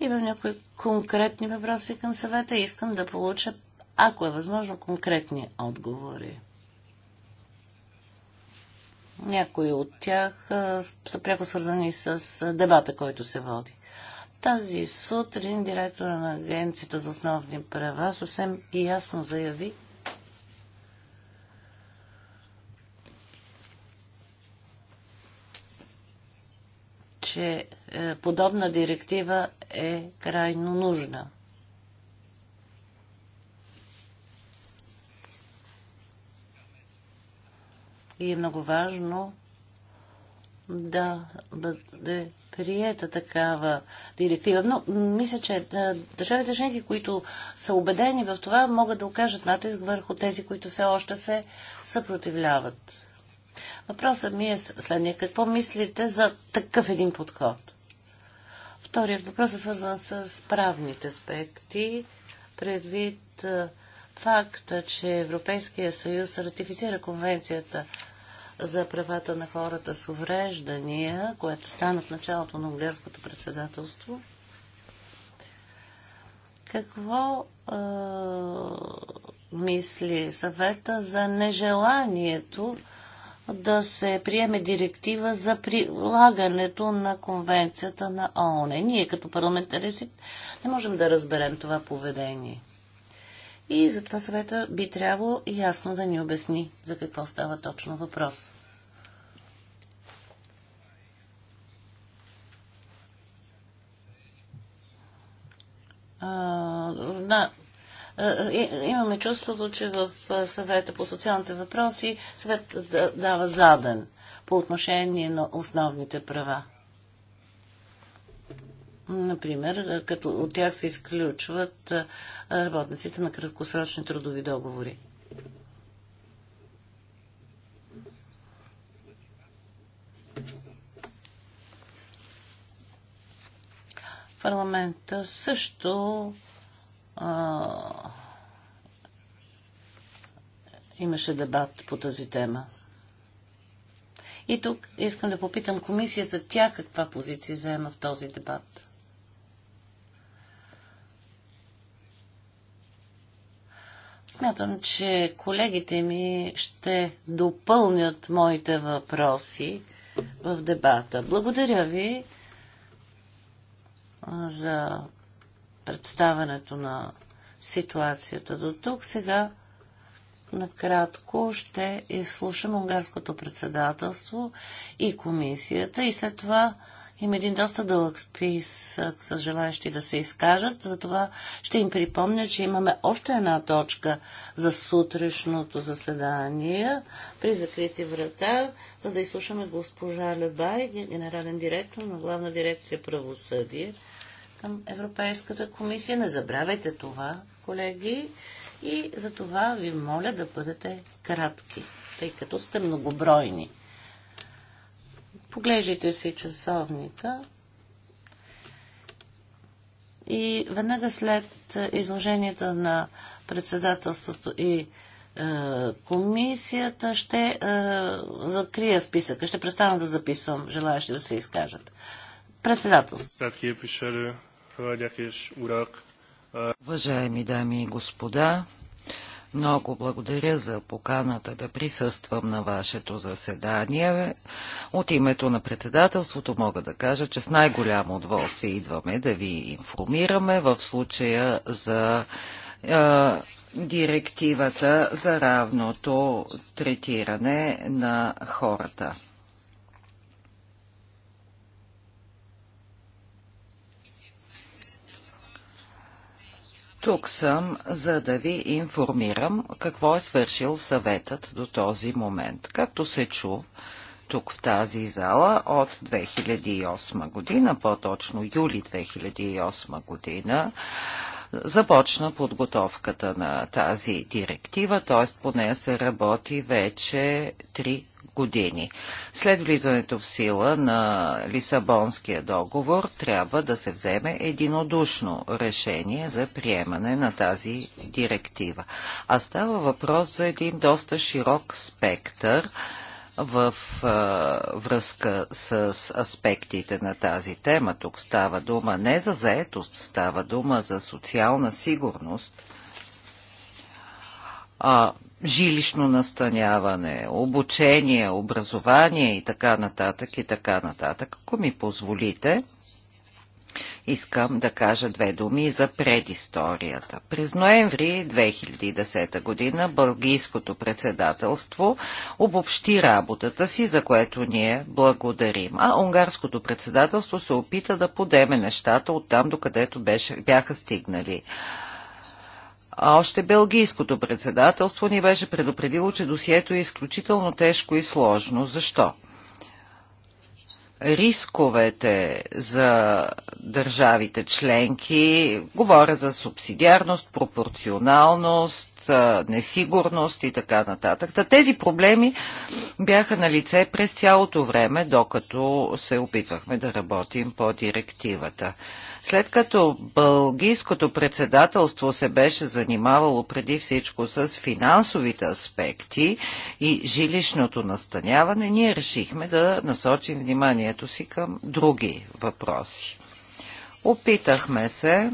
Имам някои конкретни въпроси към съвета и искам да получа, ако е възможно, конкретни отговори. Някои от тях са пряко свързани с дебата, който се води. Тази сутрин директора на Агенцията за основни права съвсем ясно заяви, че е, подобна директива е крайно нужна. И е много важно да бъде приета такава директива. Но мисля, че е, държавите членки, които са убедени в това, могат да окажат натиск върху тези, които все още се съпротивляват. Въпросът ми е следния. Какво мислите за такъв един подход? Вторият въпрос е свързан с правните аспекти, предвид факта, че Европейския съюз ратифицира конвенцията за правата на хората с увреждания, което стана в началото на унгарското председателство. Какво е, мисли съвета за нежеланието да се приеме директива за прилагането на конвенцията на ООН. Ние като парламентаристи не можем да разберем това поведение. И затова съвета би трябвало ясно да ни обясни за какво става точно въпрос. А, зна, е, е, имаме чувството, че в е, съвета по социалните въпроси съвет дава заден по отношение на основните права. Например, като от тях се изключват работниците на краткосрочни трудови договори. Парламента също имаше дебат по тази тема. И тук искам да попитам комисията, тя каква позиция заема в този дебат? Смятам, че колегите ми ще допълнят моите въпроси в дебата. Благодаря ви за представането на ситуацията до тук. Сега накратко ще изслушам унгарското председателство и комисията и след това има един доста дълъг списък с желаящи да се изкажат. Затова ще им припомня, че имаме още една точка за сутрешното заседание при закрити врата, за да изслушаме госпожа Лебай, генерален директор на главна дирекция правосъдие към Европейската комисия. Не забравяйте това, колеги. И за това ви моля да бъдете кратки, тъй като сте многобройни. Поглеждайте си часовника. И веднага след изложенията на председателството и е, комисията ще е, закрия списъка. Ще престана да записвам желаящи да се изкажат. Председателство. Уважаеми дами и господа, много благодаря за поканата да присъствам на вашето заседание. От името на председателството мога да кажа, че с най-голямо удоволствие идваме да ви информираме в случая за е, директивата за равното третиране на хората. Тук съм, за да ви информирам какво е свършил съветът до този момент. Както се чу тук в тази зала от 2008 година, по-точно юли 2008 година, започна подготовката на тази директива, т.е. по нея се работи вече години. След влизането в сила на Лисабонския договор трябва да се вземе единодушно решение за приемане на тази директива. А става въпрос за един доста широк спектър в а, връзка с аспектите на тази тема. Тук става дума не за заетост, става дума за социална сигурност. А, жилищно настаняване, обучение, образование и така нататък и така нататък. Ако ми позволите, искам да кажа две думи за предисторията. През ноември 2010 година Бългийското председателство обобщи работата си, за което ние благодарим. А Унгарското председателство се опита да подеме нещата оттам, докъдето беше, бяха стигнали а Още белгийското председателство ни беше предупредило, че досието е изключително тежко и сложно. Защо? рисковете за държавите членки, говоря за субсидиарност, пропорционалност, несигурност и така нататък. Та тези проблеми бяха на лице през цялото време, докато се опитвахме да работим по директивата. След като бългийското председателство се беше занимавало преди всичко с финансовите аспекти и жилищното настаняване, ние решихме да насочим вниманието си към други въпроси. Опитахме се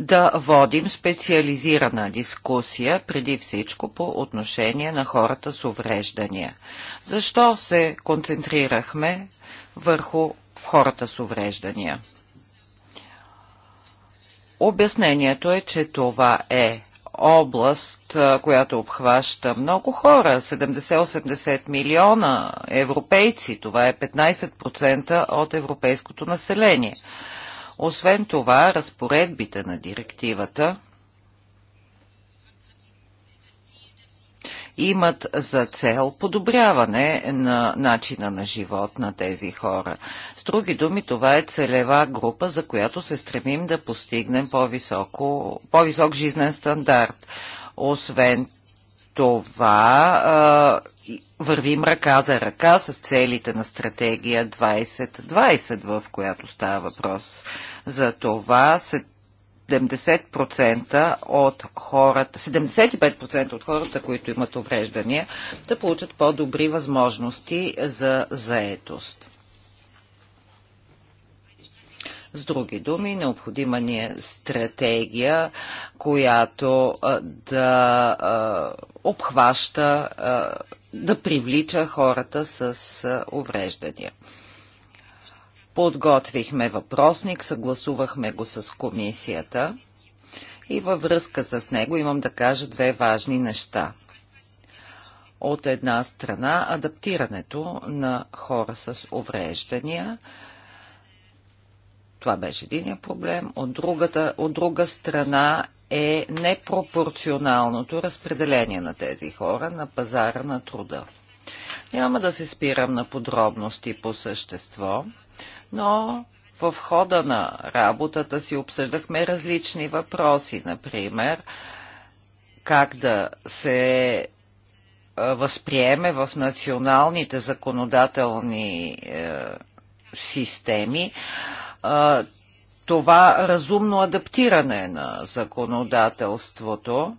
да водим специализирана дискусия, преди всичко по отношение на хората с увреждания. Защо се концентрирахме върху хората с увреждания? Обяснението е, че това е област, която обхваща много хора, 70-80 милиона европейци, това е 15% от европейското население. Освен това, разпоредбите на директивата имат за цел подобряване на начина на живот на тези хора. С други думи, това е целева група, за която се стремим да постигнем по-висок по жизнен стандарт. Освен това а, вървим ръка за ръка с целите на стратегия 2020, в която става въпрос. За това 70% от хората, 75% от хората, които имат увреждания, да получат по-добри възможности за заетост. С други думи, необходима ни е стратегия, която да обхваща, да привлича хората с увреждания. Подготвихме въпросник, съгласувахме го с комисията и във връзка с него имам да кажа две важни неща. От една страна адаптирането на хора с увреждания – това беше един проблем. От, другата, от друга страна е непропорционалното разпределение на тези хора на пазара на труда. Няма да се спирам на подробности по същество, но в хода на работата си обсъждахме различни въпроси, например, как да се възприеме в националните законодателни е, системи а, това разумно адаптиране на законодателството.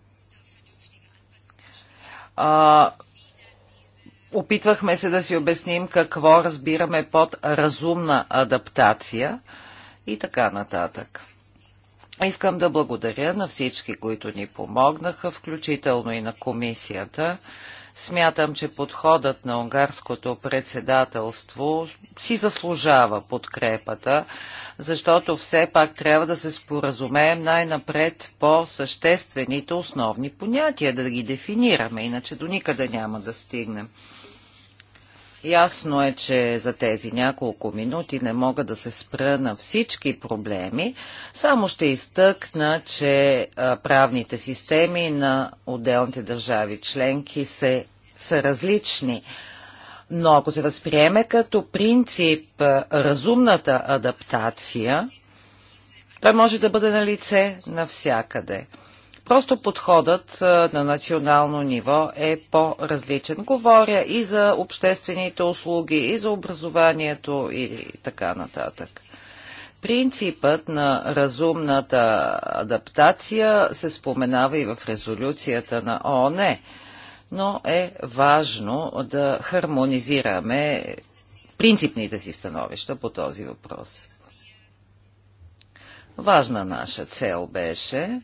А, опитвахме се да си обясним какво разбираме под разумна адаптация и така нататък. Искам да благодаря на всички, които ни помогнаха, включително и на комисията. Смятам, че подходът на унгарското председателство си заслужава подкрепата, защото все пак трябва да се споразумеем най-напред по съществените основни понятия, да ги дефинираме, иначе до никъде няма да стигнем. Ясно е, че за тези няколко минути не мога да се спра на всички проблеми, само ще изтъкна, че правните системи на отделните държави членки се, са различни. Но ако се възприеме като принцип разумната адаптация, той може да бъде на лице навсякъде. Просто подходът на национално ниво е по-различен. Говоря и за обществените услуги, и за образованието и така нататък. Принципът на разумната адаптация се споменава и в резолюцията на ООН, но е важно да хармонизираме принципните си становища по този въпрос. Важна наша цел беше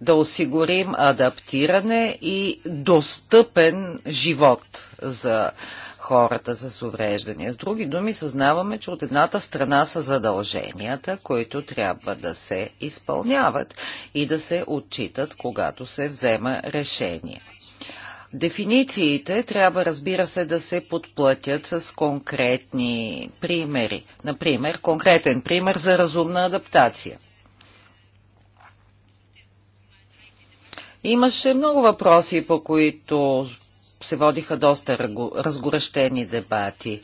да осигурим адаптиране и достъпен живот за хората с увреждания. С други думи, съзнаваме, че от едната страна са задълженията, които трябва да се изпълняват и да се отчитат, когато се взема решение. Дефинициите трябва, разбира се, да се подплатят с конкретни примери. Например, конкретен пример за разумна адаптация. Имаше много въпроси, по които се водиха доста разгорещени дебати.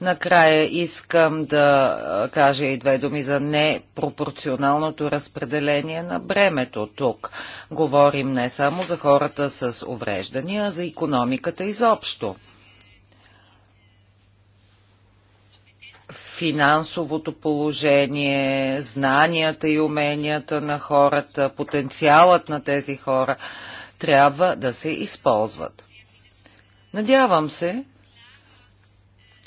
Накрая искам да кажа и две думи за непропорционалното разпределение на бремето тук. Говорим не само за хората с увреждания, а за економиката изобщо. финансовото положение, знанията и уменията на хората, потенциалът на тези хора трябва да се използват. Надявам се,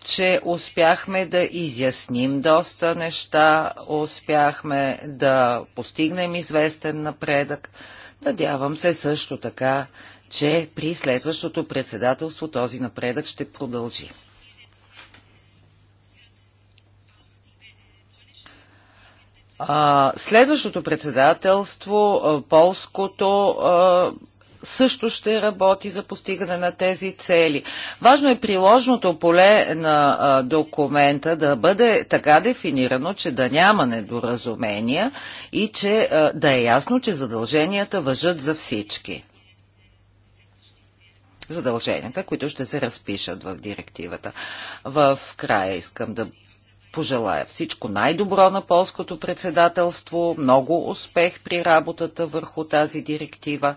че успяхме да изясним доста неща, успяхме да постигнем известен напредък. Надявам се също така, че при следващото председателство този напредък ще продължи. следващото председателство, полското, също ще работи за постигане на тези цели. Важно е приложното поле на документа да бъде така дефинирано, че да няма недоразумения и че да е ясно, че задълженията въжат за всички. Задълженията, които ще се разпишат в директивата. В края искам да пожелая всичко най-добро на полското председателство, много успех при работата върху тази директива.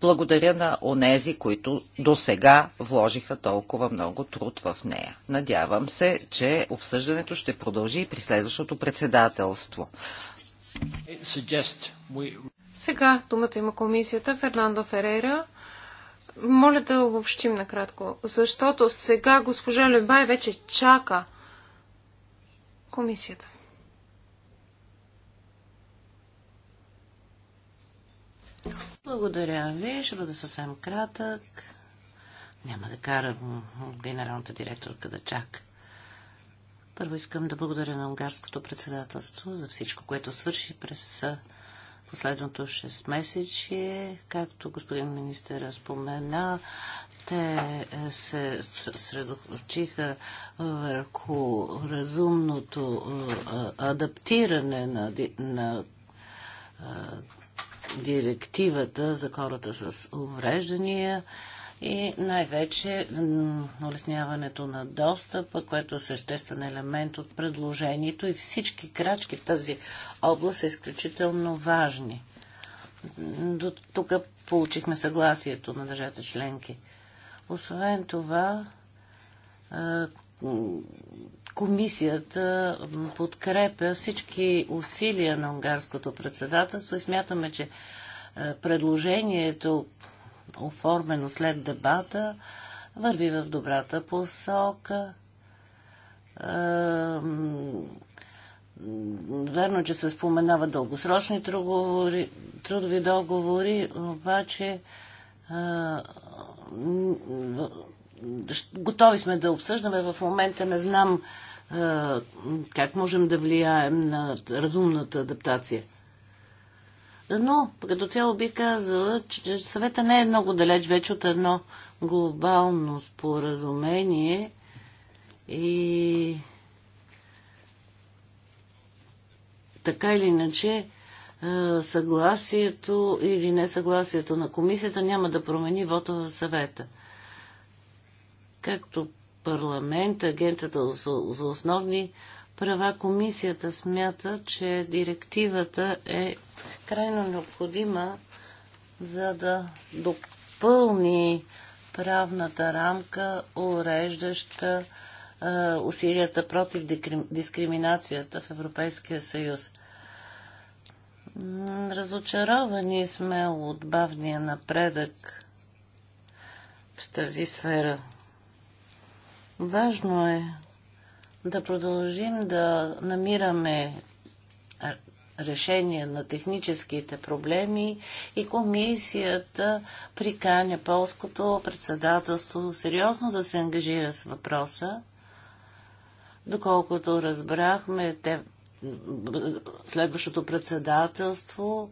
Благодаря на онези, които до сега вложиха толкова много труд в нея. Надявам се, че обсъждането ще продължи и при следващото председателство. Сега думата има комисията Фернандо Ферейра. Моля да обобщим накратко, защото сега госпожа Лебай вече чака комисията. Благодаря ви. Ще бъда съвсем кратък. Няма да карам генералната директорка да чак. Първо искам да благодаря на унгарското председателство за всичко, което свърши през последното 6 месече. Както господин министър спомена, те е, се средоточиха върху разумното е, адаптиране на, на е, директивата за хората с увреждания и най-вече улесняването на достъпа, което е съществен елемент от предложението и всички крачки в тази област са изключително важни. До тук получихме съгласието на държавите членки. Освен това, комисията подкрепя всички усилия на унгарското председателство и смятаме, че предложението, оформено след дебата, върви в добрата посока. Верно, че се споменават дългосрочни трудови договори, обаче готови сме да обсъждаме. В момента не знам е, как можем да влияем на разумната адаптация. Но, като цяло би казала, че съвета не е много далеч вече от едно глобално споразумение и така или иначе е, съгласието или несъгласието на комисията няма да промени вота в съвета. Както парламент, агенцията за основни права, комисията смята, че директивата е крайно необходима, за да допълни правната рамка, уреждаща е, усилията против дискриминацията в Европейския съюз – Разочаровани сме от бавния напредък в тази сфера. Важно е да продължим да намираме решение на техническите проблеми и комисията приканя полското председателство сериозно да се ангажира с въпроса. Доколкото разбрахме, те следващото председателство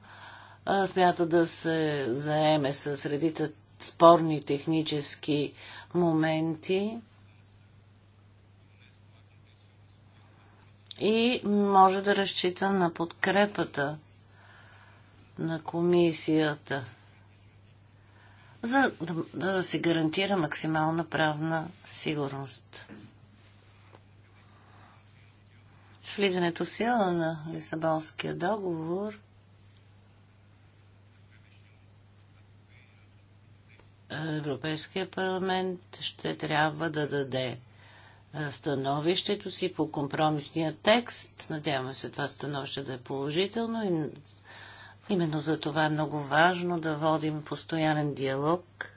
смята да се заеме с редица спорни технически моменти. И може да разчита на подкрепата на комисията, за да, да се гарантира максимална правна сигурност. С влизането в сила на Лисабонския договор Европейския парламент ще трябва да даде становището си по компромисния текст. Надяваме се това становище да е положително и именно за това е много важно да водим постоянен диалог.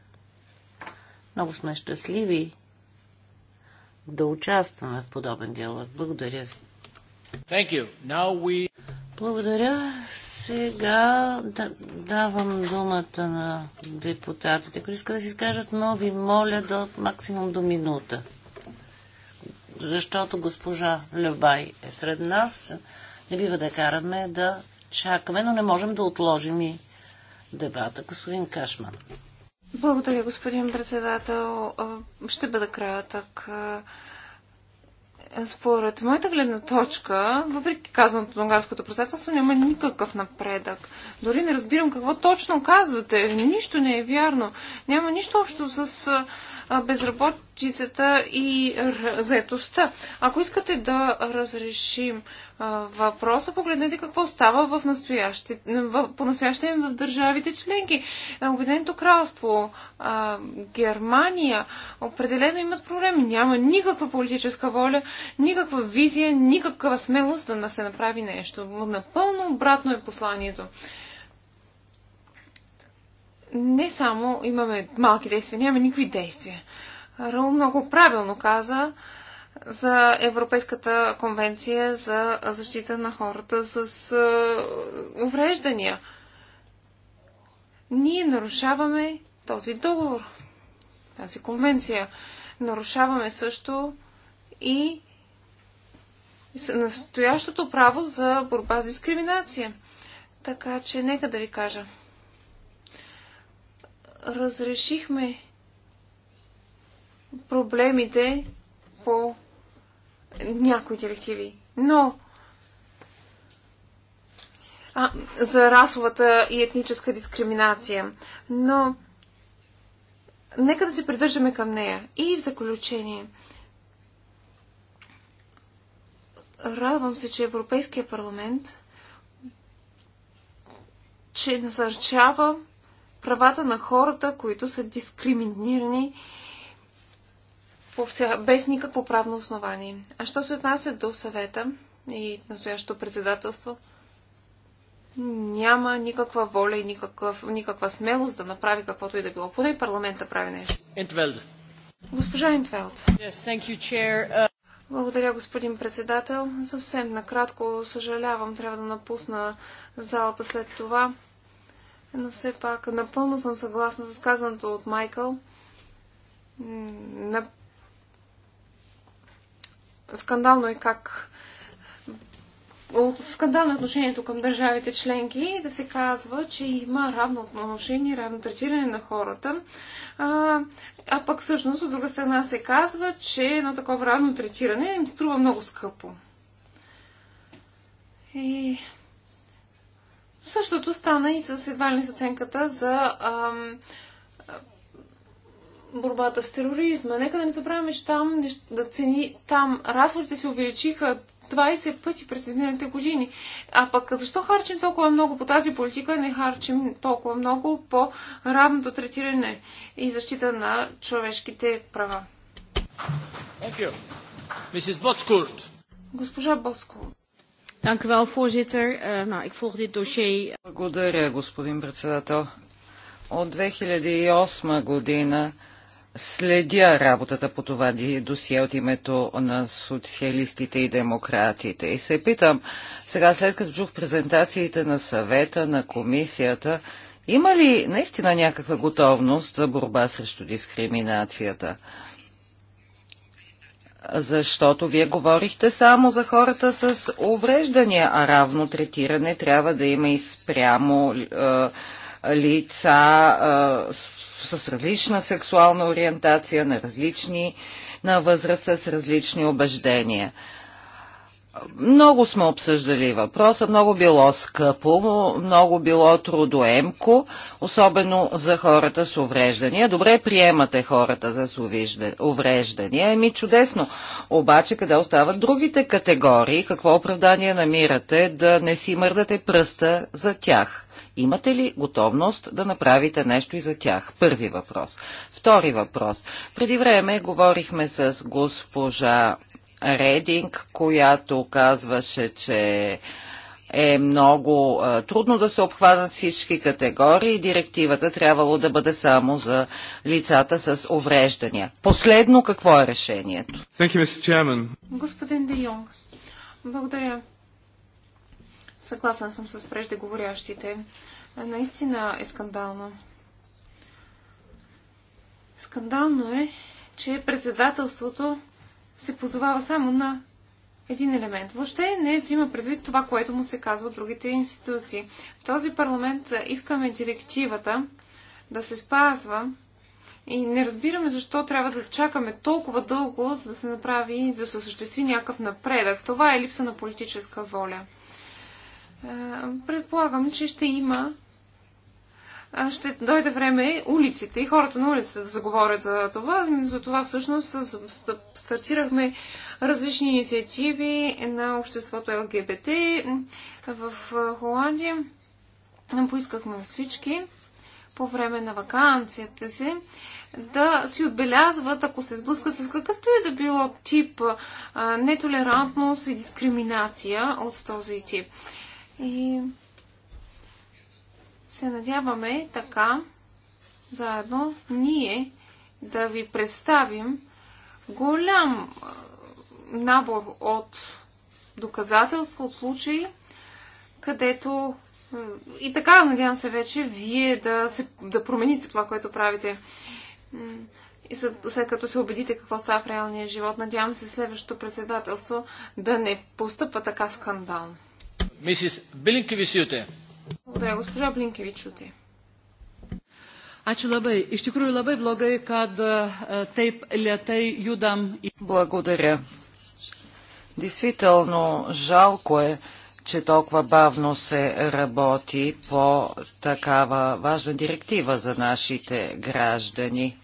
Много сме щастливи да участваме в подобен диалог. Благодаря ви. We... Благодаря. Сега да, давам думата на депутатите, които искат да си скажат, но ви моля до максимум до минута. Защото госпожа Любай е сред нас. Не бива да караме да чакаме, но не можем да отложим и дебата. Господин Кашман. Благодаря, господин председател. Ще бъда кратък според моята гледна точка, въпреки казаното на унгарското председателство, няма никакъв напредък. Дори не разбирам какво точно казвате. Нищо не е вярно. Няма нищо общо с безработицата и заетостта. Ако искате да разрешим въпроса, погледнете какво става в настояще, в, по настояще в държавите членки. Обединеното кралство, а, Германия определено имат проблеми. Няма никаква политическа воля, никаква визия, никаква смелост да се направи нещо. Напълно обратно е посланието. Не само имаме малки действия, нямаме никакви действия. Ръл много правилно каза, за Европейската конвенция за защита на хората с увреждания. Ние нарушаваме този договор, тази конвенция. Нарушаваме също и настоящото право за борба с дискриминация. Така че, нека да ви кажа. Разрешихме проблемите по някои директиви. Но а, за расовата и етническа дискриминация. Но нека да се придържаме към нея. И в заключение. Радвам се, че Европейския парламент че насърчава правата на хората, които са дискриминирани без никакво правно основание. А що се отнася до съвета и настоящото председателство, няма никаква воля и никакъв, никаква смелост да направи каквото и да било. Поне и парламента прави нещо. Интвелд. Госпожа Ентвелд. Yes, thank you, chair. Uh... Благодаря, господин председател. Съвсем накратко съжалявам, трябва да напусна залата след това. Но все пак напълно съм съгласна с казаното от Майкъл скандално е как скандално е отношението към държавите членки да се казва, че има равно отношение, равно третиране на хората. А, а пък всъщност от друга страна се казва, че едно такова равно третиране им струва много скъпо. И... Същото стана и с едва ли с оценката за ам, борбата с тероризма. Нека да не забравяме, че там, да цени, там разходите се увеличиха 20 пъти през изминалите години. А пък защо харчим толкова много по тази политика, не харчим толкова много по равното третиране и защита на човешките права? Госпожа Боцкурт. Eh, Благодаря, господин председател. От 2008 година следя работата по това досие от името на социалистите и демократите. И се питам, сега след като чух презентациите на съвета, на комисията, има ли наистина някаква готовност за борба срещу дискриминацията? Защото вие говорихте само за хората с увреждания, а равно третиране трябва да има и спрямо е, лица е, с различна сексуална ориентация, на различни, на възраст с различни убеждения. Много сме обсъждали въпроса, много било скъпо, много било трудоемко, особено за хората с увреждания. Добре приемате хората с увреждания, еми чудесно. Обаче къде остават другите категории? Какво оправдание намирате да не си мърдате пръста за тях? Имате ли готовност да направите нещо и за тях? Първи въпрос. Втори въпрос. Преди време говорихме с госпожа Рединг, която казваше, че е много а, трудно да се обхванат всички категории. Директивата трябвало да бъде само за лицата с увреждания. Последно какво е решението? You, Господин Де Йонг, благодаря. Съгласна съм с преждеговорящите. Наистина е скандално. Скандално е, че председателството се позовава само на един елемент. Въобще не взима предвид това, което му се казва от другите институции. В този парламент искаме директивата да се спазва и не разбираме защо трябва да чакаме толкова дълго, за да се направи, за да се осъществи някакъв напредък. Това е липса на политическа воля. Е, предполагам, че ще има. Ще дойде време улиците и хората на улицата да заговорят за това. За това всъщност стартирахме различни инициативи на обществото ЛГБТ в е, Холандия. Поискахме от всички по време на вакансията си да си отбелязват, ако се сблъскат с какъвто и да било тип нетолерантност и дискриминация от този тип. И се надяваме така, заедно, ние да ви представим голям набор от доказателства, от случаи, където и така, надявам се вече, вие да, се, да промените това, което правите. И след, след като се убедите какво става в реалния живот, надявам се следващото председателство да не постъпа така скандално. Мисис Билинкевич Благодаря, госпожа Блинкевич Юте. Ačiū labai. Iš tikrųjų labai blogai, kad taip lietai judam. Благодаря. Действително жалко е, че толкова бавно се работи по такава важна директива за нашите граждани.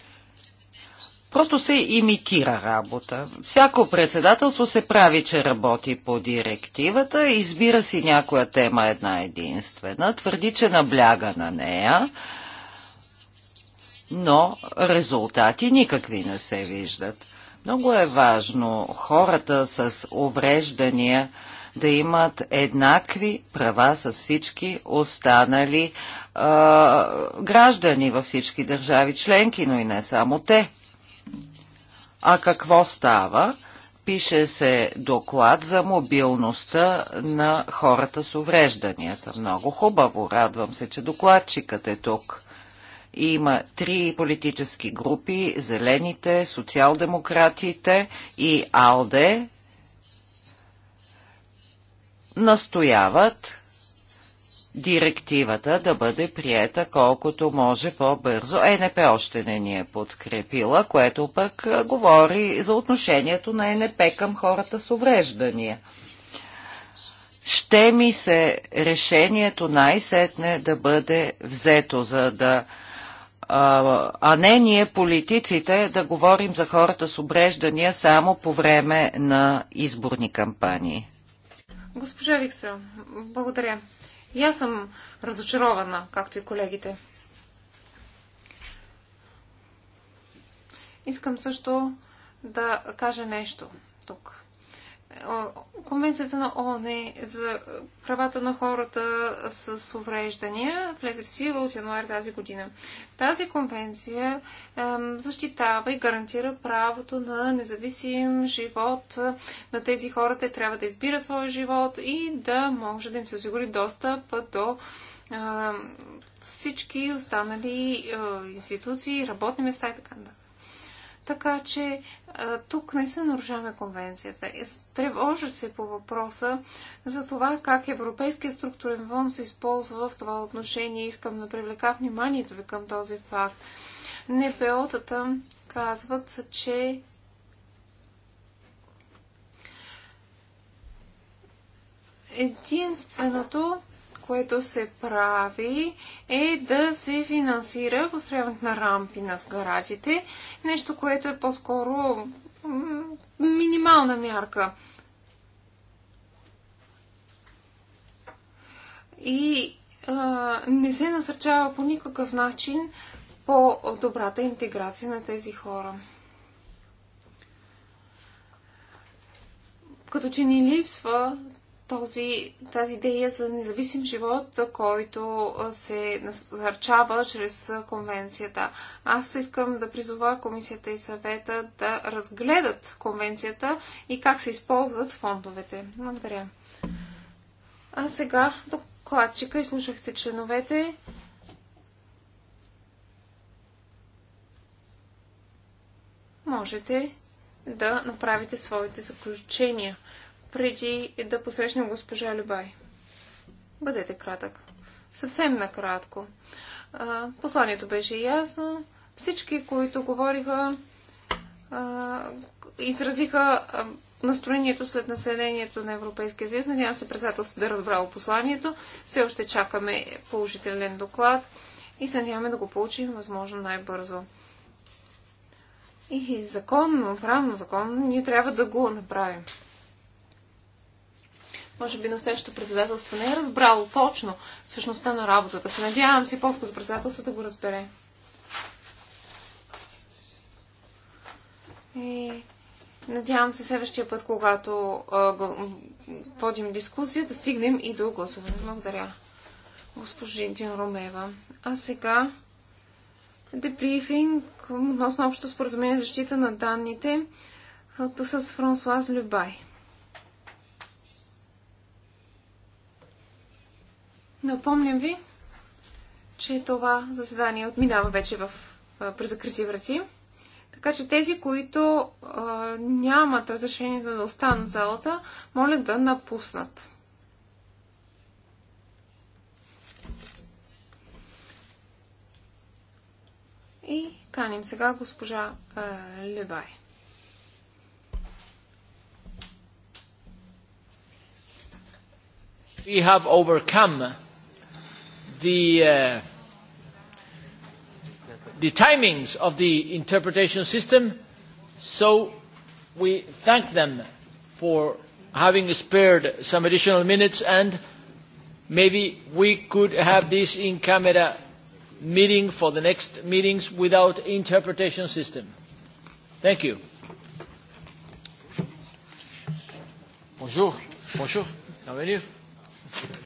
Просто се имитира работа. Всяко председателство се прави, че работи по директивата, избира си някоя тема една единствена, твърди, че набляга на нея, но резултати никакви не се виждат. Много е важно хората с увреждания да имат еднакви права с всички останали е, граждани във всички държави членки, но и не само те. А какво става? Пише се доклад за мобилността на хората с уврежданията. Много хубаво. Радвам се, че докладчикът е тук. Има три политически групи – Зелените, Социал-демократите и АЛДЕ – настояват директивата да бъде приета колкото може по-бързо. Е ЕНП още не ни е подкрепила, което пък говори за отношението на е ЕНП към хората с увреждания. Ще ми се решението най-сетне да бъде взето, за да а не ние политиците да говорим за хората с обреждания само по време на изборни кампании. Госпожа Викстрел, благодаря. И аз съм разочарована, както и колегите. Искам също да кажа нещо тук. Конвенцията на ООН е за правата на хората с увреждания влезе в сила от януари тази година. Тази конвенция защитава и гарантира правото на независим живот на тези хора. Те трябва да избират своя живот и да може да им се осигури достъп до всички останали е, институции, работни места и така нататък. Така че тук не се нарушаваме конвенцията. Тревожа се по въпроса за това как Европейския структурен фонд се използва в това отношение. Искам да привлека вниманието ви към този факт. НПО-тата казват, че единственото което се прави, е да се финансира построяването на рампи на сградите, нещо, което е по-скоро минимална мярка. И а, не се насърчава по никакъв начин по-добрата интеграция на тези хора. Като че ни липсва този, тази идея за независим живот, който се насърчава чрез конвенцията. Аз искам да призова комисията и съвета да разгледат конвенцията и как се използват фондовете. Благодаря. А сега докладчика слушахте членовете. Можете да направите своите заключения преди да посрещнем госпожа Любай. Бъдете кратък. Съвсем накратко. Посланието беше ясно. Всички, които говориха, изразиха настроението след населението на Европейския съюз. Надявам се председателство да е разбрало посланието. Все още чакаме положителен доклад и се надяваме да го получим възможно най-бързо. И законно, правно законно, ние трябва да го направим. Може би на следващото председателство не е разбрало точно същността на работата. Се надявам си скоро председателство да го разбере. И надявам се следващия път, когато а, водим дискусия, да стигнем и до гласуване. Благодаря, госпожи Дин Ромева. А сега дебрифинг относно общо споразумение за защита на данните с Франсуаз Любай. Напомням ви, че това заседание отминава вече в, през закрити врати. Така че тези, които а, нямат разрешението да останат в залата, моля да напуснат. И каним сега госпожа а, Лебай. We have overcome the, uh, the timings of the interpretation system, so we thank them for having spared some additional minutes and maybe we could have this in camera meeting for the next meetings without interpretation system. Thank you. Bonjour. Bonjour. Bienvenue.